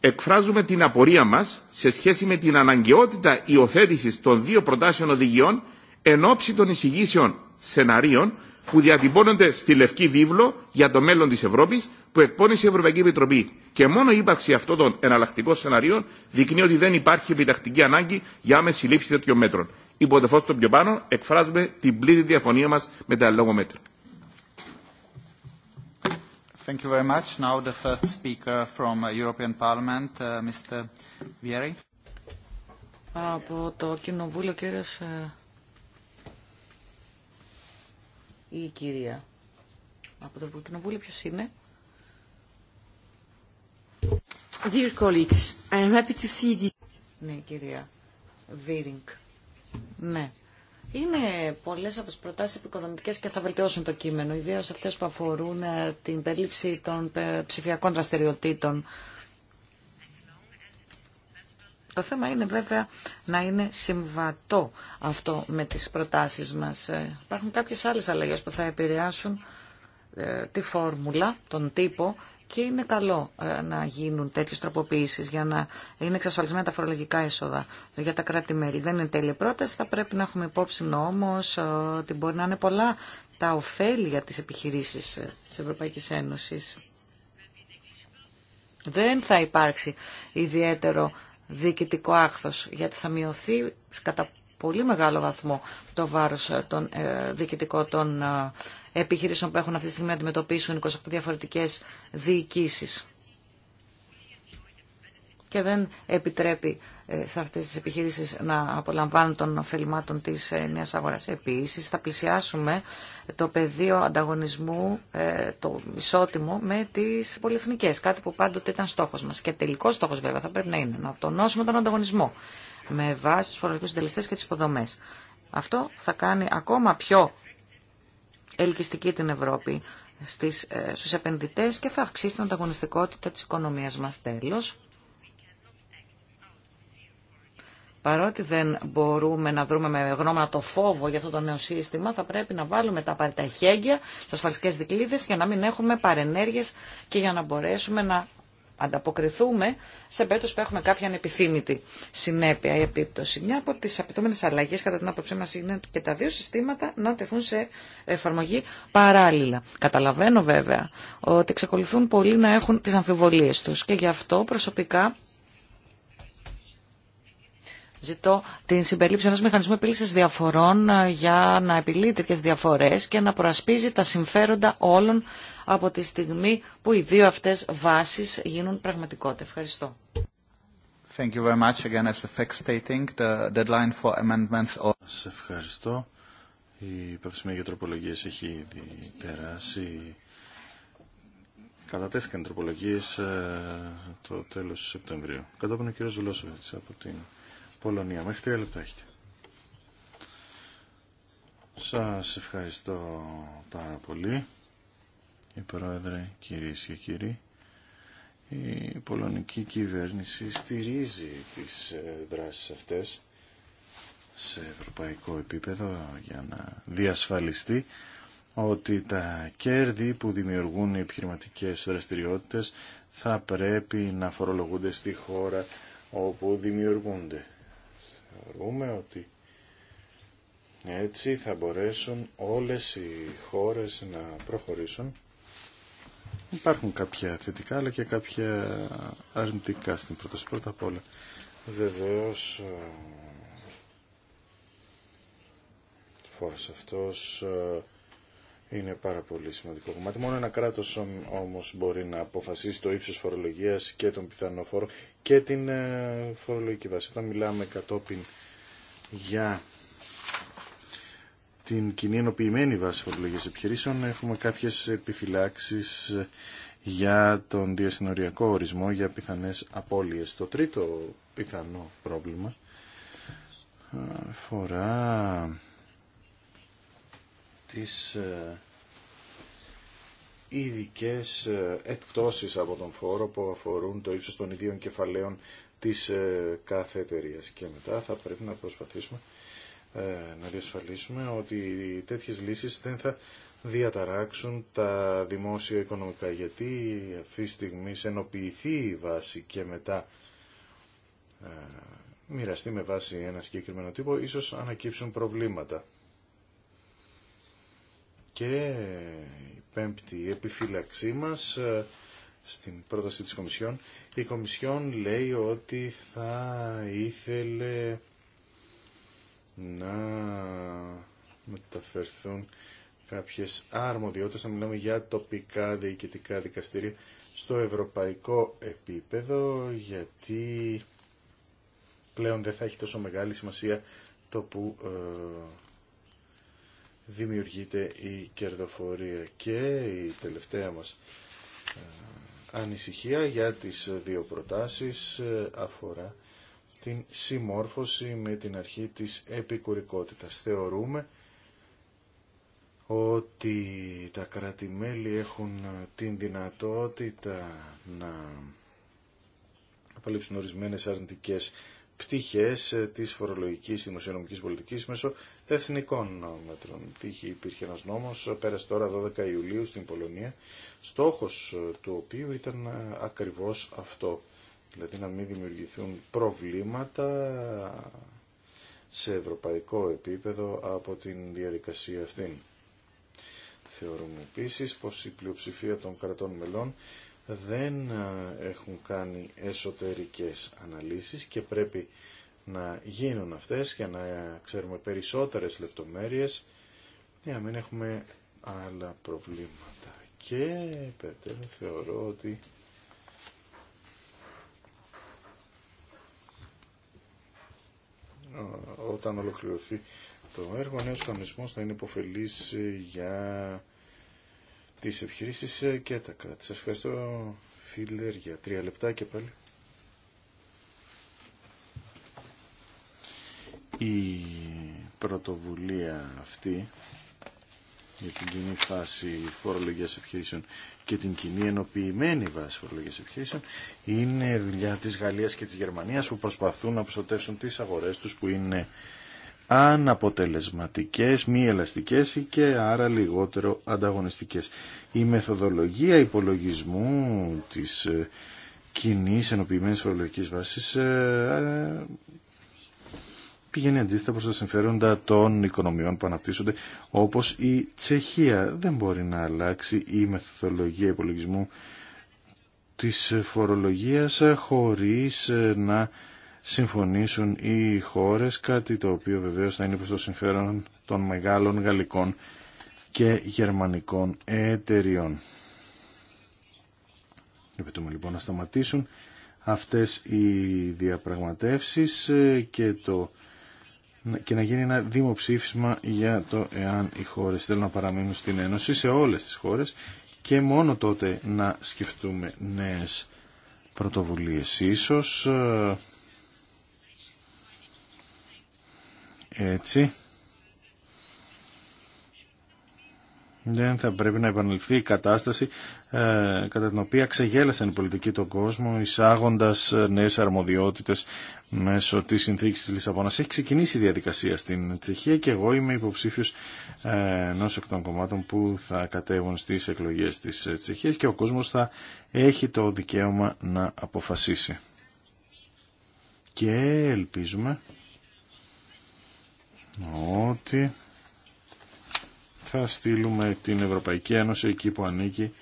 S7: εκφράζουμε την απορία μα σε σχέση με την αναγκαιότητα υιοθέτηση των δύο προτάσεων οδηγιών εν ώψη των εισηγήσεων σεναρίων που διατυπώνονται στη Λευκή Βίβλο για το μέλλον της Ευρώπης που εκπώνησε η Ευρωπαϊκή Επιτροπή. Και μόνο η ύπαρξη αυτών των εναλλακτικών σενάριων δείχνει ότι δεν υπάρχει επιτακτική ανάγκη για άμεση λήψη τέτοιων μέτρων. Υπό το των πιο πάνω, εκφράζουμε την πλήρη διαφωνία μας με τα λόγω μέτρα.
S3: Thank you very much. Now the first speaker from uh, European Parliament, uh, Mr. Vieri. Από το Κοινοβούλιο, κύριος, ε, η κυρία. Από το Κοινοβούλιο ποιος είναι? Είναι πολλές από τις προτάσεις επικοδομητικές και θα βελτιώσουν το κείμενο, ιδίως αυτές που αφορούν ε, την περίληψη των ε, ψηφιακών δραστηριοτήτων. Το θέμα είναι βέβαια να είναι συμβατό αυτό με τις προτάσεις μας. Ε, υπάρχουν κάποιες άλλες αλλαγές που θα επηρεάσουν τη φόρμουλα, τον τύπο και είναι καλό ε, να γίνουν τέτοιε τροποποιήσει για να είναι εξασφαλισμένα τα φορολογικά έσοδα για τα κρατη μελη Δεν είναι τέλεια πρόταση, θα πρέπει να έχουμε υπόψη όμω ε, ότι μπορεί να είναι πολλά τα ωφέλη για τι επιχειρήσει ε, τη Ευρωπαϊκή Ένωση. Δεν θα υπάρξει ιδιαίτερο διοικητικό άχθος, γιατί θα μειωθεί κατά πολύ μεγάλο βαθμό το βάρος των των επιχειρήσεων που έχουν αυτή τη στιγμή να αντιμετωπίσουν 28 διαφορετικές διοικήσεις. Και δεν επιτρέπει ε, σε αυτές τις επιχειρήσεις να απολαμβάνουν των ωφελημάτων της ε, νέας αγοράς. Επίσης, θα πλησιάσουμε το πεδίο ανταγωνισμού, ε, το ισότιμο, με τις πολυεθνικές. Κάτι που πάντοτε ήταν στόχος μας. Και τελικός στόχος βέβαια θα πρέπει να είναι να τονώσουμε τον ανταγωνισμό με βάση τους φορολογικούς συντελεστές και τις υποδομές. Αυτό θα κάνει ακόμα πιο ελκυστική την Ευρώπη στις, ε, στους επενδυτές και θα αυξήσει την ανταγωνιστικότητα της οικονομίας μας τέλος. Παρότι δεν μπορούμε να δρούμε με γνώμονα το φόβο για αυτό το νέο σύστημα, θα πρέπει να βάλουμε τα απαραίτητα χέγγια, τι ασφαλιστικέ για να μην έχουμε παρενέργειε και για να μπορέσουμε να ανταποκριθούμε σε περίπτωση που έχουμε κάποια ανεπιθύμητη συνέπεια ή επίπτωση. Μια από τι απαιτούμενε αλλαγέ, κατά την άποψή μα, είναι και τα δύο συστήματα να τεθούν σε εφαρμογή παράλληλα. Καταλαβαίνω βέβαια ότι εξακολουθούν πολλοί να έχουν τι αμφιβολίε του και γι' αυτό προσωπικά Ζητώ την συμπερίληψη ενό μηχανισμού επίλυση διαφορών ε, για να επιλύει τέτοιε διαφορέ και να προασπίζει τα συμφέροντα όλων από τη στιγμή που οι δύο αυτέ βάσει γίνουν πραγματικότητα. Ευχαριστώ.
S5: Thank you very much again as stating the deadline for amendments. ευχαριστώ. Η υπεύθυνη για τροπολογίε έχει ήδη περάσει. Κατατέθηκαν τροπολογίες ε, το τέλος του Σεπτεμβρίου. Κατόπιν ο κύριος από την Πολωνία. Μέχρι τρία λεπτά έχετε. Σας ευχαριστώ πάρα πολύ, η Πρόεδρε, κυρίες και κύριοι. Η πολωνική κυβέρνηση στηρίζει τις ε, δράσεις αυτές σε ευρωπαϊκό επίπεδο για να διασφαλιστεί ότι τα κέρδη που δημιουργούν οι επιχειρηματικές δραστηριότητες θα πρέπει να φορολογούνται στη χώρα όπου δημιουργούνται. Θεωρούμε ότι έτσι θα μπορέσουν όλες οι χώρες να προχωρήσουν. Υπάρχουν κάποια θετικά αλλά και κάποια αρνητικά στην πρόταση. Πρώτα απ' όλα βεβαίως ε, αυτός ε, είναι πάρα πολύ σημαντικό κομμάτι. Μόνο ένα κράτο όμως μπορεί να αποφασίσει το ύψος φορολογίας και τον πιθανό φόρο και την ε, φορολογική βάση. Όταν μιλάμε κατόπιν για την κοινή ενοποιημένη βάση φορολογίας επιχειρήσεων έχουμε κάποιες επιφυλάξει για τον διασυνοριακό ορισμό για πιθανές απώλειες. Το τρίτο πιθανό πρόβλημα αφορά ε, τις ε, ειδικέ ε, εκπτώσεις από τον φόρο που αφορούν το ύψος των ιδίων κεφαλαίων της ε, κάθε εταιρεία. Και μετά θα πρέπει να προσπαθήσουμε να διασφαλίσουμε ότι τέτοιες λύσεις δεν θα διαταράξουν τα δημόσια οικονομικά γιατί αυτή τη στιγμή ενοποιηθεί η βάση και μετά μοιραστεί με βάση ένα συγκεκριμένο τύπο ίσως ανακύψουν προβλήματα. Και η πέμπτη επιφύλαξή μας ε, στην πρόταση της Κομισιόν. Η Κομισιόν λέει ότι θα ήθελε να μεταφερθούν κάποιες αρμοδιότητες, να μιλάμε για τοπικά διοικητικά δικαστήρια στο ευρωπαϊκό επίπεδο, γιατί πλέον δεν θα έχει τόσο μεγάλη σημασία το που ε, δημιουργείται η κερδοφορία και η τελευταία μας ε, ανησυχία για τις δύο προτάσεις ε, αφορά την συμμόρφωση με την αρχή της επικουρικότητας. Θεωρούμε ότι τα κράτη-μέλη έχουν ε, την δυνατότητα να απαλείψουν ορισμένες αρνητικές πτυχές της φορολογικής δημοσιονομικής πολιτικής μέσω εθνικών μέτρων. υπήρχε ένας νόμος, πέρασε τώρα 12 Ιουλίου στην Πολωνία, στόχος του οποίου ήταν ε, ακριβώς αυτό. Δηλαδή να μην δημιουργηθούν προβλήματα σε ευρωπαϊκό επίπεδο από την διαδικασία αυτήν. Θεωρούμε επίσης πως η πλειοψηφία των κρατών μελών δεν ε, έχουν κάνει εσωτερικές αναλύσεις και πρέπει να γίνουν αυτές για να ξέρουμε περισσότερες λεπτομέρειες για να μην έχουμε άλλα προβλήματα. Και Πέτερ, θεωρώ ότι όταν ολοκληρωθεί το έργο, ο νέος κανονισμός θα είναι υποφελής για τις επιχειρήσεις και τα κράτη. Σας ευχαριστώ, Φίλερ, για τρία λεπτά και πάλι. Η πρωτοβουλία αυτή για την κοινή φάση φορολογίας επιχειρήσεων και την κοινή ενοποιημένη βάση φορολογίας επιχειρήσεων είναι δουλειά της Γαλλίας και της Γερμανίας που προσπαθούν να προστατεύσουν τις αγορές τους που είναι αναποτελεσματικές, μη ελαστικές και άρα λιγότερο ανταγωνιστικές. Η μεθοδολογία υπολογισμού της ε, κοινή ενοποιημένη φορολογικής βάσης ε, πηγαίνει αντίθετα προς τα συμφέροντα των οικονομιών που αναπτύσσονται όπως η Τσεχία. Δεν μπορεί να αλλάξει η μεθοδολογία υπολογισμού της φορολογίας χωρίς ε, να συμφωνήσουν οι χώρες, κάτι το οποίο βεβαίως θα είναι προς το συμφέρον των μεγάλων γαλλικών και γερμανικών εταιριών. Επιτούμε λοιπόν να σταματήσουν αυτές οι διαπραγματεύσεις ε, και το και να γίνει ένα δημοψήφισμα για το εάν οι χώρες θέλουν να παραμείνουν στην Ένωση σε όλες τις χώρες και μόνο τότε να σκεφτούμε νέες πρωτοβουλίες. Ίσως ε, έτσι δεν θα πρέπει να επαναληφθεί η κατάσταση ε, κατά την οποία ξεγέλασαν οι πολιτικοί τον κόσμο εισάγοντας ε, νέες αρμοδιότητες μέσω της συνθήκης της Λισαβόνας. Έχει ξεκινήσει η διαδικασία στην Τσεχία και εγώ είμαι υποψήφιος ε, ενό εκ των κομμάτων που θα κατέβουν στις εκλογές της ε, Τσεχίας και ο κόσμος θα έχει το δικαίωμα να αποφασίσει. Και ελπίζουμε ότι θα στείλουμε την Ευρωπαϊκή Ένωση εκεί που ανήκει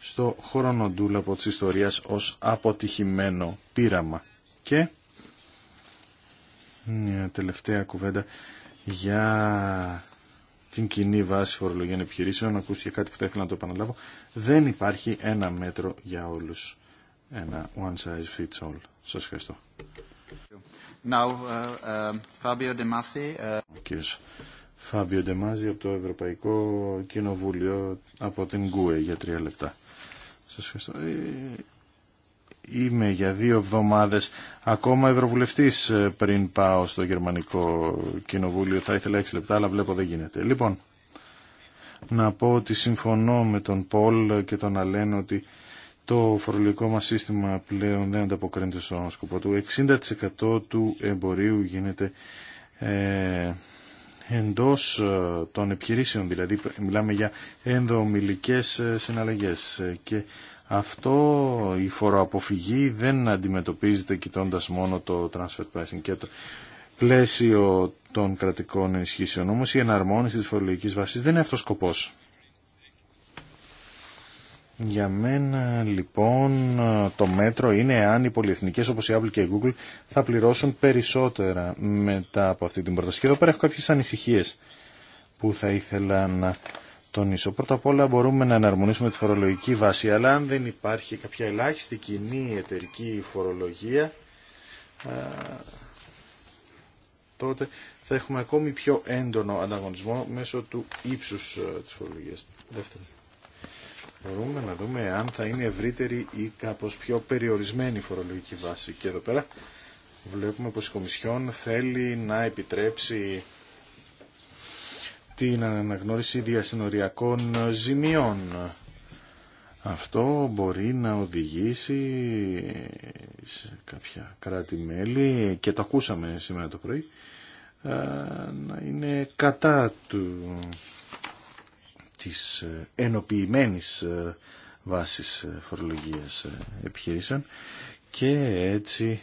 S5: στο χρονοτούλαπο της ιστορίας ως αποτυχημένο πείραμα. Και μια τελευταία κουβέντα για την κοινή βάση φορολογίων επιχειρήσεων. Ακούστηκε κάτι που θα ήθελα να το επαναλάβω. Δεν υπάρχει ένα μέτρο για όλους. Ένα one size fits all. Σας ευχαριστώ.
S2: Now, uh, uh, Fabio De Masi,
S5: uh... Φάβιο Ντεμάζη από το Ευρωπαϊκό Κοινοβούλιο από την ΚΟΕ για τρία λεπτά. Σας ευχαριστώ. Ε, είμαι για δύο εβδομάδες ακόμα ευρωβουλευτής ε, πριν πάω στο Γερμανικό Κοινοβούλιο. Θα ήθελα έξι λεπτά, αλλά βλέπω δεν γίνεται. Λοιπόν, να πω ότι συμφωνώ με τον Πολ και τον Αλέν ότι το φορολογικό μας σύστημα πλέον δεν ανταποκρίνεται στον σκοπό του. 60% του εμπορίου γίνεται... Ε, εντός ε, των επιχειρήσεων, δηλαδή μιλάμε για ενδομιλικές ε, συναλλαγές ε, και αυτό η φοροαποφυγή δεν αντιμετωπίζεται κοιτώντας μόνο το transfer pricing και το πλαίσιο των κρατικών ενισχύσεων. Όμως η εναρμόνιση της φορολογικής βάσης δεν είναι αυτός ο σκοπός. Για μένα λοιπόν το μέτρο είναι αν οι πολυεθνικές όπως η Apple και η Google θα πληρώσουν περισσότερα μετά από αυτή την πρόταση. Και εδώ πέρα έχω κάποιες ανησυχίες που θα ήθελα να τονίσω. Πρώτα απ' όλα μπορούμε να εναρμονίσουμε τη φορολογική βάση, αλλά αν δεν υπάρχει κάποια ελάχιστη κοινή εταιρική φορολογία, τότε θα έχουμε ακόμη πιο έντονο ανταγωνισμό μέσω του ύψους ε, της φορολογίας. Δεύτερον. Μπορούμε να δούμε αν θα είναι ευρύτερη ή κάπως πιο περιορισμένη η φορολογική βάση. Και εδώ πέρα βλέπουμε πως η Κομισιόν θέλει να επιτρέψει την αναγνώριση διασυνοριακών ζημιών. Αυτό μπορεί να οδηγήσει σε κάποια κράτη-μέλη, και το ακούσαμε σήμερα το πρωί, να είναι κατά του της ε, ενοποιημένης ε, βάσης ε, φορολογίας επιχειρήσεων και έτσι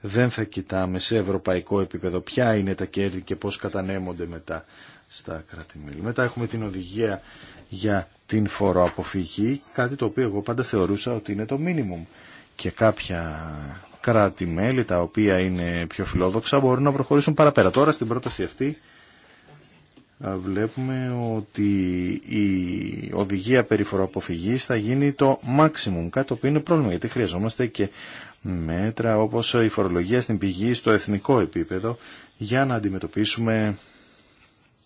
S5: δεν θα κοιτάμε σε ευρωπαϊκό επίπεδο ποια είναι τα κέρδη και πώς κατανέμονται μετά στα κράτη-μέλη. Μετά έχουμε την οδηγία για την φοροαποφυγή, κάτι το οποίο εγώ πάντα θεωρούσα ότι είναι το μίνιμουμ. Και κάποια κράτη-μέλη τα οποία είναι πιο φιλόδοξα μπορούν να προχωρήσουν παραπέρα. Τώρα στην πρόταση αυτή βλέπουμε ότι η οδηγία περί θα γίνει το maximum, κάτι που είναι πρόβλημα, γιατί χρειαζόμαστε και μέτρα όπως η φορολογία στην πηγή στο εθνικό επίπεδο για να αντιμετωπίσουμε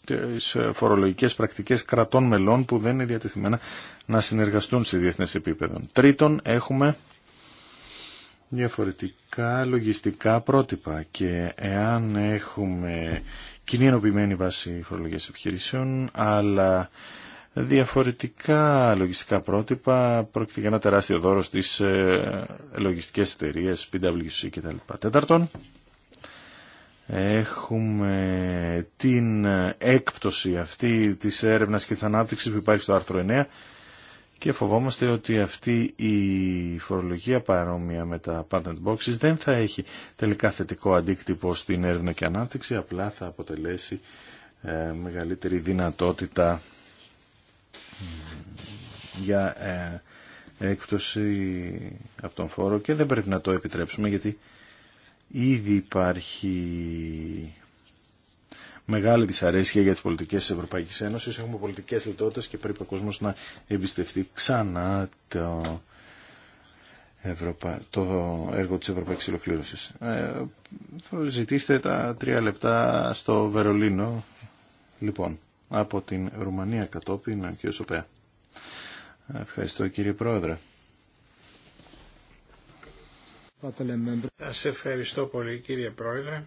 S5: τις φορολογικές πρακτικές κρατών μελών που δεν είναι διατεθειμένα να συνεργαστούν σε διεθνές επίπεδο. Τρίτον, έχουμε διαφορετικά λογιστικά πρότυπα και εάν έχουμε κοινή βάση φορολογίας επιχειρήσεων αλλά διαφορετικά λογιστικά πρότυπα πρόκειται για ένα τεράστιο δώρο στις ε, λογιστικές εταιρείε, PwC κτλ. Τέταρτον, έχουμε την έκπτωση αυτή της έρευνας και της ανάπτυξης που υπάρχει στο άρθρο 9 και φοβόμαστε ότι αυτή η φορολογία παρόμοια με τα patent boxes δεν θα έχει τελικά θετικό αντίκτυπο στην έρευνα και ανάπτυξη, απλά θα αποτελέσει ε, μεγαλύτερη δυνατότητα για ε, έκπτωση από τον φόρο και δεν πρέπει να το επιτρέψουμε γιατί ήδη υπάρχει μεγάλη δυσαρέσκεια για τις πολιτικές της Ευρωπαϊκής Ένωσης. Έχουμε πολιτικές λιτότητε και πρέπει ο κόσμος να εμπιστευτεί ξανά το, Ευρωπα... το έργο της Ευρωπαϊκής ολοκλήρωση. Ε, ζητήστε τα τρία λεπτά στο Βερολίνο. Λοιπόν, από την Ρουμανία κατόπιν, ο κ. Σοπέα. Ευχαριστώ κύριε Πρόεδρε.
S2: Σας ευχαριστώ πολύ κύριε Πρόεδρε.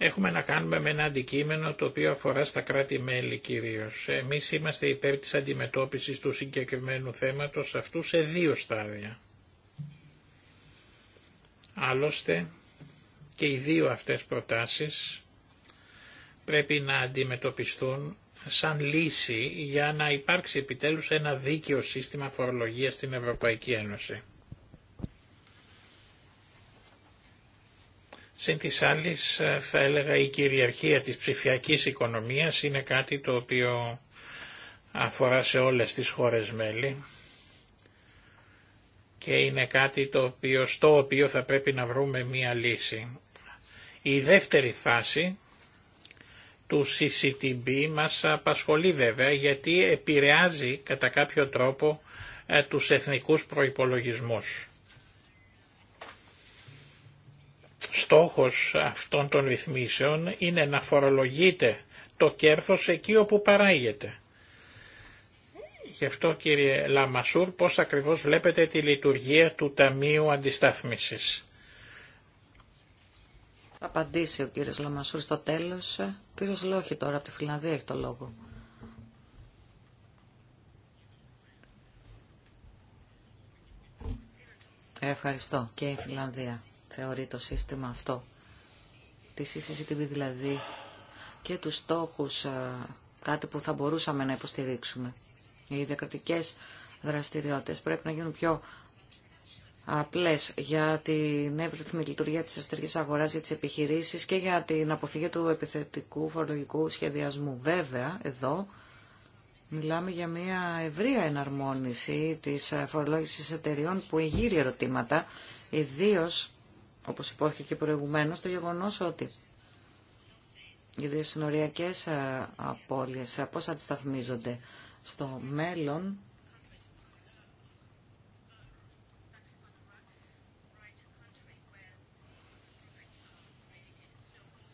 S2: Έχουμε να κάνουμε με ένα αντικείμενο το οποίο αφορά στα κράτη-μέλη κυρίως. Εμείς είμαστε υπέρ της αντιμετώπισης του συγκεκριμένου θέματος αυτού σε δύο στάδια. Άλλωστε και οι δύο αυτές προτάσεις πρέπει να αντιμετωπιστούν σαν λύση για να υπάρξει επιτέλους ένα δίκαιο σύστημα φορολογίας στην Ευρωπαϊκή Ένωση. Συν της άλλης ε, θα έλεγα η κυριαρχία της ψηφιακής οικονομίας είναι κάτι το οποίο αφορά σε όλες τις χώρες μέλη και είναι κάτι το οποίο, στο οποίο θα πρέπει να βρούμε μία λύση. Η δεύτερη φάση του CCTB μας απασχολεί βέβαια γιατί επηρεάζει κατά κάποιο τρόπο ε, τους εθνικούς προϋπολογισμούς. Στόχος αυτών των ρυθμίσεων είναι να φορολογείται το κέρθος εκεί όπου παράγεται. Γι' αυτό κύριε Λαμασούρ πώς ακριβώς βλέπετε τη λειτουργία του Ταμείου Αντιστάθμισης.
S3: Θα απαντήσει ο κύριος Λαμασούρ στο τέλος. Ο κύριος Λόχη τώρα από τη Φιλανδία έχει το λόγο. Ευχαριστώ και η Φιλανδία θεωρεί το σύστημα αυτό, τη CCTV δηλαδή, και τους στόχους, ε, κάτι που θα μπορούσαμε να υποστηρίξουμε. Οι διακρατικές δραστηριότητες πρέπει να γίνουν πιο απλές για την εύρυθμη λειτουργία της εσωτερικής αγοράς για τις επιχειρήσεις και για την αποφυγή του επιθετικού φορολογικού σχεδιασμού. Βέβαια, εδώ μιλάμε για μια ευρεία εναρμόνιση της φορολόγησης εταιριών που εγείρει ερωτήματα, ιδίως όπως υπόθηκε και προηγουμένως, το γεγονός ότι οι διασυνοριακές ε, απώλειες ε, πώς αντισταθμίζονται στο μέλλον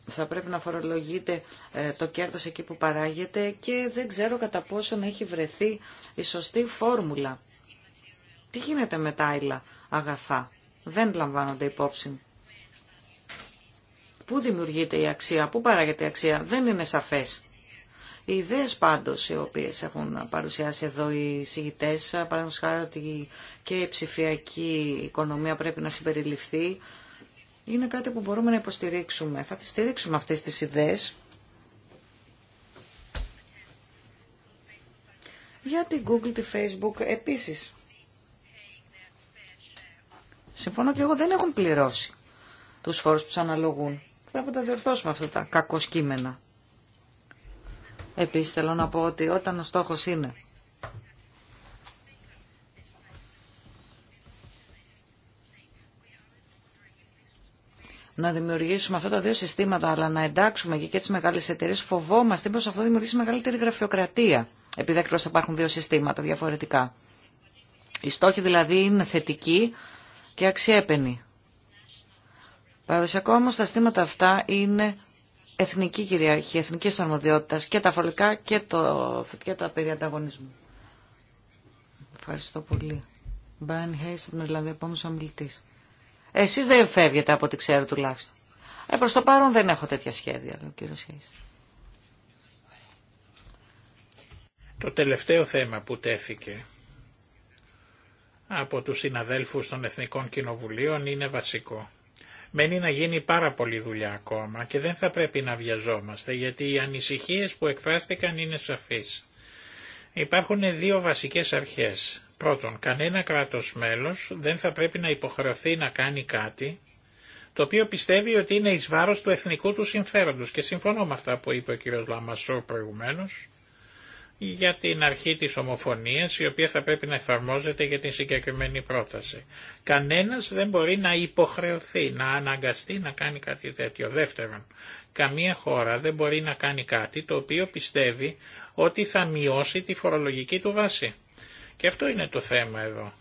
S3: θα πρέπει να φορολογείται ε, το κέρδος εκεί που παράγεται και δεν ξέρω κατά να έχει βρεθεί η σωστή φόρμουλα. Τι γίνεται με τα άλλα αγαθά δεν λαμβάνονται υπόψη. Πού δημιουργείται η αξία, πού παράγεται η αξία, δεν είναι σαφές. Οι ιδέες πάντως οι οποίες έχουν παρουσιάσει εδώ οι συγητές, παραδείγματος χάρη ότι και η ψηφιακή οικονομία πρέπει να συμπεριληφθεί, είναι κάτι που μπορούμε να υποστηρίξουμε. Θα τις στηρίξουμε αυτές τις ιδέες. Για την Google, τη Facebook επίσης συμφωνώ και εγώ, δεν έχουν πληρώσει τους φόρους που τους αναλογούν. Πρέπει να τα διορθώσουμε αυτά τα κακοσκήμενα. Επίσης θέλω να πω ότι όταν ο στόχος είναι να δημιουργήσουμε αυτά τα δύο συστήματα, αλλά να εντάξουμε και, και τι μεγάλε εταιρείε, φοβόμαστε πω αυτό δημιουργήσει μεγαλύτερη γραφειοκρατία. Επειδή ακριβώ υπάρχουν δύο συστήματα διαφορετικά. Οι στόχοι δηλαδή είναι θετικοί, και αξιέπαινη. Παραδοσιακό όμω τα στήματα αυτά είναι εθνική κυριαρχία, εθνική αρμοδιότητα και τα φορικά και, το, και τα περί ανταγωνισμού. Ευχαριστώ πολύ. Μπράιν Χέις από Εσείς δεν φεύγετε από ό,τι ξέρω τουλάχιστον. Ε, το παρόν δεν έχω τέτοια σχέδια, λέει ο κύριος Χέις.
S2: Το τελευταίο θέμα που τέθηκε από τους συναδέλφους των Εθνικών Κοινοβουλίων είναι βασικό. Μένει να γίνει πάρα πολύ δουλειά ακόμα και δεν θα πρέπει να βιαζόμαστε γιατί οι ανησυχίες που εκφράστηκαν είναι σαφείς. Υπάρχουν δύο βασικές αρχές. Πρώτον, κανένα κράτος μέλος δεν θα πρέπει να υποχρεωθεί να κάνει κάτι το οποίο πιστεύει ότι είναι εις βάρος του εθνικού του συμφέροντος και συμφωνώ με αυτά που είπε ο κ. Λαμασό προηγουμένως για την αρχή της ομοφωνίας η οποία θα πρέπει να εφαρμόζεται για την συγκεκριμένη πρόταση. Κανένας δεν μπορεί να υποχρεωθεί, να αναγκαστεί να κάνει κάτι τέτοιο. Δεύτερον, καμία χώρα δεν μπορεί να κάνει κάτι το οποίο πιστεύει ότι θα μειώσει τη φορολογική του βάση. Και αυτό είναι το θέμα εδώ.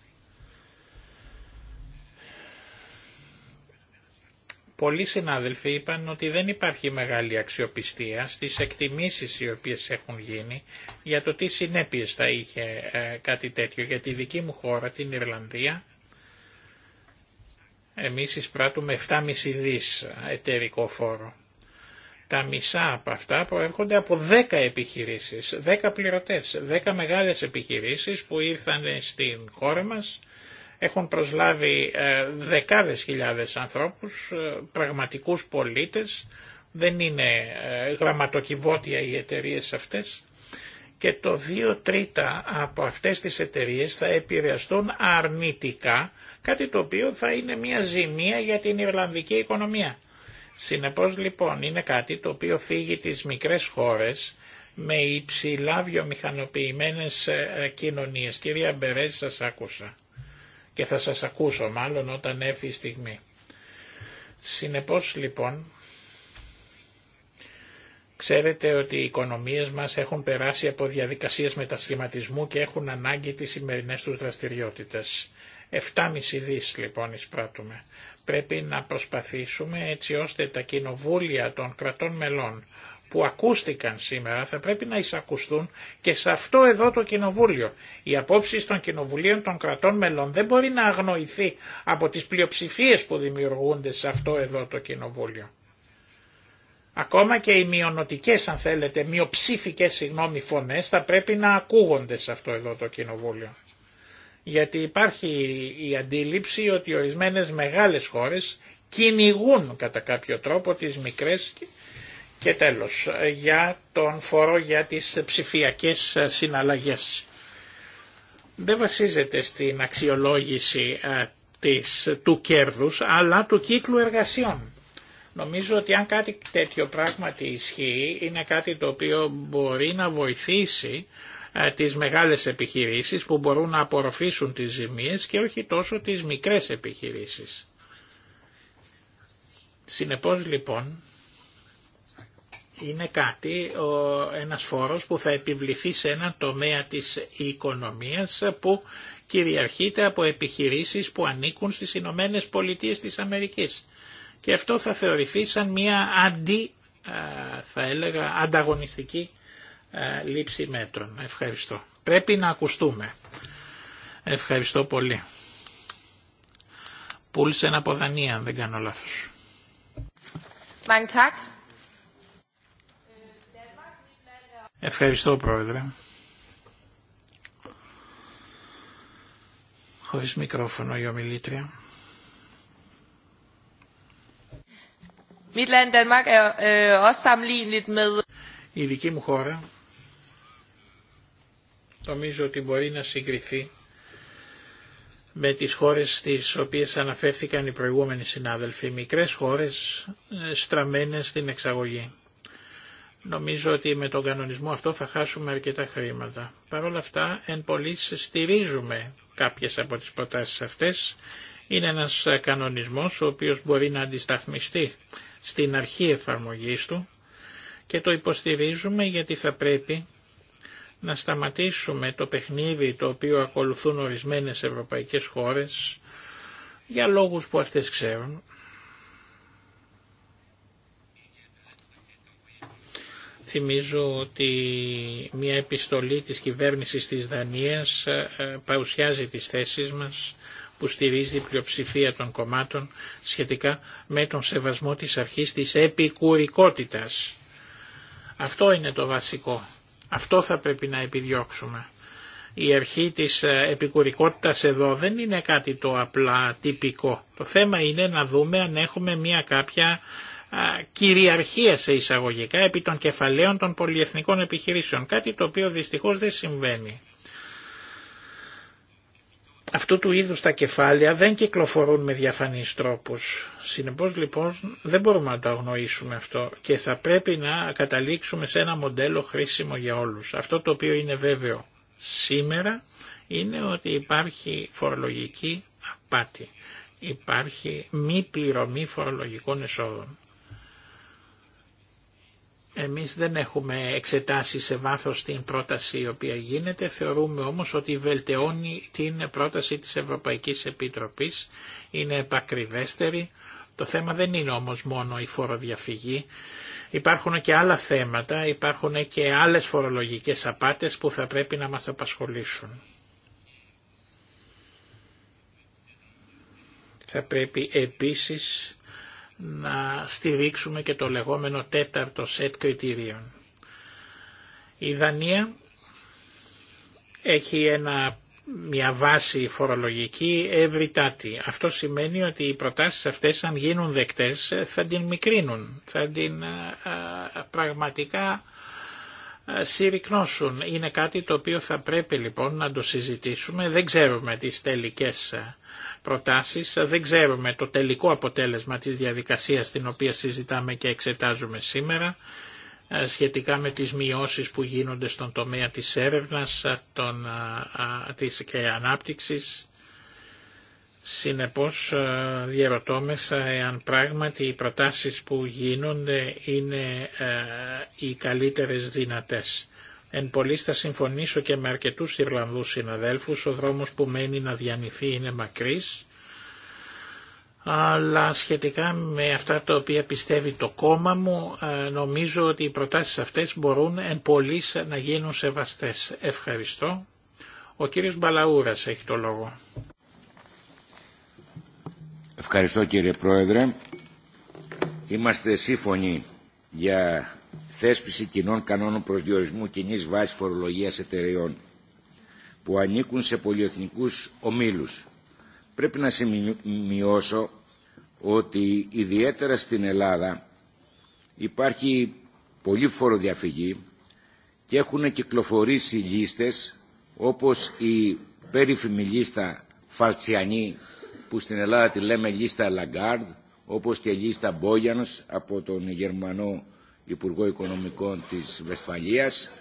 S2: Πολλοί συνάδελφοι είπαν ότι δεν υπάρχει μεγάλη αξιοπιστία στις εκτιμήσεις οι οποίες έχουν γίνει για το τι συνέπειες θα είχε ε, κάτι τέτοιο για τη δική μου χώρα, την Ιρλανδία. Εμείς εισπράττουμε 7,5 δις εταιρικό φόρο. Τα μισά από αυτά προέρχονται από 10 επιχειρήσεις, 10 πληρωτές, 10 μεγάλες επιχειρήσεις που ήρθαν στην χώρα μας έχουν προσλάβει ε, δεκάδες χιλιάδες ανθρώπους, ε, πραγματικούς πολίτες, δεν είναι ε, γραμματοκιβώτια οι εταιρείε αυτές και το 2 τρίτα από αυτές τις εταιρείε θα επηρεαστούν αρνητικά, κάτι το οποίο θα είναι μια ζημία για την Ιρλανδική οικονομία. Συνεπώς λοιπόν είναι κάτι το οποίο φύγει τις μικρές χώρες με υψηλά βιομηχανοποιημένες κοινωνίες. Κυρία Μπερέζη σας άκουσα και θα σας ακούσω μάλλον όταν έρθει η στιγμή. Συνεπώς λοιπόν, ξέρετε ότι οι οικονομίες μας έχουν περάσει από διαδικασίες μετασχηματισμού και έχουν ανάγκη τις σημερινές τους δραστηριότητες. 7,5 δις λοιπόν εισπράττουμε. Πρέπει να προσπαθήσουμε έτσι ώστε τα κοινοβούλια των κρατών μελών που ακούστηκαν σήμερα θα πρέπει να εισακουστούν και σε αυτό εδώ το κοινοβούλιο. Οι απόψει των κοινοβουλίων των κρατών μελών δεν μπορεί να αγνοηθεί από τις πλειοψηφίες που δημιουργούνται σε αυτό εδώ το κοινοβούλιο. Ακόμα και οι μειονοτικέ, αν θέλετε, μειοψήφικε συγγνώμη φωνέ θα πρέπει να ακούγονται σε αυτό εδώ το κοινοβούλιο. Γιατί υπάρχει η αντίληψη ότι ορισμένες μεγάλες χώρες κυνηγούν κατά κάποιο τρόπο τις μικρές και τέλος, ε, για τον φορό για τις ψηφιακές ε, συναλλαγές. Δεν βασίζεται στην αξιολόγηση ε, της, του κέρδους, αλλά του κύκλου εργασιών. Νομίζω ότι αν κάτι τέτοιο πράγματι ισχύει, είναι κάτι το οποίο μπορεί να βοηθήσει τις μεγάλες επιχειρήσεις που μπορούν να απορροφήσουν τις ζημίες και όχι τόσο τις μικρές επιχειρήσεις. Συνεπώς λοιπόν είναι κάτι, ένας φόρος που θα επιβληθεί σε ένα τομέα της οικονομίας που κυριαρχείται από επιχειρήσεις που ανήκουν στις Ηνωμένε Πολιτείες της Αμερικής. Και αυτό θα θεωρηθεί σαν μια αντι, θα έλεγα, ανταγωνιστική λήψη μέτρων. Ευχαριστώ. Πρέπει να ακουστούμε. Ευχαριστώ πολύ. ένα από Δανία, αν δεν κάνω λάθος. Ευχαριστώ Πρόεδρε. Χωρίς μικρόφωνο η ομιλήτρια.
S3: Er, øh,
S2: η δική μου χώρα νομίζω ότι μπορεί να συγκριθεί με τις χώρες στις οποίες αναφέρθηκαν οι προηγούμενοι συνάδελφοι. Μικρές χώρες ε, στραμμένες στην εξαγωγή. Νομίζω ότι με τον κανονισμό αυτό θα χάσουμε αρκετά χρήματα. Παρ' όλα αυτά, εν πωλής στηρίζουμε κάποιες από τις προτάσεις αυτές. Είναι ένας κανονισμός ο οποίος μπορεί να αντισταθμιστεί στην αρχή εφαρμογής του και το υποστηρίζουμε γιατί θα πρέπει να σταματήσουμε το παιχνίδι το οποίο ακολουθούν ορισμένες ευρωπαϊκές χώρες για λόγους που αυτές ξέρουν Θυμίζω ότι μια επιστολή της κυβέρνησης της Δανίας ε, ε, παρουσιάζει τις θέσεις μας που στηρίζει η πλειοψηφία των κομμάτων σχετικά με τον σεβασμό της αρχής της επικουρικότητας. Αυτό είναι το βασικό. Αυτό θα πρέπει να επιδιώξουμε. Η αρχή της ε, επικουρικότητας εδώ δεν είναι κάτι το απλά τυπικό. Το θέμα είναι να δούμε αν έχουμε μια κάποια κυριαρχία σε εισαγωγικά επί των κεφαλαίων των πολυεθνικών επιχειρήσεων, κάτι το οποίο δυστυχώς δεν συμβαίνει. Αυτού του είδους τα κεφάλαια δεν κυκλοφορούν με διαφανείς τρόπους. Συνεπώς λοιπόν δεν μπορούμε να το αγνοήσουμε αυτό και θα πρέπει να καταλήξουμε σε ένα μοντέλο χρήσιμο για όλους. Αυτό το οποίο είναι βέβαιο σήμερα είναι ότι υπάρχει φορολογική απάτη. Υπάρχει μη πληρωμή φορολογικών εσόδων. Εμείς δεν έχουμε εξετάσει σε βάθος την πρόταση η οποία γίνεται, θεωρούμε όμως ότι βελτιώνει την πρόταση της Ευρωπαϊκής Επιτροπής, είναι επακριβέστερη. Το θέμα δεν είναι όμως μόνο η φοροδιαφυγή, υπάρχουν και άλλα θέματα, υπάρχουν και άλλες φορολογικές απάτες που θα πρέπει να μας απασχολήσουν. Θα πρέπει επίσης να στηρίξουμε και το λεγόμενο τέταρτο σετ κριτηρίων. Η Δανία έχει ένα, μια βάση φορολογική ευρυτάτη. Αυτό σημαίνει ότι οι προτάσεις αυτές αν γίνουν δεκτές θα την μικρύνουν, θα την πραγματικά συρρυκνώσουν. Είναι κάτι το οποίο θα πρέπει λοιπόν να το συζητήσουμε. Δεν ξέρουμε τις τελικές προτάσεις. Δεν ξέρουμε το τελικό αποτέλεσμα της διαδικασίας την οποία συζητάμε και εξετάζουμε σήμερα ε, σχετικά με τις μειώσεις που γίνονται στον τομέα της έρευνας ε, των, ε, της και ανάπτυξης. Συνεπώς διαρωτώμεσα εάν πράγματι οι προτάσεις που γίνονται είναι οι καλύτερες δυνατές. Εν πολλής θα συμφωνήσω και με αρκετούς Ιρλανδούς συναδέλφους, ο δρόμος που μένει να διανυθεί είναι μακρύς, αλλά σχετικά με αυτά τα οποία πιστεύει το κόμμα μου, ε, νομίζω ότι οι προτάσεις αυτές μπορούν εν πολλής να γίνουν σεβαστές. Ευχαριστώ. Ο κύριος Μπαλαούρας έχει το λόγο.
S4: Ευχαριστώ κύριε Πρόεδρε. Είμαστε σύμφωνοι για θέσπιση κοινών κανόνων προσδιορισμού κοινή βάση φορολογία εταιρεών που ανήκουν σε πολυεθνικούς ομίλους. Πρέπει να σημειώσω ότι ιδιαίτερα στην Ελλάδα υπάρχει πολλή φοροδιαφυγή και έχουν κυκλοφορήσει λίστες όπως η περίφημη λίστα Φαλτσιανή που στην Ελλάδα τη λέμε λίστα Λαγκάρντ όπως και λίστα Μπόγιανος από τον Γερμανό Υπουργό Οικονομικών της Βεσφαλίας.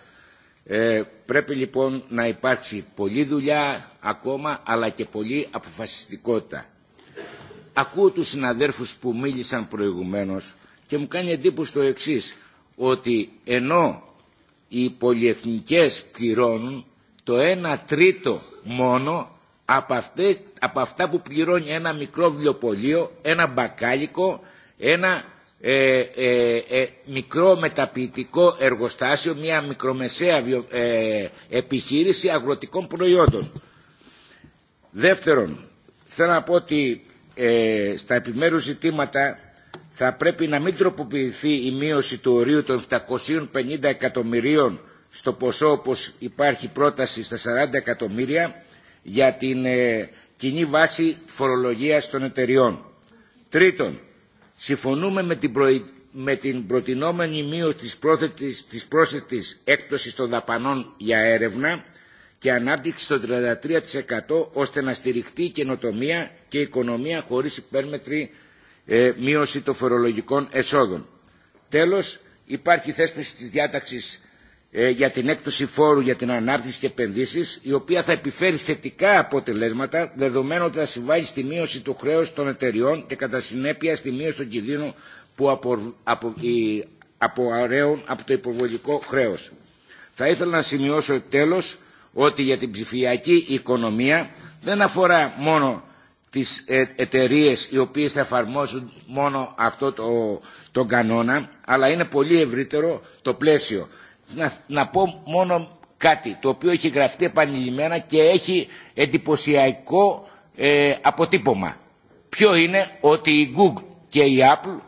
S4: Ε, πρέπει λοιπόν να υπάρξει πολλή δουλειά ακόμα αλλά και πολλή αποφασιστικότητα. Ακούω τους συναδέρφους που μίλησαν προηγουμένως και μου κάνει εντύπωση το εξής ότι ενώ οι πολυεθνικές πληρώνουν το 1 τρίτο μόνο από, αυτά που πληρώνει ένα μικρό βιβλιοπωλείο, ένα μπακάλικο, ένα ε, ε, ε, μικρό μεταποιητικό εργοστάσιο, μια μικρομεσαία ε, επιχείρηση αγροτικών προϊόντων. Δεύτερον, θέλω να πω ότι ε, στα επιμέρους ζητήματα θα πρέπει να μην τροποποιηθεί η μείωση του ορίου των 750 εκατομμυρίων στο ποσό όπως υπάρχει πρόταση στα 40 εκατομμύρια για την κοινή βάση φορολογίας των εταιριών. Τρίτον, συμφωνούμε με την, με την προτινόμενη μείωση της, πρόθετης... της πρόσθετης έκπτωσης των δαπανών για έρευνα και ανάπτυξη στο 33% ώστε να στηριχτεί η καινοτομία και η οικονομία χωρίς υπέρμετρη ε, μείωση των φορολογικών εσόδων. Τέλος, υπάρχει θέσπιση της διάταξης ε, για την έκπτωση φόρου για την ανάπτυξη και επενδύσεις, η οποία θα επιφέρει θετικά αποτελέσματα, δεδομένου ότι θα συμβάλλει στη μείωση του χρέους των εταιριών και κατά συνέπεια στη μείωση των κινδύνων που απο, απο, ε, από το υποβολικό χρέος. Θα ήθελα να σημειώσω τέλος ότι για την ψηφιακή οικονομία δεν αφορά μόνο τις ε, εταιρείε οι οποίες θα εφαρμόσουν μόνο αυτό το, τον κανόνα, αλλά είναι πολύ ευρύτερο το πλαίσιο να, πω μόνο κάτι το οποίο έχει γραφτεί επανειλημμένα και έχει εντυπωσιακό ε, αποτύπωμα. Ποιο είναι ότι η Google και η Apple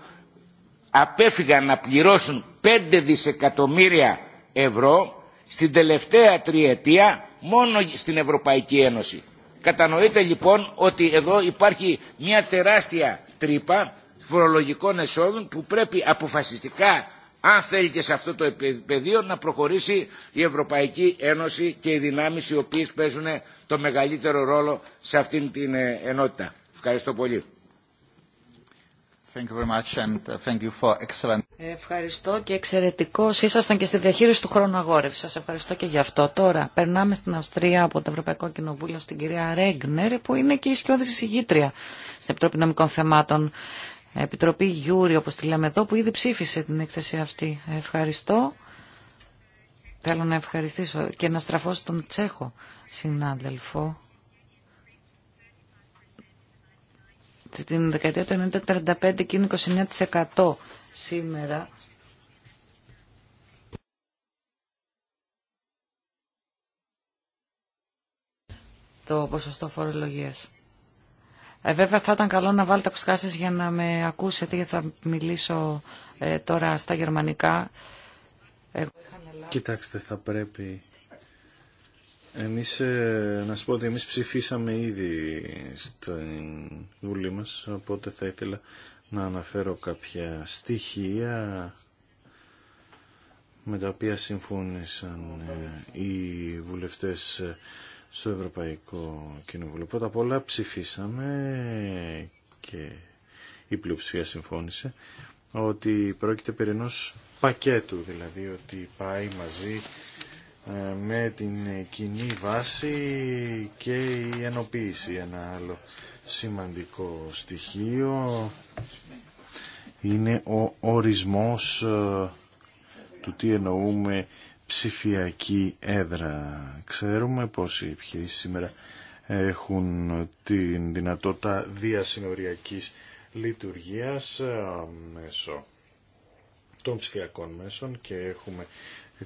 S4: απέφυγαν να πληρώσουν 5 δισεκατομμύρια ευρώ στην τελευταία τριετία μόνο στην Ευρωπαϊκή Ένωση. Κατανοείτε λοιπόν ότι εδώ υπάρχει μια τεράστια τρύπα φορολογικών εσόδων που πρέπει αποφασιστικά αν θέλει και σε αυτό το πεδίο να προχωρήσει η Ευρωπαϊκή Ένωση και οι δυνάμεις οι οποίες παίζουν το μεγαλύτερο ρόλο σε αυτήν την ε, ενότητα. Ευχαριστώ πολύ.
S3: Thank you very much and uh, thank you for excellent... Ευχαριστώ και εξαιρετικό ήσασταν και στη διαχείριση του χρόνου αγόρευση. Σα ευχαριστώ και γι' αυτό. Τώρα περνάμε στην Αυστρία από το Ευρωπαϊκό Κοινοβούλιο στην κυρία Ρέγνερ που είναι και η σκιώδηση στην Επιτροπή Νομικών Θεμάτων. Επιτροπή Γιούρι, όπως τη λέμε εδώ, που ήδη ψήφισε την έκθεση αυτή. Ευχαριστώ. Θέλω να ευχαριστήσω και να στραφώ στον Τσέχο συνάδελφο. Την δεκαετία του 1935 και είναι 29% σήμερα. το ποσοστό φορολογίας. Ε, βέβαια θα ήταν καλό να βάλετε ακουστικά σας για να με ακούσετε γιατί θα μιλήσω ε, τώρα στα γερμανικά. Εγώ...
S5: Κοιτάξτε, θα πρέπει... Εμείς, ε, να σας πω ότι εμείς ψηφίσαμε ήδη στην Βουλή μας, οπότε θα ήθελα να αναφέρω κάποια στοιχεία με τα οποία συμφώνησαν ε, οι βουλευτές στο Ευρωπαϊκό Κοινοβούλιο. Πρώτα απ' όλα ψηφίσαμε και η πλειοψηφία συμφώνησε ότι πρόκειται περί ενός πακέτου, δηλαδή ότι πάει μαζί ε, με την κοινή βάση και η ενοποίηση. Ένα άλλο σημαντικό στοιχείο είναι ο ορισμός ε, του τι εννοούμε ψηφιακή έδρα. Ξέρουμε πως οι επιχειρήσεις σήμερα έχουν την δυνατότητα διασυνοριακής λειτουργίας ε, μέσω των ψηφιακών μέσων και έχουμε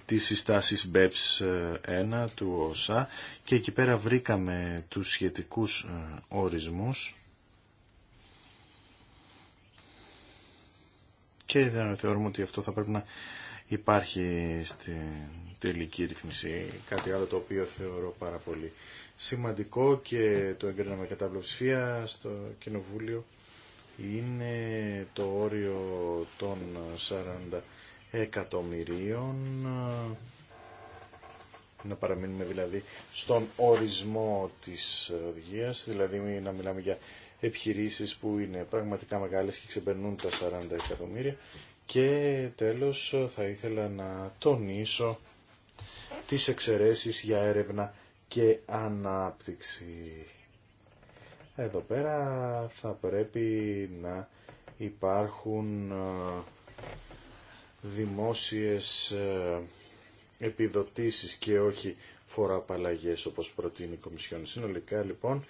S5: τις συστάσεις BEPS 1 ε, του ΩΣΑ και εκεί πέρα βρήκαμε τους σχετικούς ε, ορισμούς και θεωρούμε ότι αυτό θα πρέπει να υπάρχει στην τελική ρυθμισή. Κάτι άλλο το οποίο θεωρώ πάρα πολύ σημαντικό και το εγκρίναμε κατά βλοψηφία στο Κοινοβούλιο είναι το όριο των 40 εκατομμυρίων να παραμείνουμε δηλαδή στον ορισμό της οδηγίας, δηλαδή να μιλάμε για επιχειρήσεις που είναι πραγματικά μεγάλες και ξεπερνούν τα 40 εκατομμύρια και τέλος θα ήθελα να τονίσω τις εξαιρέσεις για έρευνα και ανάπτυξη. Εδώ πέρα θα πρέπει να υπάρχουν δημόσιες επιδοτήσεις και όχι φοροαπαλλαγές όπως προτείνει η Κομισιόν. Συνολικά λοιπόν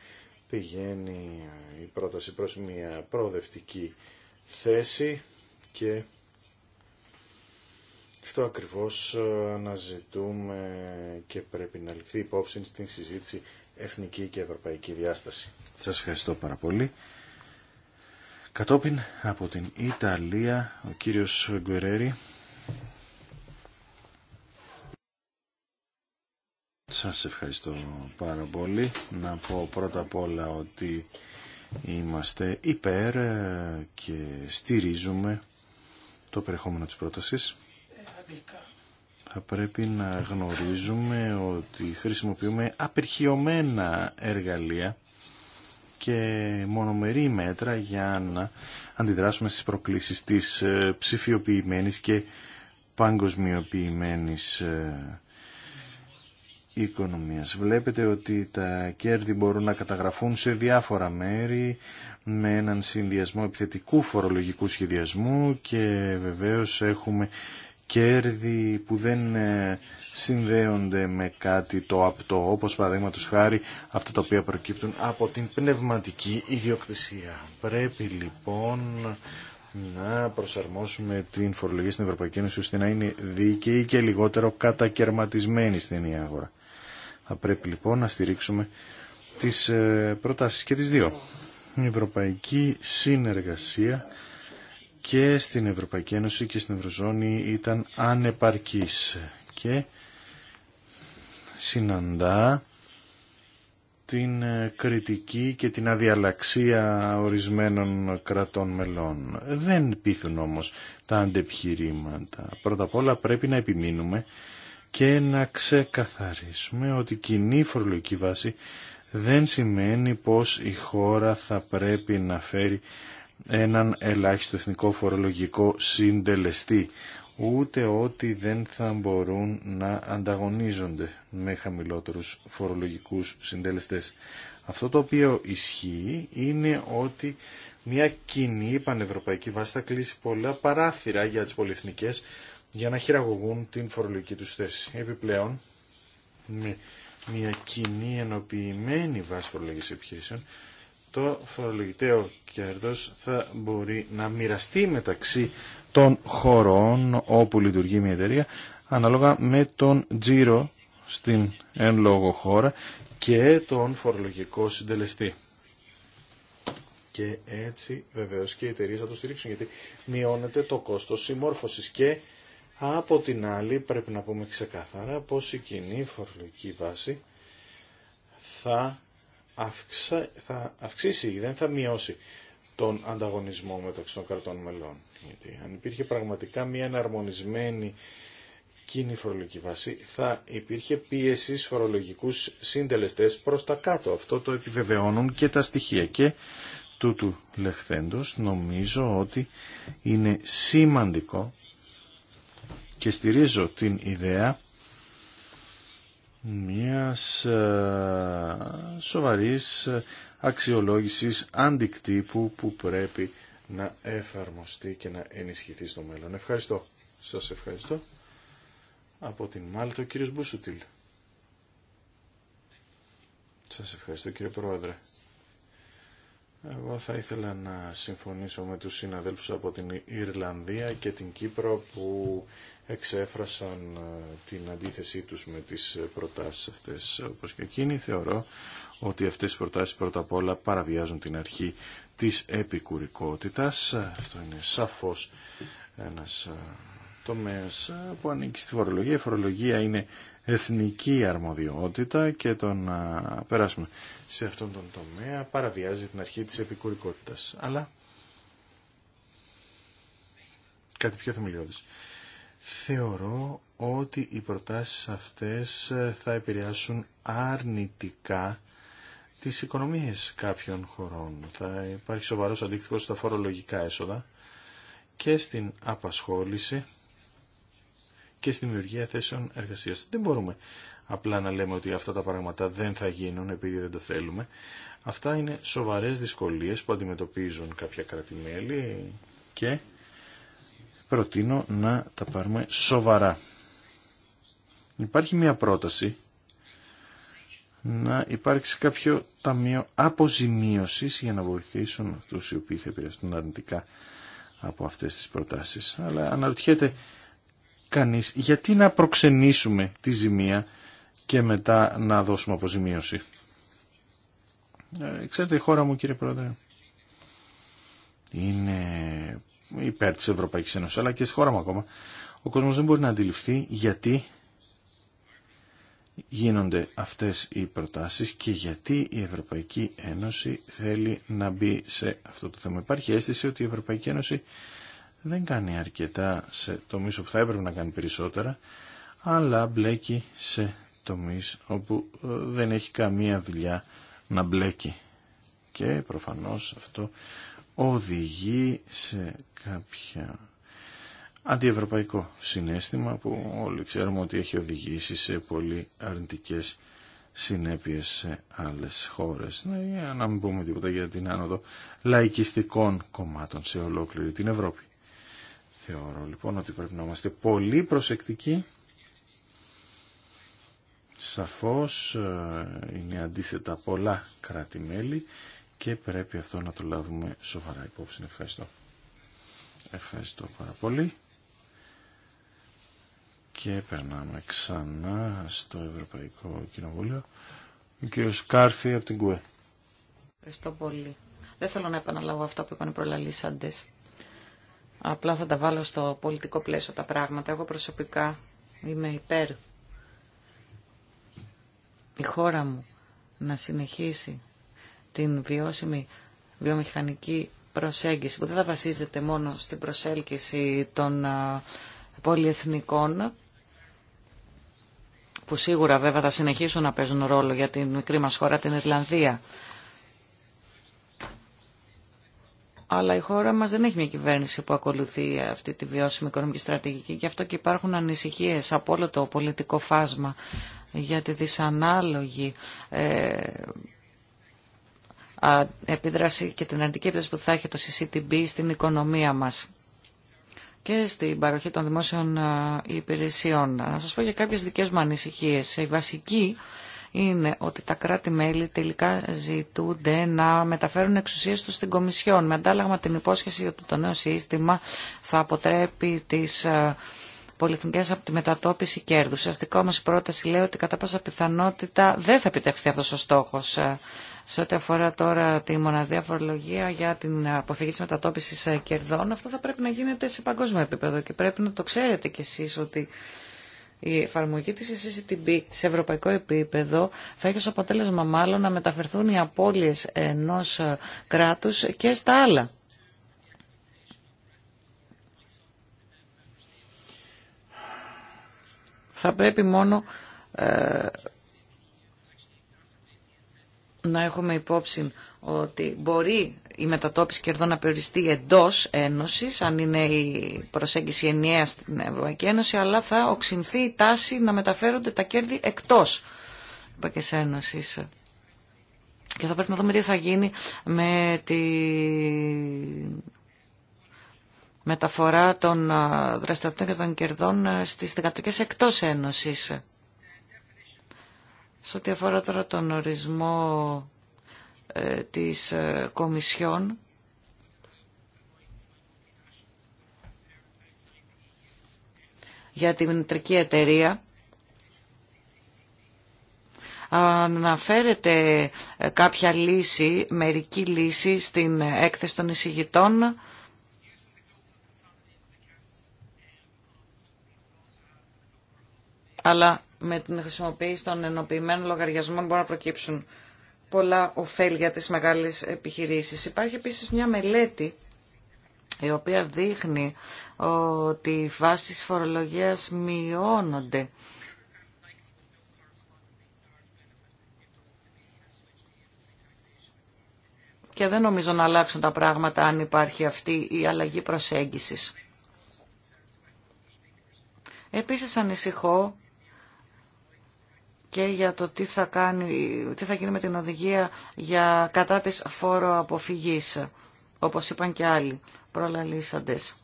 S5: πηγαίνει η πρόταση προς μια προοδευτική θέση και αυτό ακριβώς ε, αναζητούμε και πρέπει να ληφθεί υπόψη στην συζήτηση εθνική και ευρωπαϊκή διάσταση. Σας ευχαριστώ πάρα πολύ. Κατόπιν από την Ιταλία, ο κύριος Γκουερέρη. Σας ευχαριστώ πάρα πολύ. Να πω πρώτα απ' όλα ότι είμαστε υπέρ ε, και στηρίζουμε το περιεχόμενο της πρότασης. Θα πρέπει να γνωρίζουμε ότι χρησιμοποιούμε απερχιωμένα εργαλεία και μονομερή μέτρα για να αντιδράσουμε στις προκλήσεις της ε, ψηφιοποιημένης και παγκοσμιοποιημένης ε, οικονομίας. Βλέπετε ότι τα κέρδη μπορούν να καταγραφούν σε διάφορα μέρη με έναν συνδυασμό επιθετικού φορολογικού σχεδιασμού και βεβαίως έχουμε κέρδη που δεν ε, συνδέονται με κάτι το απτό, όπως παραδείγματος χάρη αυτά τα οποία προκύπτουν από την πνευματική ιδιοκτησία. Πρέπει λοιπόν να προσαρμόσουμε την φορολογία στην Ευρωπαϊκή Ένωση ώστε να είναι δίκαιη και λιγότερο κατακαιρματισμένη στην ενιαία αγορά. Θα πρέπει λοιπόν να στηρίξουμε τις ε, προτάσεις και τις δύο. Η Ευρωπαϊκή Συνεργασία και στην Ευρωπαϊκή Ένωση και στην Ευρωζώνη ήταν ανεπαρκής και συναντά την κριτική και την αδιαλαξία ορισμένων κρατών μελών. Δεν πείθουν όμως τα αντεπιχειρήματα. Πρώτα απ' όλα πρέπει να επιμείνουμε και να ξεκαθαρίσουμε ότι κοινή φορολογική βάση δεν σημαίνει πως η χώρα θα πρέπει να φέρει έναν ελάχιστο εθνικό φορολογικό συντελεστή, ούτε ότι δεν θα μπορούν να ανταγωνίζονται με χαμηλότερους φορολογικούς συντελεστές. Αυτό το οποίο ισχύει είναι ότι μια κοινή πανευρωπαϊκή βάση θα κλείσει πολλά παράθυρα για τις πολυεθνικές για να χειραγωγούν την φορολογική τους θέση. Επιπλέον, μια κοινή ενοποιημένη βάση φορολογικής επιχειρήσεων, αυτό φορολογητέο κέρδος θα μπορεί να μοιραστεί μεταξύ των χωρών όπου λειτουργεί μια εταιρεία ανάλογα με τον τζίρο στην εν λόγω χώρα και τον φορολογικό συντελεστή. Και έτσι βεβαίως και οι εταιρείε θα το στηρίξουν γιατί μειώνεται το κόστος συμμόρφωσης και από την άλλη πρέπει να πούμε ξεκάθαρα πως η κοινή φορολογική βάση θα αυξα... θα αυξήσει, δεν θα μειώσει τον ανταγωνισμό μεταξύ των κρατών μελών. Γιατί αν υπήρχε πραγματικά μια εναρμονισμένη κοινή φορολογική βάση, θα υπήρχε πίεση στους φορολογικούς συντελεστές προς τα κάτω. Αυτό το επιβεβαιώνουν και τα στοιχεία. Και τούτου λεχθέντος νομίζω ότι είναι σημαντικό και στηρίζω την ιδέα μιας ε, σοβαρής αξιολόγησης αντικτύπου που πρέπει να εφαρμοστεί και να ενισχυθεί στο μέλλον. Ευχαριστώ. Σας ευχαριστώ. Από την Μάλτα ο κύριος Μπούσουτιλ. Σας ευχαριστώ κύριε Πρόεδρε. Εγώ θα ήθελα να συμφωνήσω με τους συναδέλφους από την Ιρλανδία και την Κύπρο που εξέφρασαν ε, την αντίθεσή τους με τις προτάσεις αυτές. Όπως και εκείνη. θεωρώ ότι αυτές οι προτάσεις πρώτα απ' όλα παραβιάζουν την αρχή της επικουρικότητας. Αυτό είναι σαφώς ένας ε, τομέας που ανήκει στη φορολογία. Η φορολογία είναι εθνική αρμοδιότητα και το να περάσουμε σε αυτόν τον τομέα παραβιάζει την αρχή της επικουρικότητας. Αλλά κάτι πιο θεμελιώδης θεωρώ ότι οι προτάσεις αυτές ε, θα επηρεάσουν αρνητικά τις οικονομίες κάποιων χωρών. Θα υπάρχει σοβαρός αντίκτυπος στα φορολογικά έσοδα και στην απασχόληση και στη δημιουργία θέσεων εργασίας. Δεν μπορούμε απλά να λέμε ότι αυτά τα πράγματα δεν θα γίνουν επειδή δεν το θέλουμε. Αυτά είναι σοβαρές δυσκολίες που αντιμετωπίζουν κάποια κρατημέλη και προτείνω να τα πάρουμε σοβαρά. Υπάρχει μια πρόταση να υπάρξει κάποιο ταμείο αποζημίωσης για να βοηθήσουν αυτούς οι οποίοι θα επηρεαστούν αρνητικά από αυτές τις προτάσεις. Αλλά αναρωτιέται κανείς γιατί να προξενήσουμε τη ζημία και μετά να δώσουμε αποζημίωση. Ε, ξέρετε η χώρα μου κύριε Πρόεδρε είναι υπέρ τη ευρωπαϊκή Ένωση αλλά και στη χώρα μου ακόμα, ο κόσμος δεν μπορεί να αντιληφθεί γιατί γίνονται αυτές οι προτάσεις και γιατί η Ευρωπαϊκή Ένωση θέλει να μπει σε αυτό το θέμα. Υπάρχει αίσθηση ότι η Ευρωπαϊκή Ένωση δεν κάνει αρκετά σε τομείς όπου θα έπρεπε να κάνει περισσότερα, αλλά μπλέκει σε τομείς όπου ε, δεν έχει καμία δουλειά να μπλέκει. Και προφανώς αυτό οδηγεί σε κάποια αντιευρωπαϊκό συνέστημα που όλοι ξέρουμε ότι έχει οδηγήσει σε πολύ αρνητικές συνέπειες σε άλλες χώρες. Ναι, να μην πούμε τίποτα για την άνοδο λαϊκιστικών κομμάτων σε ολόκληρη την Ευρώπη. Θεωρώ λοιπόν ότι πρέπει να είμαστε πολύ προσεκτικοί. Σαφώς ε, είναι αντίθετα πολλά κράτη-μέλη και πρέπει αυτό να το λάβουμε σοβαρά υπόψη. Ευχαριστώ. Ευχαριστώ πάρα πολύ. Και περνάμε ξανά στο Ευρωπαϊκό Κοινοβούλιο. Ο κ. Κάρφη από την ΚΟΕ.
S3: Ευχαριστώ πολύ. Δεν θέλω να επαναλάβω αυτά που είπαν οι προλαλήσαντε. Απλά θα τα βάλω στο πολιτικό πλαίσιο τα πράγματα. Εγώ προσωπικά είμαι υπέρ η χώρα μου να συνεχίσει την βιώσιμη βιομηχανική προσέγγιση που δεν θα βασίζεται μόνο στην προσέλκυση των πολυεθνικών που σίγουρα βέβαια θα συνεχίσουν να παίζουν ρόλο για την μικρή μας χώρα την Ιρλανδία. Αλλά η χώρα μας δεν έχει μια κυβέρνηση που ακολουθεί αυτή τη βιώσιμη οικονομική στρατηγική. Γι' αυτό και υπάρχουν ανησυχίες από όλο το πολιτικό φάσμα για τη δυσανάλογη ε, επίδραση και την αρνητική επίδραση που θα έχει το CCTB στην οικονομία μας και στην παροχή των δημόσιων υπηρεσιών. Να σας πω για κάποιες δικές μου ανησυχίες. Η βασική είναι ότι τα κράτη-μέλη τελικά ζητούνται να μεταφέρουν εξουσίες τους στην Κομισιόν με αντάλλαγμα την υπόσχεση ότι το νέο σύστημα θα αποτρέπει τις πολυεθνικές από τη μετατόπιση κέρδους. Ουσιαστικά όμως η πρόταση λέει ότι κατά πάσα πιθανότητα δεν θα επιτευχθεί αυτός ο στόχο. Σε ό,τι αφορά τώρα τη μοναδία φορολογία για την αποφυγή της μετατόπισης κερδών, αυτό θα πρέπει να γίνεται σε παγκόσμιο επίπεδο και πρέπει να το ξέρετε κι εσείς ότι η εφαρμογή της CCTB σε ευρωπαϊκό επίπεδο θα έχει ως αποτέλεσμα μάλλον να μεταφερθούν οι απώλειες ενός κράτους και στα άλλα. Θα πρέπει μόνο ε, να έχουμε υπόψη ότι μπορεί η μετατόπιση κερδών να περιοριστεί εντό Ένωση. αν είναι η προσέγγιση ενιαία στην Ευρωπαϊκή Ένωση, αλλά θα οξυνθεί η τάση να μεταφέρονται τα κέρδη εκτός Ευρωπαϊκή Ένωσης. Και θα πρέπει να δούμε τι θα γίνει με τη μεταφορά των ε, δραστηριοτήτων και των κερδών ε, στις δικατορικές εκτός Ένωσης. Σε ό,τι αφορά τώρα τον ορισμό ε, της ε, Κομισιόν, για την μητρική εταιρεία, αναφέρεται ε, κάποια λύση, μερική λύση στην έκθεση των εισηγητών, αλλά με την χρησιμοποίηση των ενοποιημένων λογαριασμών μπορούν να προκύψουν πολλά ωφέλη για τις μεγάλες επιχειρήσεις. Υπάρχει επίσης μια μελέτη η οποία δείχνει ότι οι βάσεις φορολογίας μειώνονται. Και δεν νομίζω να αλλάξουν τα πράγματα αν υπάρχει αυτή η αλλαγή προσέγγισης. Επίσης ανησυχώ και για το τι θα, κάνει, τι θα γίνει με την οδηγία για κατά της φόρο αποφυγής, όπως είπαν και άλλοι προλαλήσαντες.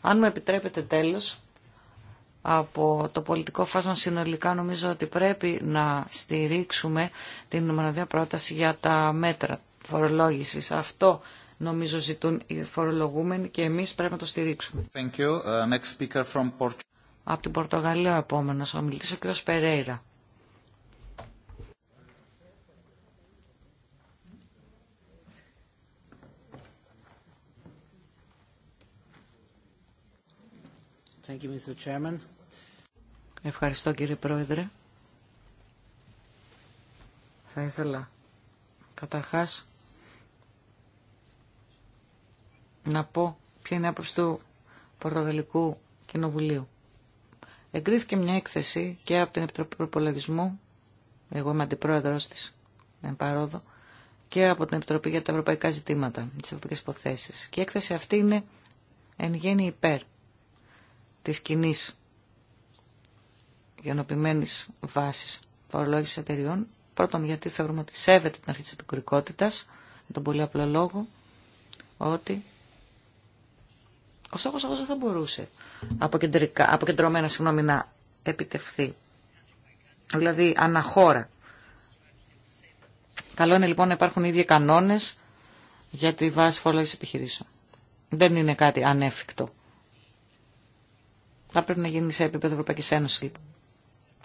S3: Αν μου επιτρέπετε τέλος, από το πολιτικό φάσμα συνολικά νομίζω ότι πρέπει να στηρίξουμε την μοναδία πρόταση για τα μέτρα φορολόγησης. Αυτό νομίζω ζητούν οι φορολογούμενοι και εμείς πρέπει να το στηρίξουμε.
S2: Thank you. Uh, next
S3: από την Πορτογαλία ο επόμενος ομιλητής, ο κ. Περέιρα. Ευχαριστώ κύριε Πρόεδρε. Θα ήθελα καταρχάς να πω ποια είναι η άποψη του Πορτογαλικού Κοινοβουλίου. Εγκρίθηκε μια έκθεση και από την Επιτροπή Προπολογισμού, εγώ είμαι αντιπρόεδρος της, με παρόδο, και από την Επιτροπή για τα Ευρωπαϊκά Ζητήματα, τις Ευρωπαϊκές Υποθέσεις. Και η έκθεση αυτή είναι εν γέννη υπέρ της κοινή γενοποιημένη βάση φορολόγηση εταιριών. Πρώτον, γιατί θεωρούμε ότι σέβεται την αρχή της επικουρικότητας, με τον πολύ απλό λόγο, ότι ο στόχος αυτός δεν θα μπορούσε αποκεντρωμένα συγγνώμη, να επιτευχθεί. Δηλαδή αναχώρα. Καλό είναι λοιπόν να υπάρχουν οι ίδιοι κανόνες για τη βάση φορολογής επιχειρήσεων. Δεν είναι κάτι ανέφικτο. Θα πρέπει να γίνει σε επίπεδο Ευρωπαϊκή Ένωσης λοιπόν.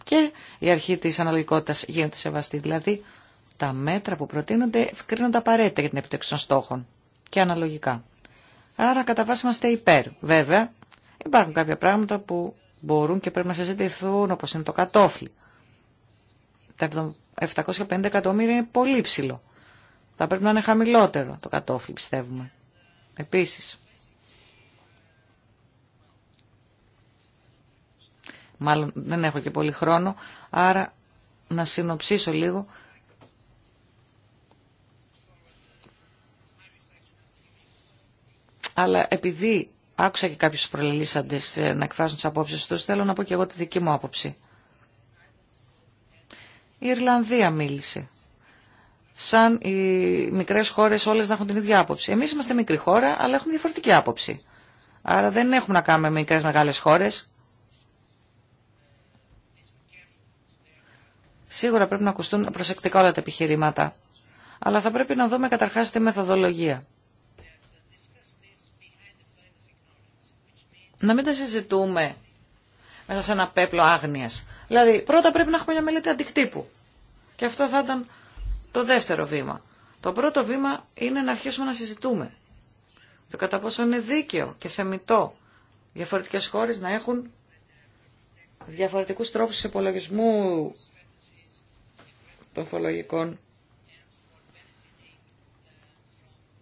S3: Και η αρχή της αναλογικότητας γίνεται σεβαστή. Δηλαδή τα μέτρα που προτείνονται κρίνονται απαραίτητα για την επιτεύξη των στόχων και αναλογικά. Άρα κατά βάση είμαστε υπέρ. Βέβαια, Υπάρχουν κάποια πράγματα που μπορούν και πρέπει να συζητηθούν, όπως είναι το κατόφλι. Τα 750 εκατομμύρια είναι πολύ ψηλό. Θα πρέπει να είναι χαμηλότερο το κατόφλι, πιστεύουμε. Επίσης, μάλλον δεν έχω και πολύ χρόνο, άρα να συνοψίσω λίγο. Αλλά επειδή Άκουσα και κάποιους προλελήσαντες ε, να εκφράσουν τις απόψεις τους. Θέλω να πω και εγώ τη δική μου άποψη. Η Ιρλανδία μίλησε. Σαν οι μικρές χώρες όλες να έχουν την ίδια άποψη. Εμείς είμαστε μικρή χώρα, αλλά έχουμε διαφορετική άποψη. Άρα δεν έχουμε να κάνουμε μικρές μεγάλες χώρες. Σίγουρα πρέπει να ακουστούν προσεκτικά όλα τα επιχειρήματα. Αλλά θα πρέπει να δούμε καταρχάς τη μεθοδολογία. να μην τα συζητούμε μέσα σε ένα πέπλο άγνοια. Δηλαδή, πρώτα πρέπει να έχουμε μια μελέτη αντικτύπου. Και αυτό θα ήταν το δεύτερο βήμα. Το πρώτο βήμα είναι να αρχίσουμε να συζητούμε. Το κατά πόσο είναι δίκαιο και θεμητό διαφορετικές χώρε να έχουν διαφορετικούς τρόπους υπολογισμού των φορολογικών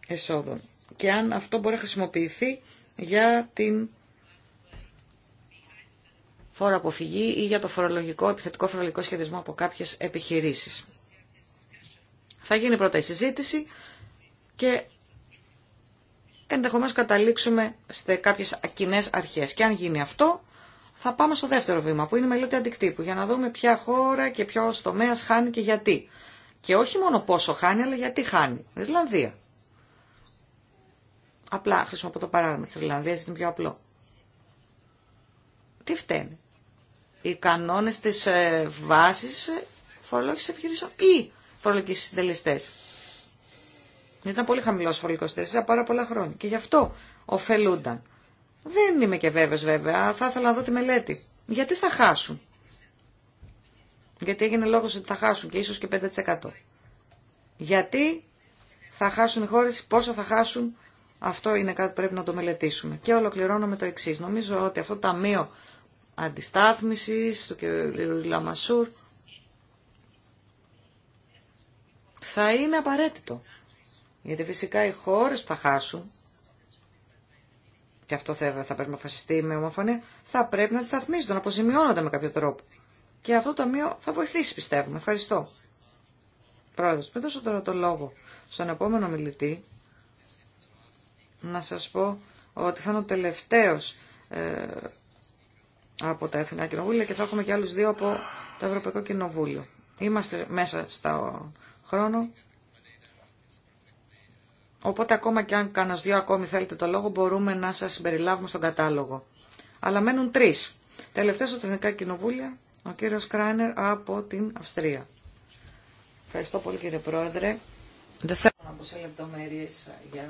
S3: εσόδων. Και αν αυτό μπορεί να χρησιμοποιηθεί για την φόρο αποφυγή ή για το φορολογικό, επιθετικό φορολογικό σχεδιασμό από κάποιε επιχειρήσει. Θα γίνει πρώτα η συζήτηση και ενδεχομένως καταλήξουμε σε κάποιες κοινέ αρχές. Και αν γίνει αυτό, θα πάμε στο δεύτερο βήμα, που είναι η μελέτη αντικτύπου, για να δούμε ποια χώρα και ποιο τομέα χάνει και γιατί. Και όχι μόνο πόσο χάνει, αλλά γιατί χάνει. Ιρλανδία. Απλά χρησιμοποιώ το παράδειγμα της Ιρλανδίας, είναι πιο απλό. Τι φταίνει οι κανόνες της ε, βάσης ε, φορολόγησης επιχειρήσεων ή φορολογικοί συντελεστές. Ήταν πολύ χαμηλός φορολογικός από πάρα πολλά χρόνια και γι' αυτό ωφελούνταν. Δεν είμαι και βέβαιος βέβαια, θα ήθελα να δω τη μελέτη. Γιατί θα χάσουν. Γιατί έγινε λόγος ότι θα χάσουν και ίσως και 5%. Γιατί θα χάσουν οι χώρες, πόσο θα χάσουν, αυτό είναι κάτι που πρέπει να το μελετήσουμε. Και ολοκληρώνω με το εξή. Νομίζω ότι αυτό το Ταμείο αντιστάθμισης του κ. Λαμασούρ θα είναι απαραίτητο. Γιατί φυσικά οι χώρες που θα χάσουν, και αυτό θα, θα πρέπει να φασιστεί με ομοφωνία, θα πρέπει να αντισταθμίζονται, να αποζημιώνονται με κάποιο τρόπο. Και αυτό το ταμείο θα βοηθήσει, πιστεύουμε. Ευχαριστώ. Πρόεδρος, πριν δώσω τώρα το λόγο στον επόμενο μιλητή, να σας πω ότι θα είναι ο τελευταίος ε, από τα Εθνικά Κοινοβούλια και θα έχουμε και άλλους δύο από το Ευρωπαϊκό Κοινοβούλιο. Είμαστε μέσα στο χρόνο. Οπότε ακόμα και αν κανένα δύο ακόμη θέλετε το λόγο μπορούμε να σας συμπεριλάβουμε στον κατάλογο. Αλλά μένουν τρεις. Τελευταίες από τα Εθνικά Κοινοβούλια, ο κύριος Κράινερ από την Αυστρία. Ευχαριστώ πολύ κύριε Πρόεδρε από σε λεπτομέρειες για...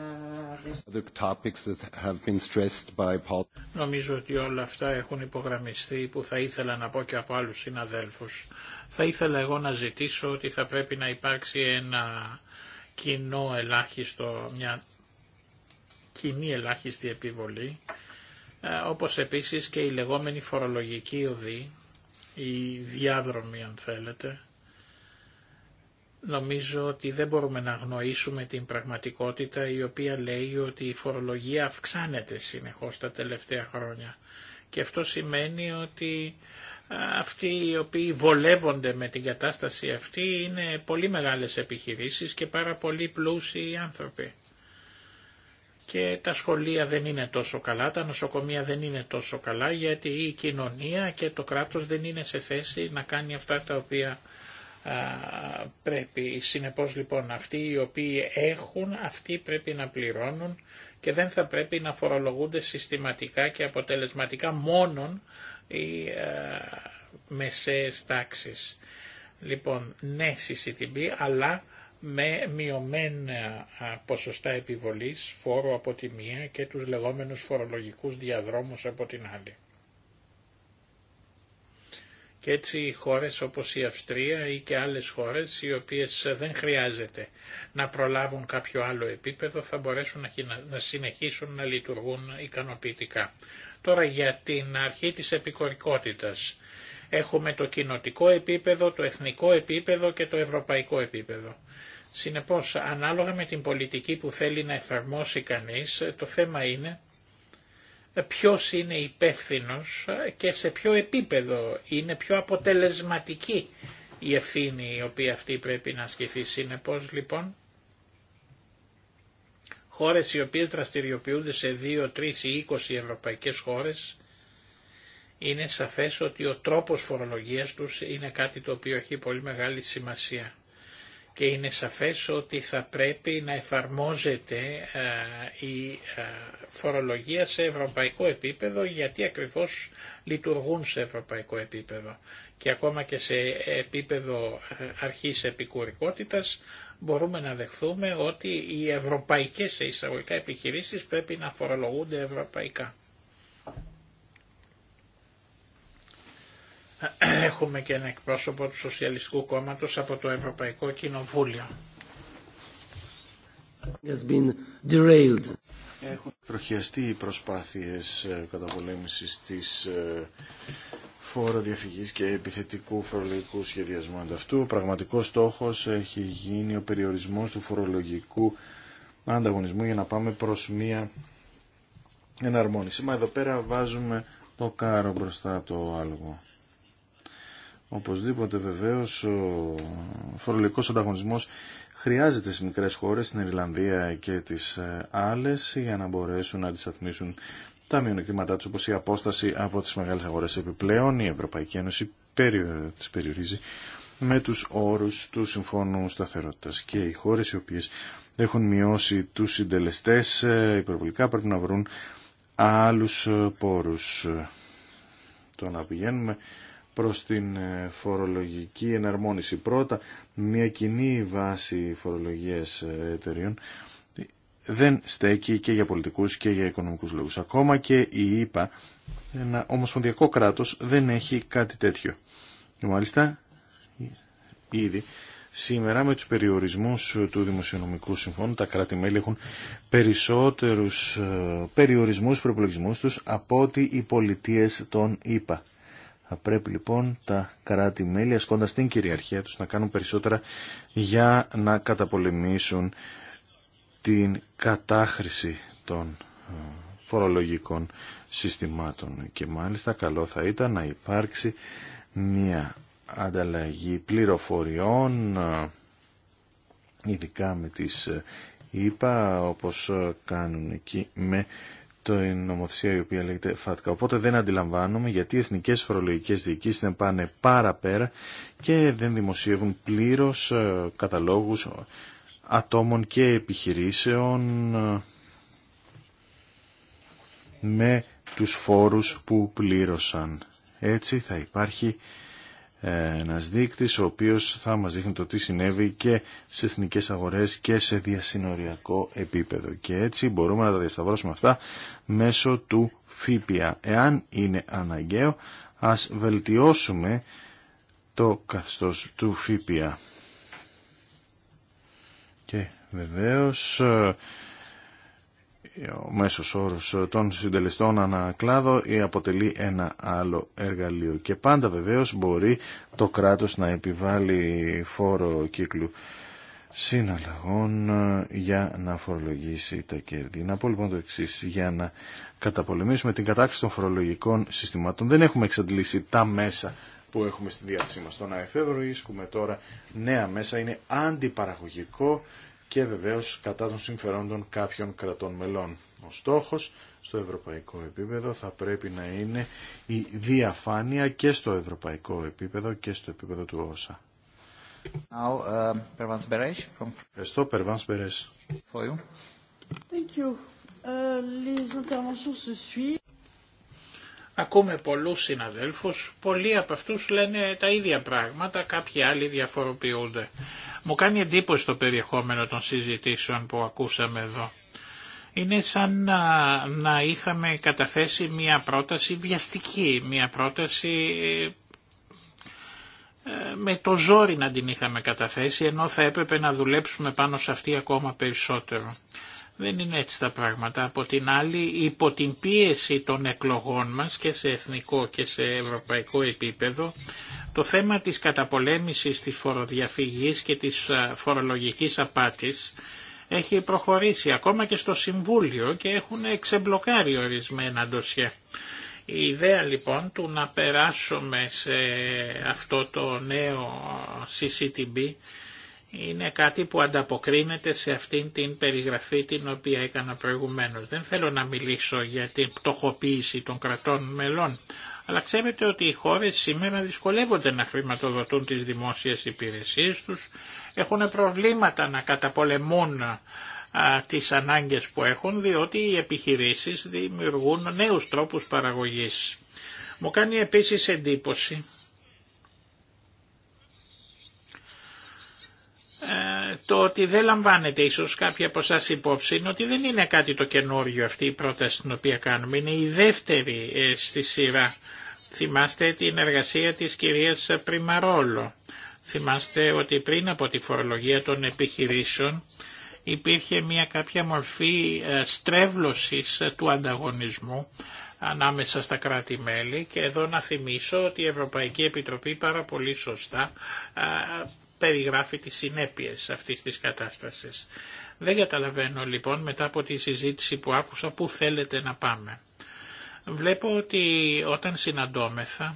S2: Νομίζω ότι όλα αυτά έχουν υπογραμμιστεί που θα ήθελα να πω και από άλλους συναδέλφους. Θα ήθελα εγώ να ζητήσω ότι θα πρέπει να υπάρξει ένα κοινό ελάχιστο, μια κοινή ελάχιστη επιβολή, ε, όπως επίσης και η λεγόμενη φορολογική οδή, η διάδρομη αν θέλετε, Νομίζω ότι δεν μπορούμε να γνωρίσουμε την πραγματικότητα η οποία λέει ότι η φορολογία αυξάνεται συνεχώς τα τελευταία χρόνια. Και αυτό σημαίνει ότι αυτοί οι οποίοι βολεύονται με την κατάσταση αυτή είναι πολύ μεγάλες επιχειρήσεις και πάρα πολύ πλούσιοι άνθρωποι. Και τα σχολεία δεν είναι τόσο καλά, τα νοσοκομεία δεν είναι τόσο καλά γιατί η κοινωνία και το κράτος δεν είναι σε θέση να κάνει αυτά τα οποία πρέπει συνεπώς λοιπόν αυτοί οι οποίοι έχουν, αυτοί πρέπει να πληρώνουν και δεν θα πρέπει να φορολογούνται συστηματικά και αποτελεσματικά μόνον οι α, μεσαίες τάξεις. Λοιπόν, ναι CCTV, αλλά με μειωμένα ποσοστά επιβολής φόρου από τη μία και τους λεγόμενους φορολογικούς διαδρόμους από την άλλη. Και έτσι οι χώρες όπως η Αυστρία ή και άλλες χώρες οι οποίες δεν χρειάζεται να προλάβουν κάποιο άλλο επίπεδο θα μπορέσουν να συνεχίσουν να λειτουργούν ικανοποιητικά. Τώρα για την αρχή της επικορικότητας. Έχουμε το κοινοτικό επίπεδο, το εθνικό επίπεδο και το ευρωπαϊκό επίπεδο. Συνεπώς, ανάλογα με την πολιτική που θέλει να εφαρμόσει κανείς, το θέμα είναι ποιος είναι υπεύθυνο και σε ποιο επίπεδο είναι πιο αποτελεσματική η ευθύνη η οποία αυτή πρέπει να ασκηθεί. Συνεπώς λοιπόν χώρες οι οποίες δραστηριοποιούνται σε 2, 3 ή 20 ευρωπαϊκές χώρες είναι σαφές ότι ο τρόπος φορολογίας τους είναι κάτι το οποίο έχει πολύ μεγάλη σημασία και είναι σαφές ότι θα πρέπει να εφαρμόζεται η φορολογία σε ευρωπαϊκό επίπεδο γιατί ακριβώς λειτουργούν σε ευρωπαϊκό επίπεδο και ακόμα και σε επίπεδο αρχής επικουρικότητας μπορούμε να δεχθούμε ότι οι ευρωπαϊκές εισαγωγικά επιχειρήσεις πρέπει να φορολογούνται ευρωπαϊκά. έχουμε και ένα εκπρόσωπο του Σοσιαλιστικού Κόμματος από το Ευρωπαϊκό Κοινοβούλιο.
S4: Has
S5: Έχουν τροχιαστεί οι προσπάθειες ε, καταπολέμησης της ε, φόρο και επιθετικού φορολογικού σχεδιασμού ανταυτού. Ο πραγματικός στόχος έχει γίνει ο περιορισμός του φορολογικού ανταγωνισμού για να πάμε προς μία εναρμόνιση. Μα εδώ πέρα βάζουμε το κάρο μπροστά από το άλογο. Οπωσδήποτε βεβαίω, ο φορολογικό ανταγωνισμό χρειάζεται στι μικρέ χώρε στην Ιρλανδία και τι ε, άλλε για να μπορέσουν να αντισταθμίσουν τα μειονεκτήματά του όπω η απόσταση από τι μεγάλε αγορέ επιπλέον. Η Ευρωπαϊκή Ένωση τι περιορίζει με του όρου του Συμφώνου σταθερότητα και οι χώρε οι οποίε έχουν μειώσει του συντελεστέ ε, υπερβολικά πρέπει να βρουν άλλου ε, πόρου. Το να πηγαίνουμε προς την ε, φορολογική εναρμόνιση. Πρώτα, μια κοινή βάση φορολογίας ε, εταιρείων δεν στέκει και για πολιτικούς και για οικονομικούς λόγους. Ακόμα και η ΕΠΑ, ένα ομοσπονδιακό κράτος, δεν έχει κάτι τέτοιο. Και μάλιστα, ήδη, σήμερα με τους περιορισμούς του Δημοσιονομικού Συμφώνου, τα κράτη-μέλη έχουν περισσότερους ε, περιορισμούς προπολογισμού τους από ότι οι πολιτείες των ΕΠΑ. Θα πρέπει λοιπόν τα κράτη-μέλη ασκώντας την κυριαρχία τους να κάνουν περισσότερα για να καταπολεμήσουν την κατάχρηση των ε, φορολογικών συστημάτων και μάλιστα καλό θα ήταν να υπάρξει μια ανταλλαγή πληροφοριών ε, ειδικά με τις είπα όπως ε, κάνουν εκεί με η νομοθεσία η οποία λέγεται ΦΑΤΚΑ. Οπότε δεν αντιλαμβάνομαι γιατί οι εθνικές φορολογικές διοικήσεις δεν πάνε πάρα πέρα και δεν δημοσιεύουν πλήρως ε, καταλόγους ατόμων και επιχειρήσεων ε, με τους φόρους που πλήρωσαν. Έτσι θα υπάρχει ένας δείκτης ο οποίος θα μας δείχνει το τι συνέβη και σε εθνικές αγορές και σε διασυνοριακό επίπεδο και έτσι μπορούμε να τα διασταυρώσουμε αυτά μέσω του ΦΥΠΙΑ. Εάν είναι αναγκαίο ας βελτιώσουμε το καθεστώς του ΦΥΠΙΑ. Και βεβαίως ο μέσος όρος των συντελεστών ανακλάδο ή αποτελεί ένα άλλο εργαλείο. Και πάντα βεβαίως μπορεί το κράτος να επιβάλλει φόρο κύκλου συναλλαγών ε, για να φορολογήσει τα κέρδη. Να πω λοιπόν το εξή για να καταπολεμήσουμε την κατάξυση των φορολογικών συστημάτων. Δεν έχουμε εξαντλήσει τα μέσα που έχουμε στη διάθεσή μας. Το να ίσκουμε τώρα νέα μέσα είναι αντιπαραγωγικό και βεβαίως κατά των συμφερόντων κάποιων κρατών μελών. Ο στόχος στο ευρωπαϊκό επίπεδο θα πρέπει να είναι η διαφάνεια και στο ευρωπαϊκό επίπεδο και στο επίπεδο του ΩΣΑ. Now, uh, Ευχαριστώ,
S2: Ακούμε πολλούς συναδέλφους, πολλοί από αυτούς λένε τα ίδια πράγματα, κάποιοι άλλοι διαφοροποιούνται. Μου κάνει εντύπωση το περιεχόμενο των συζητήσεων που ακούσαμε εδώ. Είναι σαν να, να είχαμε καταθέσει μια πρόταση βιαστική, μια πρόταση ε, με το ζόρι να την είχαμε καταθέσει, ενώ θα έπρεπε να δουλέψουμε πάνω σε αυτή ακόμα περισσότερο. Δεν είναι έτσι τα πράγματα. Από την άλλη, υπό την πίεση των εκλογών μας και σε εθνικό και σε ευρωπαϊκό επίπεδο, το θέμα της καταπολέμησης της φοροδιαφυγής και της φορολογικής απάτης έχει προχωρήσει ακόμα και στο Συμβούλιο και έχουν εξεμπλοκάρει ορισμένα ντοσιά. Η ιδέα λοιπόν του να περάσουμε σε αυτό το νέο CCTB είναι κάτι που ανταποκρίνεται σε αυτήν την περιγραφή την οποία έκανα προηγουμένως. Δεν θέλω να μιλήσω για την πτωχοποίηση των κρατών μελών, αλλά ξέρετε ότι οι χώρες σήμερα δυσκολεύονται να χρηματοδοτούν τις δημόσιες υπηρεσίες τους, έχουν προβλήματα να καταπολεμούν α, τις ανάγκες που έχουν, διότι οι επιχειρήσεις δημιουργούν νέους τρόπους παραγωγής. Μου κάνει επίσης εντύπωση Ε, το ότι δεν λαμβάνετε ίσως κάποια από εσάς υπόψη είναι ότι δεν είναι κάτι το καινούριο αυτή η πρόταση την οποία κάνουμε. Είναι η δεύτερη ε, στη σειρά. Θυμάστε την εργασία της κυρίας Πριμαρόλο. Θυμάστε ότι πριν από τη φορολογία των επιχειρήσεων υπήρχε μια κάποια μορφή ε, στρέβλωσης του ανταγωνισμού ανάμεσα στα κράτη-μέλη και εδώ να θυμίσω ότι η Ευρωπαϊκή Επιτροπή πάρα πολύ σωστά περιγράφει τις συνέπειες αυτής της κατάστασης. Δεν καταλαβαίνω λοιπόν μετά από τη συζήτηση που άκουσα πού θέλετε να πάμε. Βλέπω ότι όταν συναντώμεθα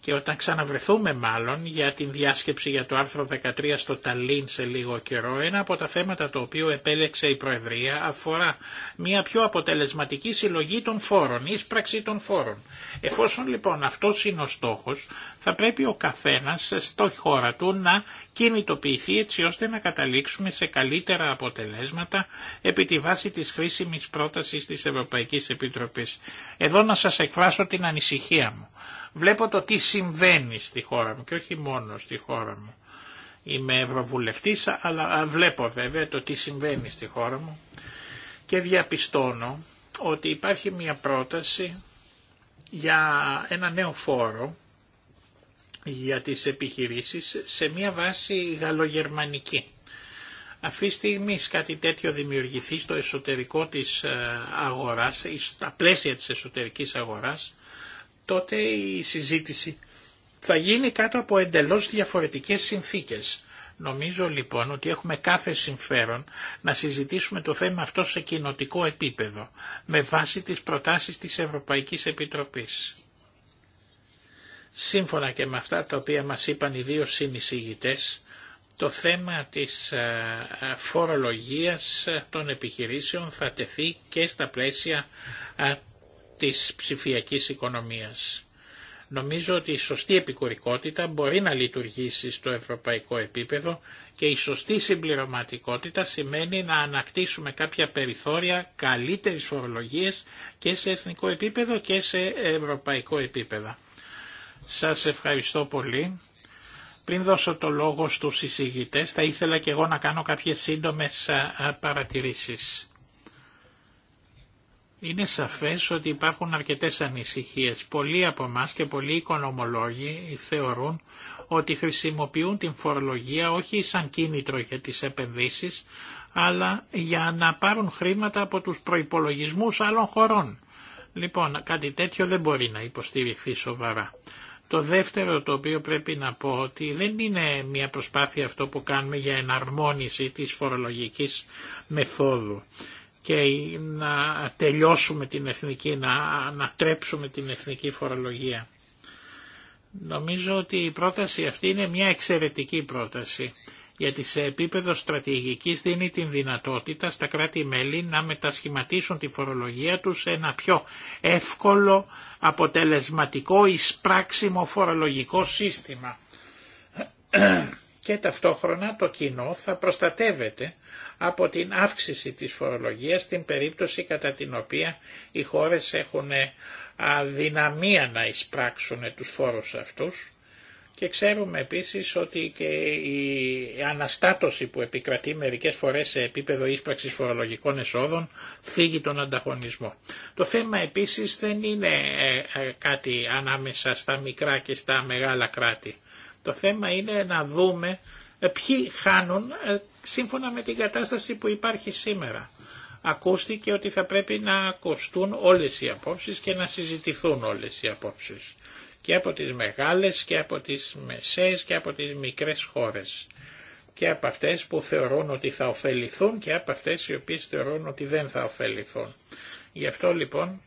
S2: και όταν ξαναβρεθούμε μάλλον για την διάσκεψη για το άρθρο 13 στο Ταλίν σε λίγο καιρό, ένα από τα θέματα το οποίο επέλεξε η Προεδρία αφορά μια πιο αποτελεσματική συλλογή των φόρων, εισπραξή των φόρων. Εφόσον λοιπόν αυτό είναι ο στόχος, θα πρέπει ο καθένας στο χώρα του να κινητοποιηθεί έτσι ώστε να καταλήξουμε σε καλύτερα αποτελέσματα επί τη βάση της χρήσιμης πρότασης της Ευρωπαϊκής Επιτροπής. Εδώ να σας εκφράσω την ανησυχία μου βλέπω το τι συμβαίνει στη χώρα μου και όχι μόνο στη χώρα μου. Είμαι ευρωβουλευτής αλλά βλέπω βέβαια το τι συμβαίνει στη χώρα μου και διαπιστώνω ότι υπάρχει μια πρόταση για ένα νέο φόρο για τις επιχειρήσεις σε μια βάση γαλλογερμανική. Αυτή τη στιγμή κάτι τέτοιο δημιουργηθεί στο εσωτερικό της ε, αγοράς, στα πλαίσια της εσωτερικής αγοράς, τότε η συζήτηση θα γίνει κάτω από εντελώς διαφορετικές συνθήκες. Νομίζω λοιπόν ότι έχουμε κάθε συμφέρον να συζητήσουμε το θέμα αυτό σε κοινοτικό επίπεδο, με βάση τις προτάσεις της Ευρωπαϊκής Επιτροπής. Σύμφωνα και με αυτά τα οποία μας είπαν οι δύο συνεισηγητές, το θέμα της ε, φορολογίας των επιχειρήσεων θα τεθεί και στα πλαίσια ε, της ψηφιακής οικονομίας. Νομίζω ότι η σωστή επικουρικότητα μπορεί να λειτουργήσει στο ευρωπαϊκό επίπεδο και η σωστή συμπληρωματικότητα σημαίνει να ανακτήσουμε κάποια περιθώρια καλύτερης φορολογίες και σε εθνικό επίπεδο και σε ευρωπαϊκό επίπεδο. Σας ευχαριστώ πολύ. Πριν δώσω το λόγο στους εισηγητές θα ήθελα και εγώ να κάνω κάποιες σύντομες παρατηρήσεις. Είναι σαφές ότι υπάρχουν αρκετές ανησυχίες. Πολλοί από εμά και πολλοί οικονομολόγοι θεωρούν ότι χρησιμοποιούν την φορολογία όχι σαν κίνητρο για τις επενδύσεις, αλλά για να πάρουν χρήματα από τους προϋπολογισμούς άλλων χωρών. Λοιπόν, κάτι τέτοιο δεν μπορεί να υποστηριχθεί σοβαρά. Το δεύτερο το οποίο πρέπει να πω ότι δεν είναι μια προσπάθεια αυτό που κάνουμε για εναρμόνιση της φορολογικής μεθόδου και να τελειώσουμε την εθνική, να ανατρέψουμε την εθνική φορολογία. Νομίζω ότι η πρόταση αυτή είναι μια εξαιρετική πρόταση, γιατί σε επίπεδο στρατηγικής δίνει την δυνατότητα στα κράτη-μέλη να μετασχηματίσουν τη φορολογία τους σε ένα πιο εύκολο, αποτελεσματικό, εισπράξιμο φορολογικό σύστημα. Και ταυτόχρονα το κοινό θα προστατεύεται από την αύξηση της φορολογίας στην περίπτωση κατά την οποία οι χώρες έχουν ε, αδυναμία να εισπράξουν τους φόρους αυτούς και ξέρουμε επίσης ότι και η αναστάτωση που επικρατεί μερικές φορές σε επίπεδο ίσπραξης φορολογικών εσόδων φύγει τον ανταγωνισμό. Το θέμα επίσης δεν είναι ε, ε, κάτι ανάμεσα στα μικρά και στα μεγάλα κράτη. Το θέμα είναι να δούμε ποιοι χάνουν σύμφωνα με την κατάσταση που υπάρχει σήμερα. Ακούστηκε ότι θα πρέπει να ακουστούν όλες οι απόψεις και να συζητηθούν όλες οι απόψεις. Και από τις μεγάλες και από τις μεσαίες και από τις μικρές χώρες. Και από αυτές που θεωρούν ότι θα ωφεληθούν και από αυτές οι οποίες θεωρούν ότι δεν θα ωφεληθούν. Γι' αυτό λοιπόν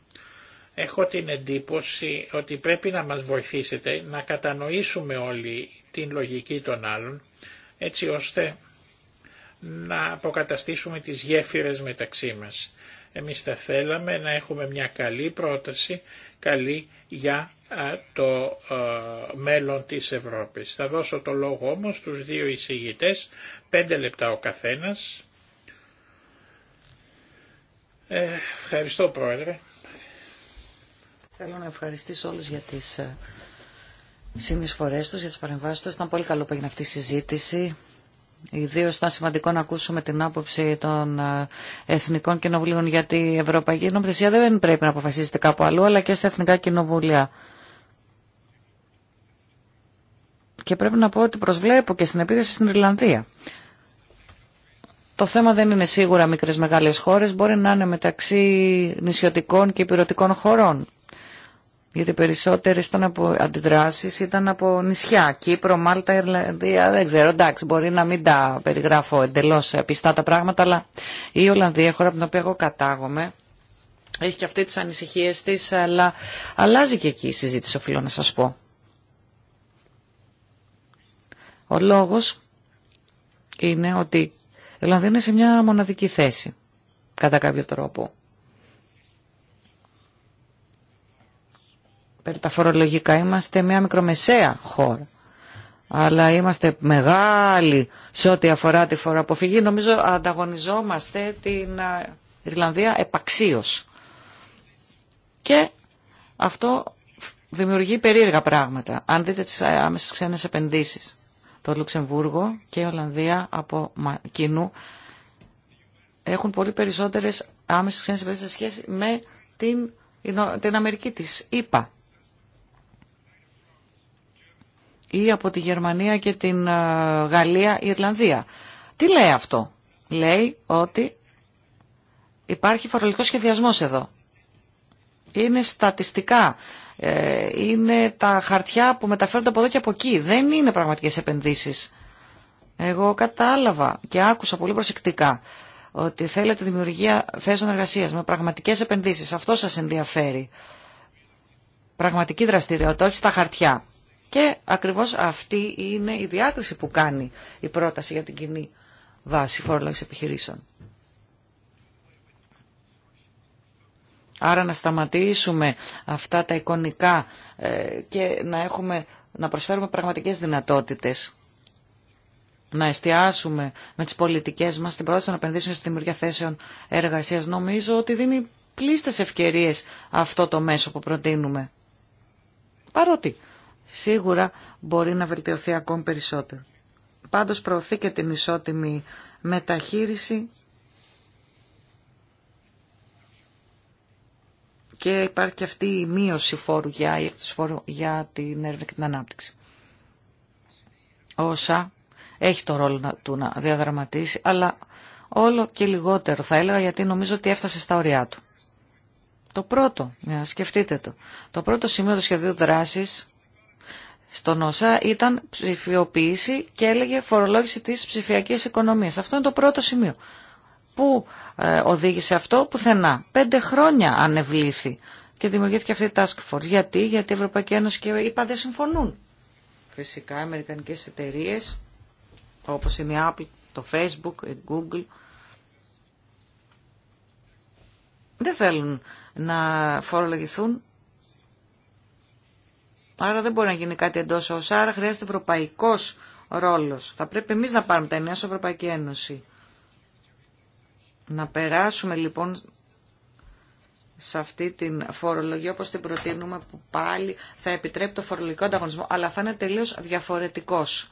S2: έχω την εντύπωση ότι πρέπει να μας βοηθήσετε να κατανοήσουμε όλοι την λογική των άλλων έτσι ώστε να αποκαταστήσουμε τις γέφυρες μεταξύ μας. Εμείς θα θέλαμε να έχουμε μια καλή πρόταση, καλή για το μέλλον της Ευρώπης. Θα δώσω το λόγο όμως στους δύο εισηγητές, πέντε λεπτά ο καθένας. Ε, ευχαριστώ Πρόεδρε.
S3: Θέλω να ευχαριστήσω όλους για τις ε, συνεισφορές τους, για τις παρεμβάσεις τους. Ήταν πολύ καλό που έγινε αυτή η συζήτηση. Ιδίω ήταν σημαντικό να ακούσουμε την άποψη των ε, Εθνικών Κοινοβουλίων, γιατί η Ευρωπαϊκή Νομοθεσία δεν πρέπει να αποφασίζεται κάπου αλλού, αλλά και στα Εθνικά Κοινοβούλια. Και πρέπει να πω ότι προσβλέπω και στην επίθεση στην Ιρλανδία. Το θέμα δεν είναι σίγουρα μικρές μεγάλες χώρες, μπορεί να είναι μεταξύ νησιωτικών και υπηρετικών χωρών. Γιατί περισσότερε ήταν από αντιδράσεις ήταν από νησιά. Κύπρο, Μάλτα, Ιρλανδία, δεν ξέρω. Εντάξει, μπορεί να μην τα περιγράφω εντελώ πιστά τα πράγματα, αλλά η Ολλανδία, χώρα από την οποία εγώ κατάγομαι, έχει και αυτή τις ανησυχίε τη, αλλά αλλάζει και εκεί η συζήτηση, οφείλω να σας πω. Ο λόγος είναι ότι η Ολλανδία είναι σε μια μοναδική θέση, κατά κάποιο τρόπο. περί τα φορολογικά. Είμαστε μια μικρομεσαία χώρα. Αλλά είμαστε μεγάλοι σε ό,τι αφορά τη φοροαποφυγή. Νομίζω ανταγωνιζόμαστε την Ιρλανδία επαξίως. Και αυτό δημιουργεί περίεργα πράγματα. Αν δείτε τις ε, άμεσες ξένες επενδύσεις, το Λουξεμβούργο και η Ολλανδία από κοινού έχουν πολύ περισσότερες άμεσες ξένες επενδύσεις σε σχέση με την, την Αμερική της ΗΠΑ. ή από τη Γερμανία και την ε, Γαλλία, η Ιρλανδία. Τι λέει αυτό. Λέει ότι υπάρχει φορολογικός σχεδιασμός εδώ. Είναι στατιστικά. Ε, είναι τα χαρτιά που μεταφέρονται από εδώ και από εκεί. Δεν είναι πραγματικές επενδύσεις. Εγώ κατάλαβα και άκουσα πολύ προσεκτικά ότι θέλετε δημιουργία θέσεων εργασία με πραγματικές επενδύσεις. Αυτό σας ενδιαφέρει. Πραγματική δραστηριότητα, όχι στα χαρτιά. Και ακριβώς αυτή είναι η διάκριση που κάνει η πρόταση για την κοινή βάση φορολόγηση επιχειρήσεων. Άρα να σταματήσουμε αυτά τα εικονικά ε, και να, έχουμε, να προσφέρουμε πραγματικές δυνατότητες. Να εστιάσουμε με τις πολιτικές μας την πρόταση να επενδύσουμε στη δημιουργία θέσεων εργασίας. Νομίζω ότι δίνει πλήστες ευκαιρίες αυτό το μέσο που προτείνουμε. Παρότι σίγουρα μπορεί να βελτιωθεί ακόμη περισσότερο. Πάντως προωθεί και την ισότιμη μεταχείριση και υπάρχει και αυτή η μείωση φόρου για, φόρου για την έρευνα και την ανάπτυξη. Όσα έχει το ρόλο του να διαδραματίσει, αλλά όλο και λιγότερο θα έλεγα γιατί νομίζω ότι έφτασε στα ωριά του. Το πρώτο, σκεφτείτε το, το πρώτο σημείο του σχεδίου δράσης στον ΩΣΑ ήταν ψηφιοποίηση και έλεγε φορολόγηση της ψηφιακής οικονομίας. Αυτό είναι το πρώτο σημείο. Πού ε, οδήγησε αυτό, πουθενά. Πέντε χρόνια ανεβλήθη και δημιουργήθηκε αυτή η task force. Γιατί, γιατί η Ευρωπαϊκή Ένωση και οι δεν συμφωνούν. Φυσικά, οι αμερικανικές εταιρείε, όπως είναι η Apple, το Facebook, η Google, δεν θέλουν να φορολογηθούν Άρα δεν μπορεί να γίνει κάτι εντό όσα. Άρα χρειάζεται ευρωπαϊκό ρόλο. Θα πρέπει εμεί να πάρουμε τα εννέα στην Ευρωπαϊκή Ένωση. Να περάσουμε λοιπόν σε αυτή την φορολογία όπως την προτείνουμε που πάλι θα επιτρέπει το φορολογικό ανταγωνισμό αλλά θα είναι τελείως διαφορετικός.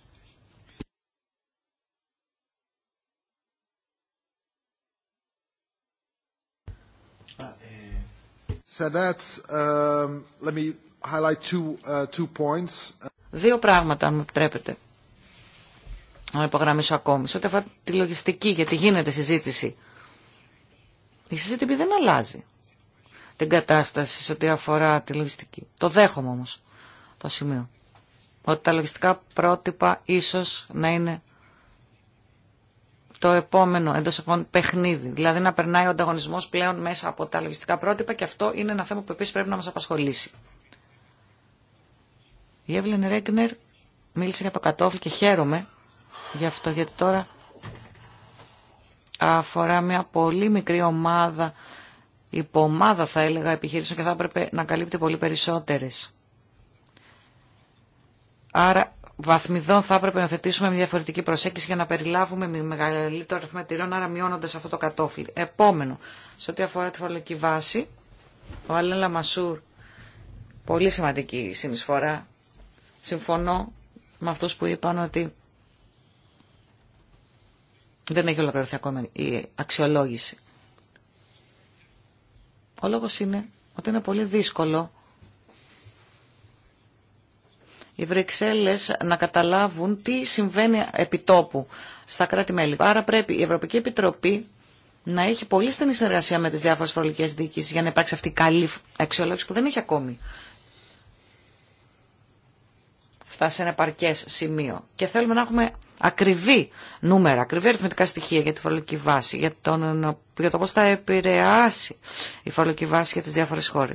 S6: So that's, um, let me... Uh, Δύο
S3: πράγματα, αν με επιτρέπετε, να υπογραμμίσω ακόμη. Σε ό,τι αφορά τη λογιστική, γιατί γίνεται συζήτηση. Η συζήτηση δεν αλλάζει την κατάσταση σε ό,τι αφορά τη λογιστική. Το δέχομαι όμως το σημείο. Ότι τα λογιστικά πρότυπα ίσως να είναι το επόμενο εντό εφών παιχνίδι. Δηλαδή να περνάει ο ανταγωνισμό πλέον μέσα από τα λογιστικά πρότυπα και αυτό είναι ένα θέμα που επίση πρέπει να μα απασχολήσει. Η Εύλεν Ρέγκνερ μίλησε για το κατόφλι και χαίρομαι γι' αυτό γιατί τώρα αφορά μια πολύ μικρή ομάδα, υπομάδα θα έλεγα επιχείρησεων και θα έπρεπε να καλύπτει πολύ περισσότερες. Άρα βαθμιδών θα έπρεπε να θετήσουμε μια διαφορετική προσέγγιση για να περιλάβουμε μεγαλύτερο αριθμό άρα μειώνοντα αυτό το κατόφλι. Επόμενο, σε ό,τι αφορά τη φορολογική βάση, ο Αλέλα Μασούρ, πολύ σημαντική συνεισφορά Συμφωνώ με αυτούς που είπαν ότι δεν έχει ολοκληρωθεί ακόμα η αξιολόγηση. Ο λόγος είναι ότι είναι πολύ δύσκολο οι Βρυξέλλες να καταλάβουν τι συμβαίνει επιτόπου στα κράτη-μέλη. Άρα πρέπει η Ευρωπαϊκή Επιτροπή να έχει πολύ στενή συνεργασία με τις διάφορες φορολογικές διοικήσεις για να υπάρξει αυτή η καλή αξιολόγηση που δεν έχει ακόμη σε ένα επαρκέ σημείο. Και θέλουμε να έχουμε ακριβή νούμερα, ακριβή αριθμητικά στοιχεία για τη φορολογική βάση, για, τον, για το πώ θα επηρεάσει η φορολογική βάση για τι διάφορε χώρε.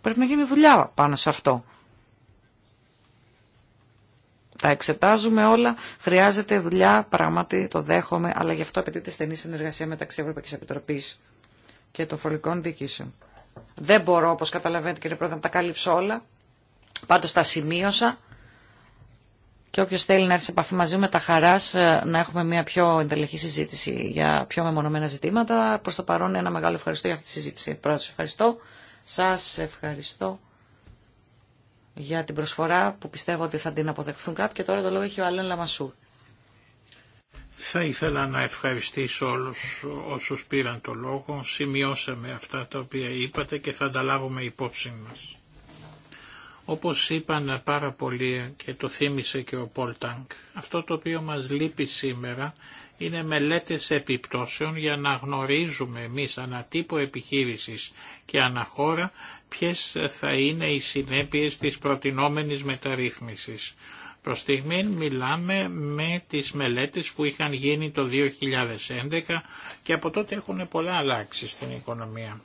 S3: Πρέπει να γίνει δουλειά πάνω σε αυτό. Τα εξετάζουμε όλα. Χρειάζεται δουλειά, πράγματι το δέχομαι, αλλά γι' αυτό απαιτείται στενή συνεργασία μεταξύ Ευρωπαϊκή Επιτροπή και των φορολογικών διοικήσεων. Δεν μπορώ, όπω καταλαβαίνετε κύριε Πρόεδρε, να τα κάλυψω όλα. Πάντω τα σημείωσα και όποιο θέλει να έρθει σε επαφή μαζί με τα χαρά ε, να έχουμε μια πιο εντελεχή συζήτηση για πιο μεμονωμένα ζητήματα. Προς το παρόν ένα μεγάλο ευχαριστώ για αυτή τη συζήτηση. Πρώτα σας ευχαριστώ. Σας ευχαριστώ για την προσφορά που πιστεύω ότι θα την αποδεχθούν κάποιοι και τώρα το λόγο έχει ο Αλέν Λαμασούρ.
S2: Θα ήθελα να ευχαριστήσω όλους όσους πήραν το λόγο. Σημειώσαμε αυτά τα οποία είπατε και θα ανταλάβουμε υπόψη μας. Όπως είπαν πάρα πολύ και το θύμισε και ο Πολ αυτό το οποίο μας λείπει σήμερα είναι μελέτες επιπτώσεων για να γνωρίζουμε εμείς ανά τύπο επιχείρησης και αναχώρα ποιες θα είναι οι συνέπειες της προτινόμενης μεταρρύθμισης. Προς στιγμή μιλάμε με τις μελέτες που είχαν γίνει το 2011 και από τότε έχουν πολλά αλλάξει στην οικονομία.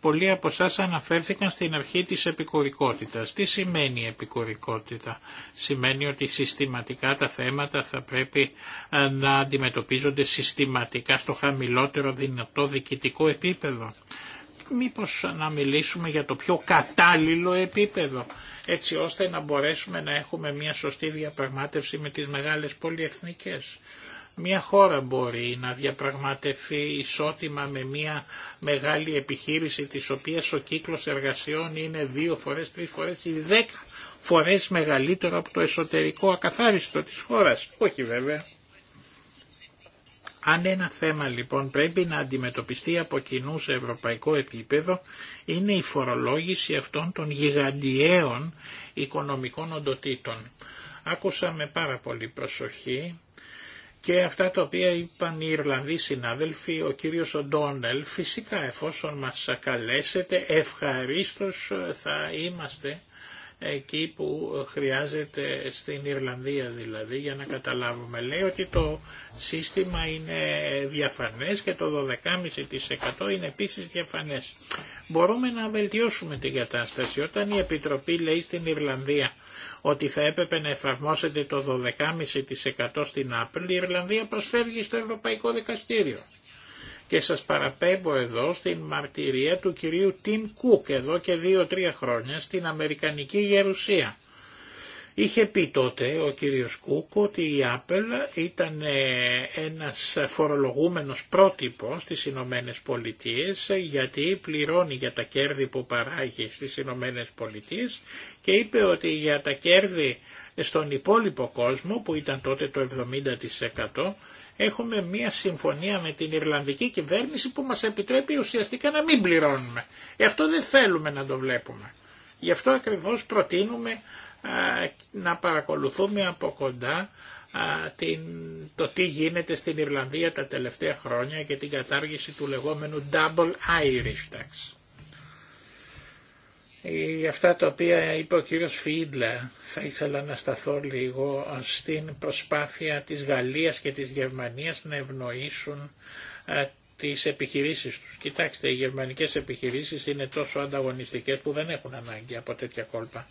S2: Πολλοί από εσά αναφέρθηκαν στην αρχή της επικουρικότητας. Τι σημαίνει επικουρικότητα. Σημαίνει ότι συστηματικά τα θέματα θα πρέπει ε, να αντιμετωπίζονται συστηματικά στο χαμηλότερο δυνατό διοικητικό επίπεδο. Μήπως να μιλήσουμε για το πιο κατάλληλο επίπεδο, έτσι ώστε να μπορέσουμε να έχουμε μια σωστή διαπραγμάτευση με τις μεγάλες πολυεθνικές. Μια χώρα μπορεί να διαπραγματευτεί ισότιμα με μια μεγάλη επιχείρηση της οποίας ο κύκλος εργασιών είναι δύο φορές, τρεις φορές ή δέκα φορές μεγαλύτερο από το εσωτερικό ακαθάριστο της χώρας. Όχι βέβαια. Αν ένα θέμα λοιπόν πρέπει να αντιμετωπιστεί από κοινού σε ευρωπαϊκό επίπεδο είναι η φορολόγηση αυτών των γιγαντιαίων οικονομικών οντοτήτων. Άκουσα με πάρα πολύ προσοχή και αυτά τα οποία είπαν οι Ιρλανδοί συνάδελφοι, ο κύριος Οντόνελ, φυσικά εφόσον μας καλέσετε, ευχαρίστως θα είμαστε εκεί που χρειάζεται στην Ιρλανδία δηλαδή για να καταλάβουμε. Λέει ότι το σύστημα είναι διαφανές και το 12,5% είναι επίσης διαφανές. Μπορούμε να βελτιώσουμε την κατάσταση. Όταν η Επιτροπή λέει στην Ιρλανδία ότι θα έπρεπε να εφαρμόσετε το 12,5% στην Apple, η Ιρλανδία προσφεύγει στο Ευρωπαϊκό Δικαστήριο. Και σας παραπέμπω εδώ στην μαρτυρία του κυρίου Τιν Κούκ εδώ και δυο 3 χρόνια στην Αμερικανική Γερουσία Είχε πει τότε ο κύριος Κούκ ότι η Apple ήταν ε, ένας φορολογούμενος πρότυπο στις Ηνωμένε Πολιτείε γιατί πληρώνει για τα κέρδη που παράγει στις Ηνωμένε Πολιτείε και είπε ότι για τα κέρδη στον υπόλοιπο κόσμο που ήταν τότε το 70% έχουμε μια συμφωνία με την Ιρλανδική κυβέρνηση που μας επιτρέπει ουσιαστικά να μην πληρώνουμε. Ε, αυτό δεν θέλουμε να το βλέπουμε. Γι' αυτό ακριβώς προτείνουμε να παρακολουθούμε από κοντά το τι γίνεται στην Ιρλανδία τα τελευταία χρόνια και την κατάργηση του λεγόμενου Double Irish Tax. Για ε, αυτά τα οποία είπε ο κύριος Φίντλα θα ήθελα να σταθώ λίγο στην προσπάθεια της Γαλλίας και της Γερμανίας να ευνοήσουν τις επιχειρήσεις τους. Κοιτάξτε, οι γερμανικές επιχειρήσεις είναι τόσο ανταγωνιστικές που δεν έχουν ανάγκη από τέτοια κόλπα.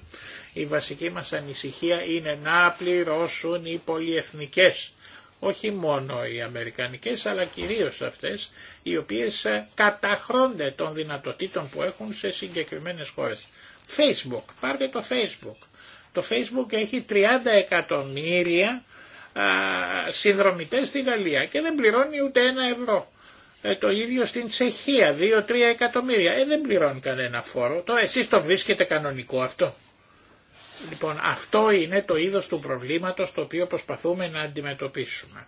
S2: Η βασική μας ανησυχία είναι να πληρώσουν οι πολυεθνικές, όχι μόνο οι αμερικανικές, αλλά κυρίως αυτές, οι οποίες ε, καταχρώνται των δυνατοτήτων που έχουν σε συγκεκριμένες χώρες. Facebook, πάρτε το Facebook. Το Facebook έχει 30 εκατομμύρια συνδρομητές στη Γαλλία και δεν πληρώνει ούτε ένα ευρώ. Ε, το ίδιο στην Τσεχία, 2-3 εκατομμύρια. Ε, δεν πληρώνει κανένα φόρο. Τώρα εσείς το βρίσκετε κανονικό αυτό. Λοιπόν, αυτό είναι το είδος του προβλήματος το οποίο προσπαθούμε να αντιμετωπίσουμε.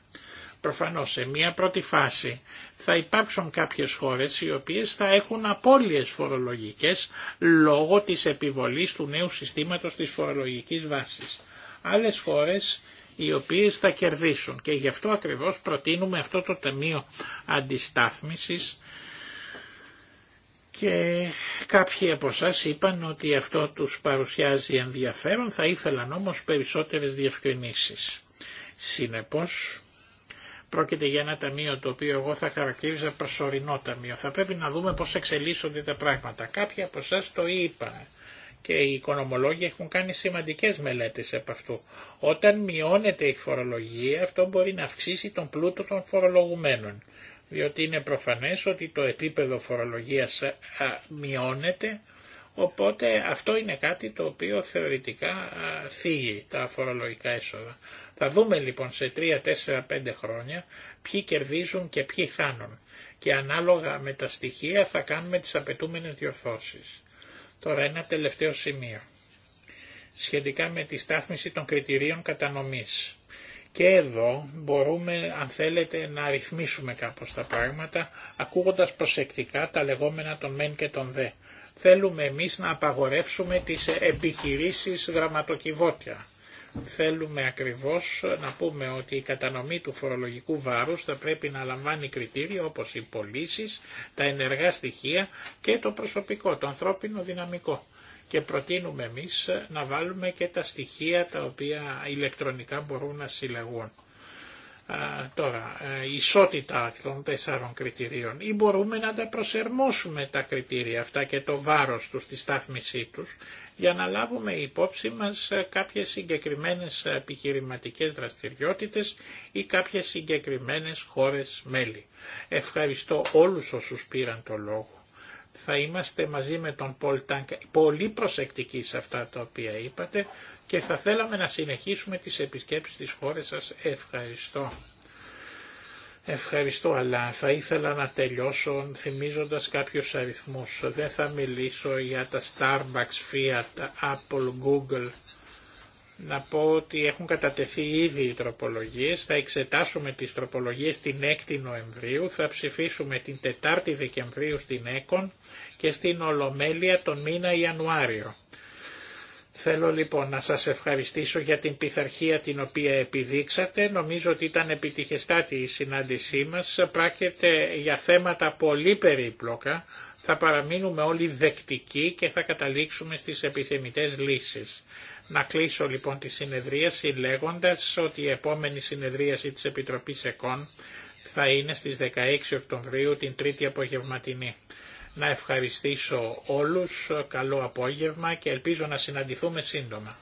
S2: Προφανώς σε μία πρώτη φάση θα υπάρξουν κάποιες χώρες οι οποίες θα έχουν απώλειες φορολογικές λόγω της επιβολής του νέου συστήματος της φορολογικής βάσης. Άλλες χώρες οι οποίες θα κερδίσουν και γι' αυτό ακριβώς προτείνουμε αυτό το Ταμείο Αντιστάθμισης και κάποιοι από εσά είπαν ότι αυτό τους παρουσιάζει ενδιαφέρον, θα ήθελαν όμως περισσότερες διευκρινήσεις. Συνεπώς, πρόκειται για ένα ταμείο το οποίο εγώ θα χαρακτήριζα προσωρινό ταμείο. Θα πρέπει να δούμε πώς εξελίσσονται τα πράγματα. Κάποιοι από εσά το είπαν και οι οικονομολόγοι έχουν κάνει σημαντικές μελέτες επ' αυτού. Όταν μειώνεται η φορολογία αυτό μπορεί να αυξήσει τον πλούτο των φορολογουμένων, διότι είναι προφανές ότι το επίπεδο φορολογίας ε, μειώνεται, οπότε αυτό είναι κάτι το οποίο θεωρητικά θίγει τα φορολογικά έσοδα. Θα δούμε λοιπόν σε 3, 4, 5 χρόνια ποιοι κερδίζουν και ποιοι χάνουν και ανάλογα με τα στοιχεία θα κάνουμε τις απαιτούμενες διορθώσεις. Τώρα ένα τελευταίο σημείο σχετικά με τη στάθμιση των κριτηρίων κατανομής. Και εδώ μπορούμε, αν θέλετε, να ρυθμίσουμε κάπως τα πράγματα, ακούγοντας προσεκτικά τα λεγόμενα των μεν και των δε. Θέλουμε εμείς να απαγορεύσουμε τις επιχειρήσεις γραμματοκιβώτια. Θέλουμε ακριβώς να πούμε ότι η κατανομή του φορολογικού βάρους θα πρέπει να λαμβάνει κριτήρια όπως οι πωλήσει, τα ενεργά στοιχεία και το προσωπικό, το ανθρώπινο δυναμικό. Και προτείνουμε εμείς να βάλουμε και τα στοιχεία τα οποία ηλεκτρονικά μπορούν να συλλεγούν τώρα ε, ισότητα των τεσσάρων κριτηρίων ή μπορούμε να τα προσερμόσουμε τα κριτήρια αυτά και το βάρος τους, τη στάθμισή τους για να λάβουμε υπόψη μας ε, κάποιες συγκεκριμένες επιχειρηματικές δραστηριότητες ή κάποιες συγκεκριμένες χώρες μέλη. Ευχαριστώ όλους όσους πήραν το λόγο. Θα είμαστε μαζί με τον Πολ Τάνκα πολύ προσεκτικοί σε αυτά τα οποία είπατε και θα θέλαμε να συνεχίσουμε τις επισκέψεις της χώρας σας. Ευχαριστώ. Ευχαριστώ, αλλά θα ήθελα να τελειώσω θυμίζοντας κάποιους αριθμούς. Δεν θα μιλήσω για τα Starbucks, Fiat, Apple, Google. Να πω ότι έχουν κατατεθεί ήδη οι τροπολογίες, θα εξετάσουμε τις τροπολογίες την 6η Νοεμβρίου, θα ψηφίσουμε την 4η Δεκεμβρίου στην ΕΚΟΝ και στην Ολομέλεια τον μήνα Ιανουάριο. Θέλω λοιπόν να σας ευχαριστήσω για την πειθαρχία την οποία επιδείξατε. Νομίζω ότι ήταν επιτυχεστάτη η συνάντησή μας. Πράκεται για θέματα πολύ περίπλοκα. Θα παραμείνουμε όλοι δεκτικοί και θα καταλήξουμε στις επιθυμητές λύσεις. Να κλείσω λοιπόν τη συνεδρίαση λέγοντας ότι η επόμενη συνεδρίαση της Επιτροπής ΕΚΟΝ θα είναι στις 16 Οκτωβρίου την τρίτη απογευματινή να ευχαριστήσω όλους. Καλό απόγευμα και ελπίζω να συναντηθούμε
S4: σύντομα.